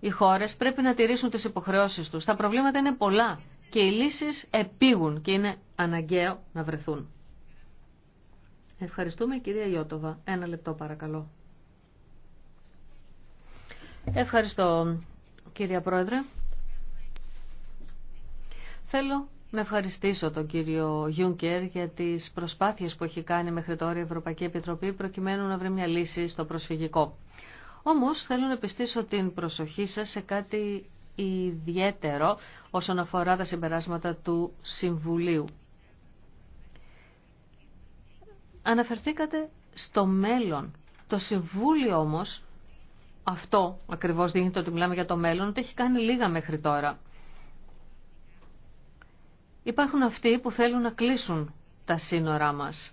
Οι χώρες πρέπει να τηρήσουν τις υποχρεώσεις τους. Τα προβλήματα είναι πολλά και οι λύσεις επίγουν και είναι αναγκαίο να βρεθούν. Ευχαριστούμε κυρία Ιώτοβα. Ένα λεπτό παρακαλώ. Ευχαριστώ κυρία Πρόεδρε. Θέλω να ευχαριστήσω τον κύριο Γιούνκερ για τις προσπάθειες που έχει κάνει μέχρι τώρα η Ευρωπαϊκή Επιτροπή προκειμένου να βρει μια λύση στο προσφυγικό. Όμως θέλω να επιστήσω την προσοχή σας σε κάτι ιδιαίτερο όσον αφορά τα συμπεράσματα του Συμβουλίου. Αναφερθήκατε στο μέλλον. Το Συμβούλιο όμως, αυτό ακριβώς δείχνει το ότι μιλάμε για το μέλλον, ότι έχει κάνει λίγα μέχρι τώρα. Υπάρχουν αυτοί που θέλουν να κλείσουν τα σύνορά μας.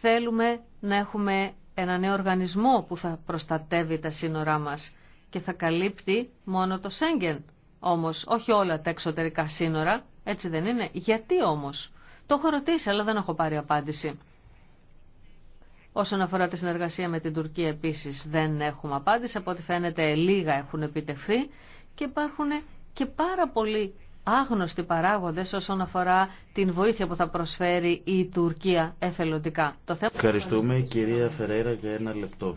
Θέλουμε να έχουμε ένα νέο οργανισμό που θα προστατεύει τα σύνορά μας και θα καλύπτει μόνο το Σέγγεν. Όμως όχι όλα τα εξωτερικά σύνορα, έτσι δεν είναι. Γιατί όμως. Το έχω ρωτήσει αλλά δεν έχω πάρει απάντηση. Όσον αφορά τη συνεργασία με την Τουρκία επίσης δεν έχουμε απάντηση. Από ό,τι φαίνεται λίγα έχουν επιτευχθεί και υπάρχουν και πάρα πολλοί άγνωστοι παράγοντες όσον αφορά την βοήθεια που θα προσφέρει η Τουρκία εθελοντικά. Το θέμα... Ευχαριστούμε κυρία Φερέιρα για ένα λεπτό.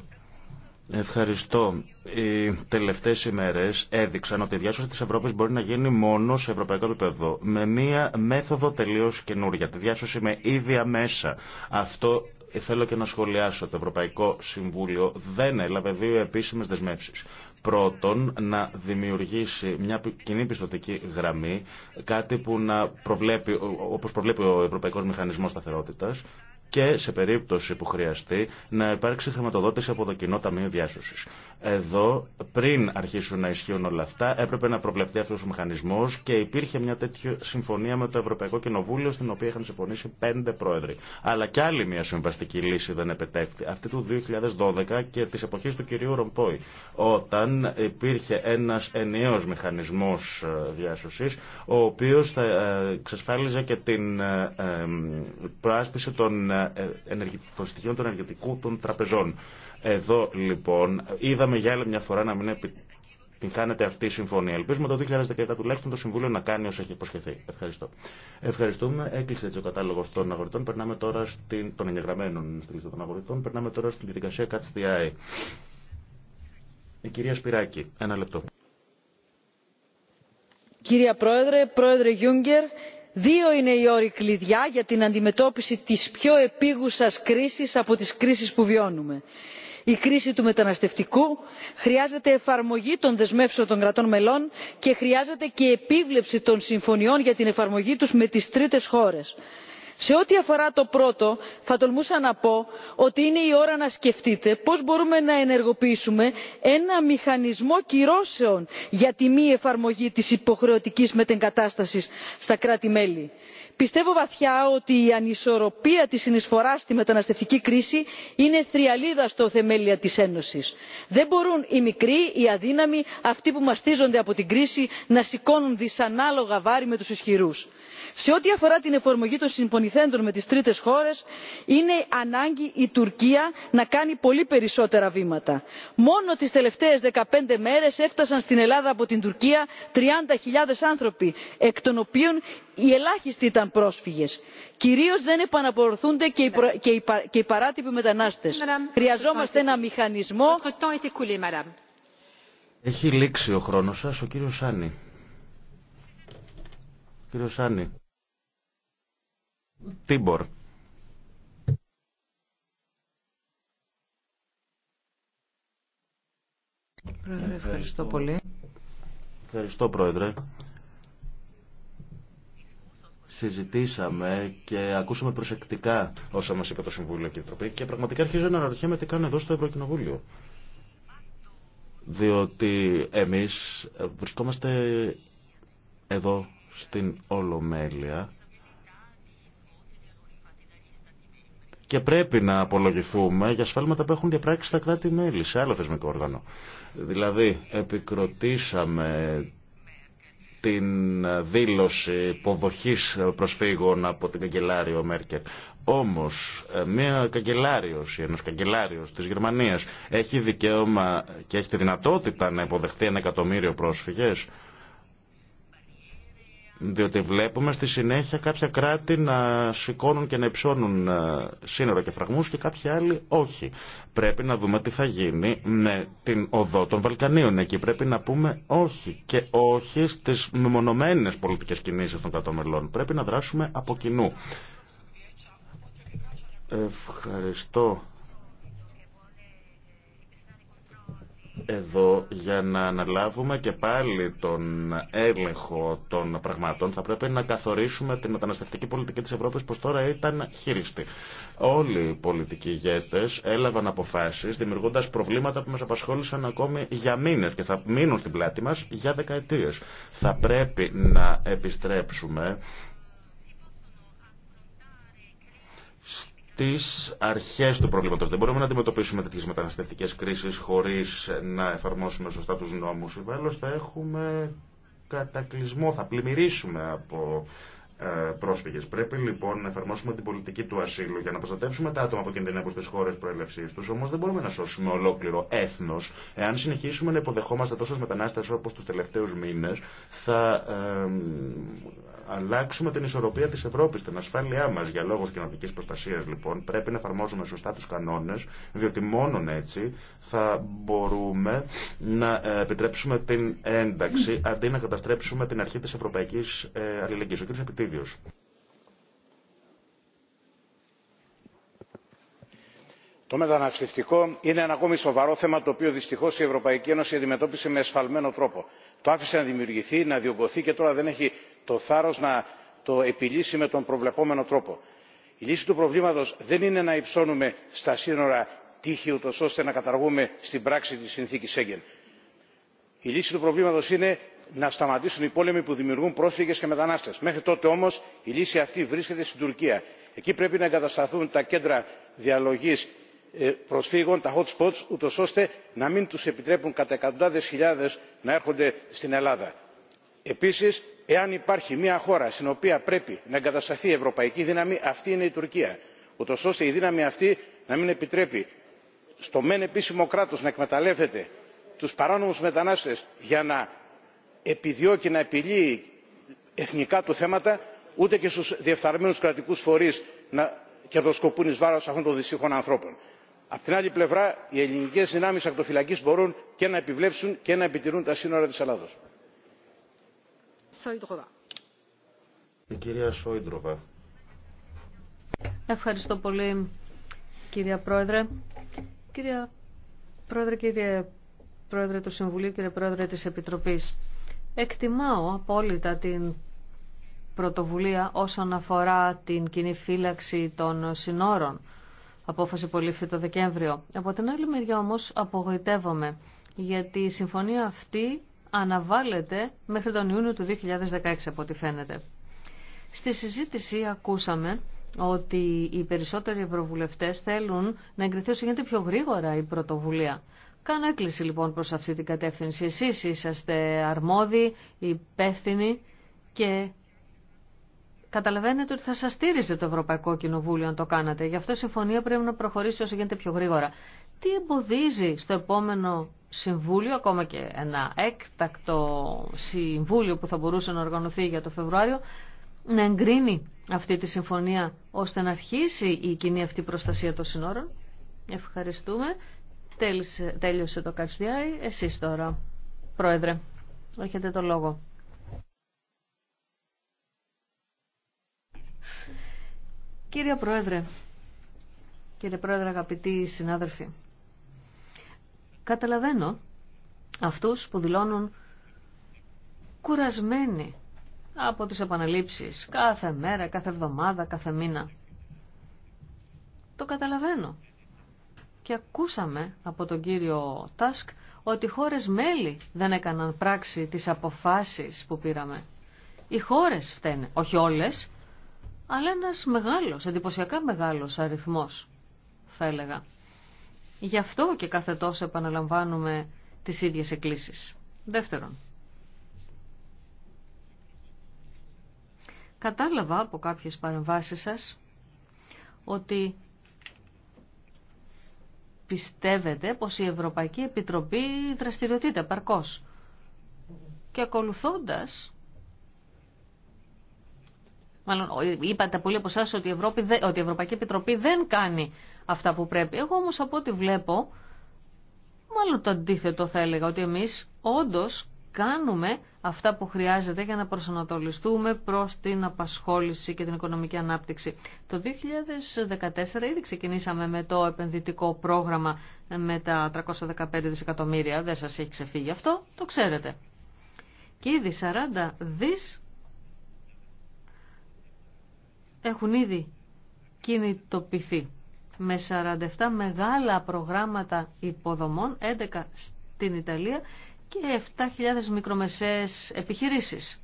Ευχαριστώ. Οι τελευταίες ημέρες έδειξαν ότι η διάσωση της Ευρώπης μπορεί να γίνει μόνο σε ευρωπαϊκό επίπεδο με μία μέθοδο τελείως καινούρια. Τη διάσωση με ίδια μέσα. Αυτό θέλω και να σχολιάσω. Το Ευρωπαϊκό Συμβούλιο δεν έλαβε δύο επίσημες δεσμεύσεις. Πρώτον, να δημιουργήσει μια κοινή πιστοτική γραμμή, κάτι που να προβλέπει, όπως προβλέπει ο Ευρωπαϊκός Μηχανισμός Σταθερότητας, και σε περίπτωση που χρειαστεί να υπάρξει χρηματοδότηση από το κοινό Ταμείο Διάσωση. Εδώ, πριν αρχίσουν να ισχύουν όλα αυτά, έπρεπε να προβλεφτεί αυτό ο μηχανισμό και υπήρχε μια τέτοια συμφωνία με το Ευρωπαϊκό Κοινοβούλιο, στην οποία είχαν συμφωνήσει πέντε πρόεδροι. Αλλά κι άλλη μια συμβαστική λύση δεν επετέχθη. Αυτή του 2012 και τη εποχή του κυρίου Ρομπόη. Όταν υπήρχε ένα ενιαίο μηχανισμό ε, διάσωση, ο οποίο θα εξασφάλιζε και την ε, ε, προάσπιση των στοιχείων των ενεργητικού των τραπεζών. Εδώ λοιπόν είδαμε για άλλη μια φορά να μην επιτυγχάνεται αυτή η συμφωνία. Ελπίζουμε το 2017 τουλάχιστον το Συμβούλιο να κάνει όσο έχει υποσχεθεί. Ευχαριστώ. Ευχαριστούμε. Έκλεισε έτσι ο κατάλογο των αγορητών. Περνάμε τώρα στην... των εγγεγραμμένων στη λίστα των αγορητών. Περνάμε τώρα στην διαδικασία Η κυρία Σπυράκη, ένα λεπτό. Κυρία Πρόεδρε, Πρόεδρε Γιούγκερ, δύο είναι οι όροι κλειδιά για την αντιμετώπιση της πιο επίγουσα κρίσης από τις κρίσεις που βιώνουμε η κρίση του μεταναστευτικού χρειάζεται εφαρμογή των δεσμεύσεων των κρατών μελών και χρειάζεται και επίβλεψη των συμφωνιών για την εφαρμογή τους με τις τρίτες χώρες. σε ό,τι αφορά το πρώτο θα τολμούσα να πω ότι είναι η ώρα να σκεφτείτε πώς μπορούμε να ενεργοποιήσουμε ένα μηχανισμό κυρώσεων για τη μη εφαρμογή της υποχρεωτικής μετεγκατάστασης στα κράτη μέλη πιστεύω βαθιά ότι η ανισορροπία της συνεισφοράς στη μεταναστευτική κρίση είναι θριαλίδα στο θεμέλια της ένωσης. δεν μπορούν οι μικροί οι αδύναμοι αυτοί που μαστίζονται από την κρίση να σηκώνουν δυσανάλογα βάρη με τους ισχυρούς σε ό,τι αφορά την εφαρμογή των συμφωνηθέντων με τις τρίτες χώρες είναι ανάγκη η τουρκία να κάνει πολύ περισσότερα βήματα. μόνο τις τελευταίες δεκαπέντε μέρες έφτασαν στην ελλάδα από την τουρκία 30.000 άνθρωποι εκ των οποίων οι ελάχιστοι ήταν πρόσφυγες. κυρίως δεν επαναπροωθούνται και οι παράτυποι μετανάστες. χρειαζόμαστε ένα μηχανισμό έχει λήξει ο χρόνος σας ο κύριος Κύριος Τίμπορ. Πρόεδρε, ευχαριστώ πολύ. Ευχαριστώ, Πρόεδρε. Συζητήσαμε και ακούσαμε προσεκτικά όσα μας είπε το Συμβούλιο και η Επιτροπή και πραγματικά αρχίζω να αναρωτιέμαι τι κάνουν εδώ στο Ευρωκοινοβούλιο. Διότι εμείς βρισκόμαστε εδώ στην Ολομέλεια και πρέπει να απολογηθούμε για σφάλματα που έχουν διαπράξει στα κράτη-μέλη, σε άλλο θεσμικό όργανο. Δηλαδή, επικροτήσαμε την δήλωση υποδοχής προσφύγων από την καγκελάριο Μέρκελ. Όμως, μια καγκελάριος ή ένας καγκελάριος της Γερμανίας έχει δικαίωμα και έχει τη δυνατότητα να υποδεχθεί ένα εκατομμύριο πρόσφυγες. Διότι βλέπουμε στη συνέχεια κάποια κράτη να σηκώνουν και να υψώνουν ε, σύνορα και φραγμούς και κάποιοι άλλοι όχι. Πρέπει να δούμε τι θα γίνει με την οδό των Βαλκανίων. Εκεί πρέπει να πούμε όχι και όχι στις μεμονωμένες πολιτικές κινήσεις των κρατών Πρέπει να δράσουμε από κοινού. Ευχαριστώ εδώ για να αναλάβουμε και πάλι τον έλεγχο των πραγμάτων θα πρέπει να καθορίσουμε την μεταναστευτική πολιτική της Ευρώπης πως τώρα ήταν χειριστή. Όλοι οι πολιτικοί ηγέτες έλαβαν αποφάσεις δημιουργώντας προβλήματα που μας απασχόλησαν ακόμη για μήνες και θα μείνουν στην πλάτη μας για δεκαετίες. Θα πρέπει να επιστρέψουμε τι αρχέ του προβλήματο. Δεν μπορούμε να αντιμετωπίσουμε τέτοιε μεταναστευτικέ κρίσει χωρί να εφαρμόσουμε σωστά του νόμου. Ή θα έχουμε κατακλυσμό, θα πλημμυρίσουμε από ε, πρέπει λοιπόν να εφαρμόσουμε την πολιτική του ασύλου για να προστατεύσουμε τα άτομα που κινδυνεύουν στι χώρε προέλευσή του, όμω δεν μπορούμε να σώσουμε ολόκληρο έθνο, Εάν συνεχίσουμε να υποδεχόμαστε τόσους μετανάστες όπω του τελευταίου μήνε, θα ε, αλλάξουμε την ισορροπία τη Ευρώπη, την ασφάλειά μα για λόγους κοινωνική προστασία, λοιπόν. Πρέπει να εφαρμόζουμε σωστά του κανόνε, διότι μόνον έτσι θα μπορούμε να ε, επιτρέψουμε την ένταξη αντί να καταστρέψουμε την αρχή τη Ευρωπαϊκή ε, αλληλεγγύης. Το μεταναστευτικό είναι ένα ακόμη σοβαρό θέμα το οποίο δυστυχώ η Ευρωπαϊκή Ένωση αντιμετώπισε με εσφαλμένο τρόπο. Το άφησε να δημιουργηθεί, να διωγγωθεί και τώρα δεν έχει το θάρρο να το επιλύσει με τον προβλεπόμενο τρόπο. Η λύση του προβλήματο δεν είναι να υψώνουμε στα σύνορα τείχη ούτω ώστε να καταργούμε στην πράξη τη συνθήκη Σέγγεν. Η λύση του προβλήματο είναι να σταματήσουν οι πόλεμοι που δημιουργούν πρόσφυγες και μετανάστες. μέχρι τότε όμως η λύση αυτή βρίσκεται στην τουρκία. εκεί πρέπει να εγκατασταθούν τα κέντρα διαλογής ε, προσφύγων τα hot spots ούτως ώστε να μην τους επιτρέπουν κατά εκατοντάδες χιλιάδες να έρχονται στην ελλάδα. επίσης εάν υπάρχει μια χώρα στην οποία πρέπει να εγκατασταθεί η ευρωπαϊκή δύναμη αυτή είναι η τουρκία ούτως ώστε η δύναμη αυτή να μην επιτρέπει στο μεν επίσημο κράτος να εκμεταλλεύεται τους παράνομους μετανάστες για να επιδιώκει να επιλύει εθνικά του θέματα ούτε και στους διεφθαρμένους κρατικούς φορείς να κερδοσκοπούν εις βάρος αυτών των δυστύχων ανθρώπων. Απ' την άλλη πλευρά οι ελληνικές δυνάμεις ακτοφυλακής μπορούν και να επιβλέψουν και να επιτηρούν τα σύνορα της Ελλάδος. Ευχαριστώ πολύ κυρία Πρόεδρε. Κυρία Πρόεδρε, κύριε Πρόεδρε του Συμβουλίου, κύριε Πρόεδρε της Επιτροπής. Εκτιμάω απόλυτα την πρωτοβουλία όσον αφορά την κοινή φύλαξη των συνόρων. Απόφαση που λήφθη το Δεκέμβριο. Από την άλλη μεριά όμως απογοητεύομαι, γιατί η συμφωνία αυτή αναβάλλεται μέχρι τον Ιούνιο του 2016 από ό,τι φαίνεται. Στη συζήτηση ακούσαμε ότι οι περισσότεροι ευρωβουλευτές θέλουν να εγκριθεί όσο γίνεται πιο γρήγορα η πρωτοβουλία. Κάνω έκκληση λοιπόν προς αυτή την κατεύθυνση. Εσείς είσαστε αρμόδιοι, υπεύθυνοι και καταλαβαίνετε ότι θα σας στήριζε το Ευρωπαϊκό Κοινοβούλιο αν το κάνατε. Γι' αυτό η συμφωνία πρέπει να προχωρήσει όσο γίνεται πιο γρήγορα. Τι εμποδίζει στο επόμενο συμβούλιο, ακόμα και ένα έκτακτο συμβούλιο που θα μπορούσε να οργανωθεί για το Φεβρουάριο, να εγκρίνει αυτή τη συμφωνία ώστε να αρχίσει η κοινή αυτή προστασία των συνόρων. Ευχαριστούμε τέλησε, τέλειωσε το Καρσδιάι. Εσείς τώρα, Πρόεδρε, έχετε το λόγο. Κύριε Πρόεδρε, κύριε Πρόεδρε αγαπητοί συνάδελφοι, καταλαβαίνω αυτούς που δηλώνουν κουρασμένοι από τις επαναλήψεις κάθε μέρα, κάθε εβδομάδα, κάθε μήνα. Το καταλαβαίνω και ακούσαμε από τον κύριο Τάσκ ότι οι χώρες μέλη δεν έκαναν πράξη τις αποφάσεις που πήραμε. Οι χώρες φταίνε, όχι όλες, αλλά ένας μεγάλος, εντυπωσιακά μεγάλος αριθμός, θα έλεγα. Γι' αυτό και κάθε τόσο επαναλαμβάνουμε τις ίδιες εκκλήσεις. Δεύτερον, κατάλαβα από κάποιες παρεμβάσεις σας ότι πιστεύετε πως η Ευρωπαϊκή Επιτροπή δραστηριοτείται παρκώς. Και ακολουθώντας, μάλλον είπατε πολύ από εσάς ότι η, Ευρώπη, ότι η Ευρωπαϊκή Επιτροπή δεν κάνει αυτά που πρέπει. Εγώ όμως από ό,τι βλέπω, μάλλον το αντίθετο θα έλεγα, ότι εμείς όντως κάνουμε αυτά που χρειάζεται για να προσανατολιστούμε προς την απασχόληση και την οικονομική ανάπτυξη. Το 2014 ήδη ξεκινήσαμε με το επενδυτικό πρόγραμμα με τα 315 δισεκατομμύρια. Δεν σας έχει ξεφύγει αυτό, το ξέρετε. Και ήδη 40 δις έχουν ήδη κινητοποιηθεί με 47 μεγάλα προγράμματα υποδομών, 11 στην Ιταλία και 7.000 μικρομεσαίες επιχειρήσεις.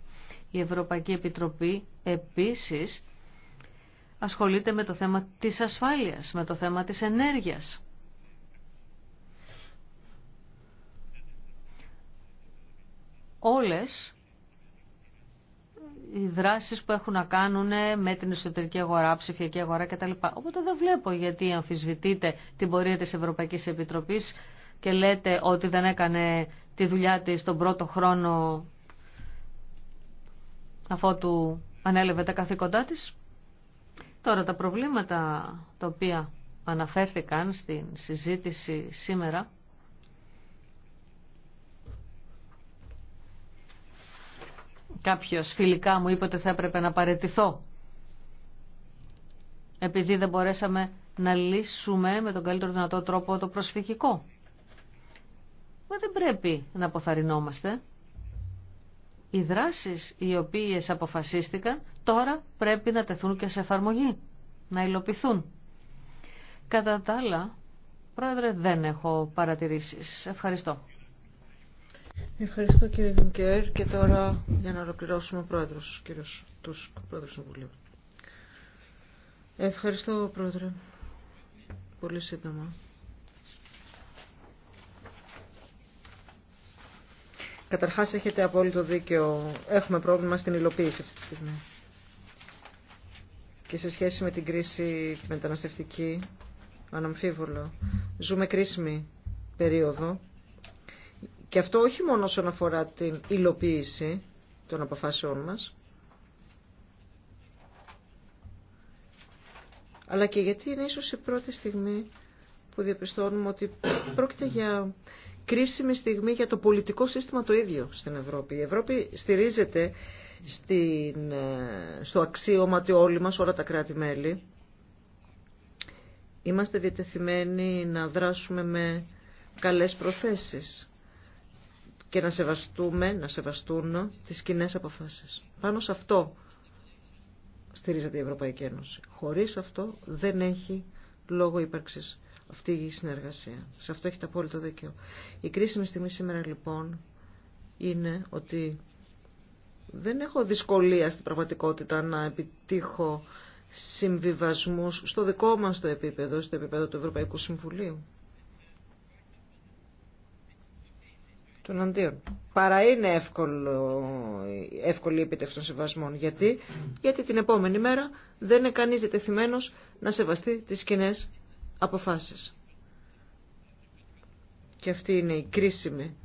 Η Ευρωπαϊκή Επιτροπή επίσης ασχολείται με το θέμα της ασφάλειας, με το θέμα της ενέργειας. Όλες οι δράσεις που έχουν να κάνουν με την εσωτερική αγορά, ψηφιακή αγορά κτλ. Οπότε δεν βλέπω γιατί αμφισβητείτε την πορεία της Ευρωπαϊκής Επιτροπής και λέτε ότι δεν έκανε τη δουλειά τη τον πρώτο χρόνο αφότου ανέλευε τα καθήκοντά της. Τώρα τα προβλήματα τα οποία αναφέρθηκαν στην συζήτηση σήμερα Κάποιος φιλικά μου είπε ότι θα έπρεπε να παρετηθώ επειδή δεν μπορέσαμε να λύσουμε με τον καλύτερο δυνατό τρόπο το προσφυγικό. Μα δεν πρέπει να αποθαρρυνόμαστε. Οι δράσεις οι οποίες αποφασίστηκαν τώρα πρέπει να τεθούν και σε εφαρμογή, να υλοποιηθούν. Κατά τα άλλα, Πρόεδρε, δεν έχω παρατηρήσεις. Ευχαριστώ. Ευχαριστώ κύριε Βινκέρ και τώρα για να ολοκληρώσουμε ο πρόεδρος, κύριος τους πρόεδρος του Βουλίου. Ευχαριστώ πρόεδρε. Πολύ σύντομα. Καταρχάς έχετε απόλυτο δίκαιο. Έχουμε πρόβλημα στην υλοποίηση αυτή τη στιγμή. Και σε σχέση με την κρίση τη μεταναστευτική, αναμφίβολο, ζούμε κρίσιμη περίοδο. Και αυτό όχι μόνο όσον αφορά την υλοποίηση των αποφάσεών μας, αλλά και γιατί είναι ίσως η πρώτη στιγμή που διαπιστώνουμε ότι πρόκειται για κρίσιμη στιγμή για το πολιτικό σύστημα το ίδιο στην Ευρώπη. Η Ευρώπη στηρίζεται ε, στο αξίωμα ότι όλοι μας, όλα τα κράτη-μέλη, είμαστε διατεθειμένοι να δράσουμε με καλές προθέσεις και να σεβαστούμε, να σεβαστούν τις κοινέ αποφάσεις. Πάνω σε αυτό στηρίζεται η Ευρωπαϊκή Ένωση. Χωρίς αυτό δεν έχει λόγο ύπαρξης αυτή η συνεργασία. Σε αυτό έχει έχετε απόλυτο δίκαιο. Η κρίσιμη στιγμή σήμερα λοιπόν είναι ότι δεν έχω δυσκολία στην πραγματικότητα να επιτύχω συμβιβασμούς στο δικό μας το επίπεδο, στο επίπεδο του Ευρωπαϊκού Συμβουλίου. Των αντίον. Παρά είναι εύκολο, εύκολη η επίτευξη των συμβασμών. Γιατί? Γιατί την επόμενη μέρα δεν είναι κανείς διτεθειμένος να σεβαστεί τις κοινέ αποφάσεις. Και αυτή είναι η κρίσιμη.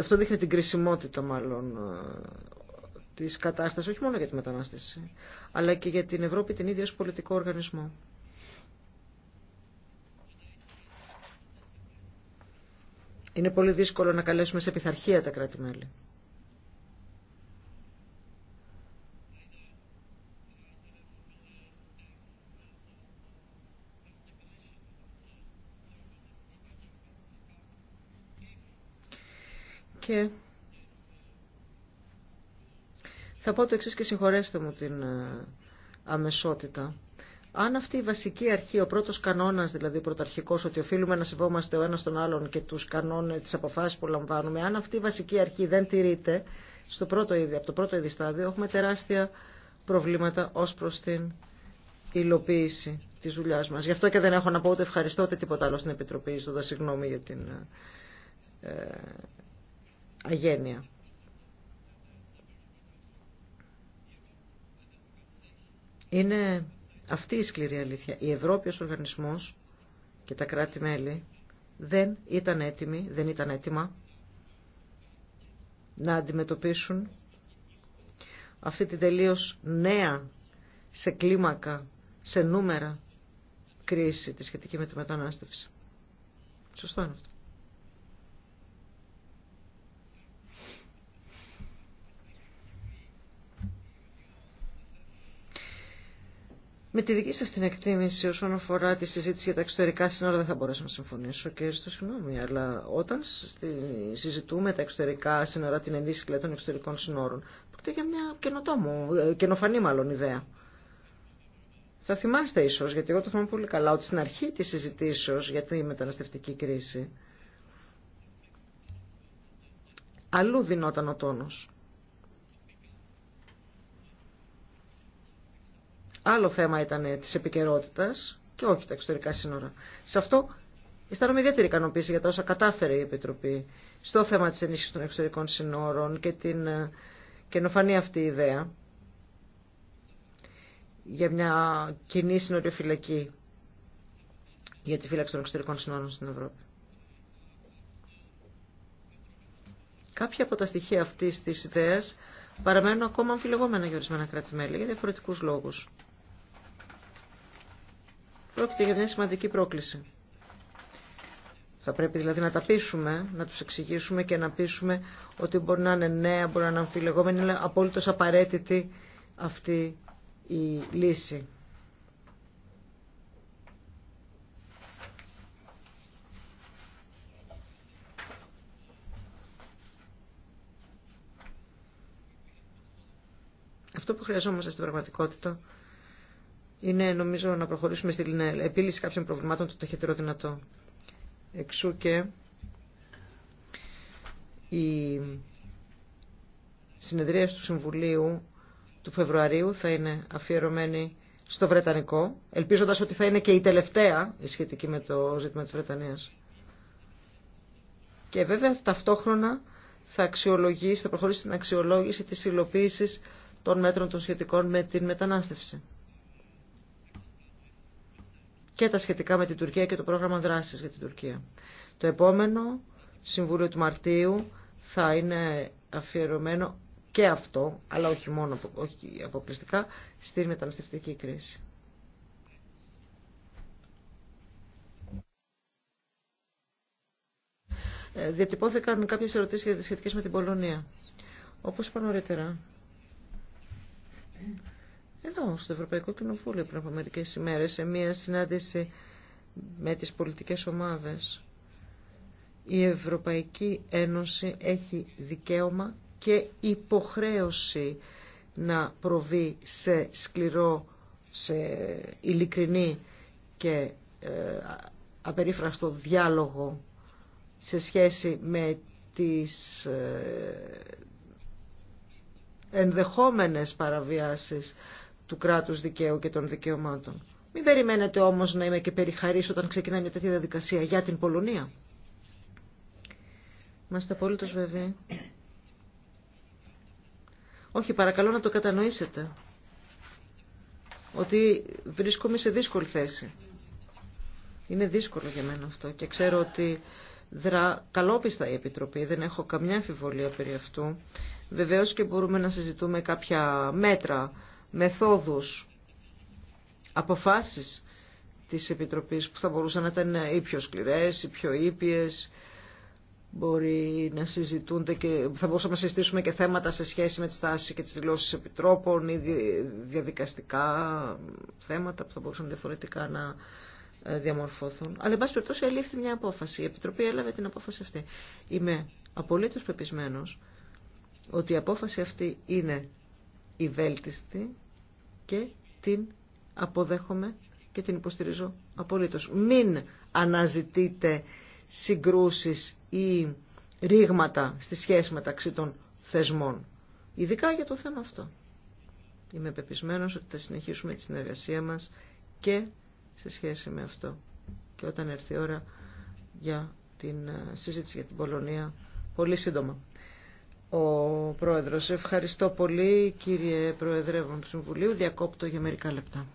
Αυτό δείχνει την κρισιμότητα μάλλον ε, της κατάστασης, όχι μόνο για τη μετανάστευση, αλλά και για την Ευρώπη την ίδια ως πολιτικό οργανισμό. Είναι πολύ δύσκολο να καλέσουμε σε πειθαρχία τα κράτη-μέλη. Και θα πω το εξής και συγχωρέστε μου την ε, αμεσότητα. Αν αυτή η βασική αρχή, ο πρώτος κανόνας δηλαδή πρωταρχικός, ότι οφείλουμε να σεβόμαστε ο ένας τον άλλον και τους κανόνες, τις αποφάσεις που λαμβάνουμε, αν αυτή η βασική αρχή δεν τηρείται, στο πρώτο από το πρώτο ήδη στάδιο έχουμε τεράστια προβλήματα ως προς την υλοποίηση της δουλειά μας. Γι' αυτό και δεν έχω να πω ούτε ευχαριστώ ούτε τίποτα άλλο στην Επιτροπή, ζητώντα συγγνώμη για την ε, ε, αγένεια. Είναι αυτή η σκληρή αλήθεια. Η Ευρώπη ως οργανισμός και τα κράτη-μέλη δεν ήταν έτοιμοι, δεν ήταν έτοιμα να αντιμετωπίσουν αυτή την τελείως νέα σε κλίμακα, σε νούμερα κρίση τη σχετική με τη μετανάστευση. Σωστό είναι αυτό. Με τη δική σας την εκτίμηση όσον αφορά τη συζήτηση για τα εξωτερικά σύνορα δεν θα μπορέσω να συμφωνήσω και στο συγγνώμη, αλλά όταν συζητούμε τα εξωτερικά σύνορα, την ενδύση δηλαδή των εξωτερικών σύνορων, πρόκειται για μια καινοτόμο, ε, καινοφανή μάλλον ιδέα. Θα θυμάστε ίσως, γιατί εγώ το θυμάμαι πολύ καλά, ότι στην αρχή της συζητήσεως για τη μεταναστευτική κρίση, αλλού δινόταν ο τόνος. Άλλο θέμα ήταν ε, τη επικαιρότητα και όχι τα εξωτερικά σύνορα. Σε αυτό αισθάνομαι ιδιαίτερη ικανοποίηση για τα όσα κατάφερε η Επιτροπή στο θέμα τη ενίσχυση των εξωτερικών σύνορων και την ε, καινοφανή αυτή ιδέα για μια κοινή συνοριοφυλακή για τη φύλαξη των εξωτερικών συνόρων στην Ευρώπη. Κάποια από τα στοιχεία αυτής της ιδέας παραμένουν ακόμα αμφιλεγόμενα για ορισμένα κράτη-μέλη για διαφορετικούς λόγους. Πρόκειται για μια σημαντική πρόκληση. Θα πρέπει δηλαδή να τα πείσουμε, να τους εξηγήσουμε και να πείσουμε ότι μπορεί να είναι νέα, μπορεί να είναι αμφιλεγόμενη, αλλά απόλυτος απαραίτητη αυτή η λύση. Αυτό που χρειαζόμαστε στην πραγματικότητα είναι νομίζω να προχωρήσουμε στην επίλυση κάποιων προβλημάτων το ταχύτερο δυνατό. Εξού και η συνεδρία του Συμβουλίου του Φεβρουαρίου θα είναι αφιερωμένη στο Βρετανικό, ελπίζοντας ότι θα είναι και η τελευταία η σχετική με το ζήτημα της Βρετανίας. Και βέβαια ταυτόχρονα θα αξιολογήσει, θα προχωρήσει στην αξιολόγηση της υλοποίησης των μέτρων των σχετικών με την μετανάστευση και τα σχετικά με την Τουρκία και το πρόγραμμα δράσης για την Τουρκία. Το επόμενο Συμβούλιο του Μαρτίου θα είναι αφιερωμένο και αυτό, αλλά όχι μόνο, όχι αποκλειστικά, στη μεταναστευτική κρίση. Ε, διατυπώθηκαν κάποιες ερωτήσεις σχετικές με την Πολωνία. Όπως είπα νωρίτερα, εδώ στο Ευρωπαϊκό Κοινοβούλιο πριν από μερικέ ημέρε, σε μια συνάντηση με τις πολιτικές ομάδες. Η Ευρωπαϊκή Ένωση έχει δικαίωμα και υποχρέωση να προβεί σε σκληρό, σε ειλικρινή και ε, απερίφραστο διάλογο σε σχέση με τις ε, ενδεχόμενες παραβιάσεις του κράτους δικαίου και των δικαιωμάτων. Μην περιμένετε όμως να είμαι και περιχαρής όταν ξεκινάει μια τέτοια διαδικασία για την Πολωνία. Είμαστε απόλυτος βέβαια. Όχι, παρακαλώ να το κατανοήσετε. Ότι βρίσκομαι σε δύσκολη θέση. Είναι δύσκολο για μένα αυτό και ξέρω ότι δρά καλόπιστα η Επιτροπή, δεν έχω καμιά αμφιβολία περί αυτού. Βεβαίως και μπορούμε να συζητούμε κάποια μέτρα μεθόδους, αποφάσεις της Επιτροπής που θα μπορούσαν να ήταν οι πιο σκληρές, οι πιο ήπιες, μπορεί να συζητούνται και θα μπορούσαμε να συζητήσουμε και θέματα σε σχέση με τη στάση και τις δηλώσεις επιτρόπων ή διαδικαστικά θέματα που θα μπορούσαν διαφορετικά να ε, διαμορφώθουν. Αλλά, εν πάση περιπτώσει, ελήφθη μια απόφαση. Η Επιτροπή έλαβε την απόφαση αυτή. Είμαι απολύτως πεπισμένος ότι η απόφαση αυτή είναι η βέλτιστη και την αποδέχομαι και την υποστηρίζω απολύτως. Μην αναζητείτε συγκρούσεις ή ρήγματα στη σχέση μεταξύ των θεσμών. Ειδικά για το θέμα αυτό. Είμαι πεπισμένος ότι θα συνεχίσουμε τη συνεργασία μας και σε σχέση με αυτό. Και όταν έρθει η ώρα για την ε, συζήτηση για την Πολωνία, πολύ σύντομα ο Πρόεδρος. Ευχαριστώ πολύ κύριε Προεδρεύον του Συμβουλίου. Διακόπτω για μερικά λεπτά.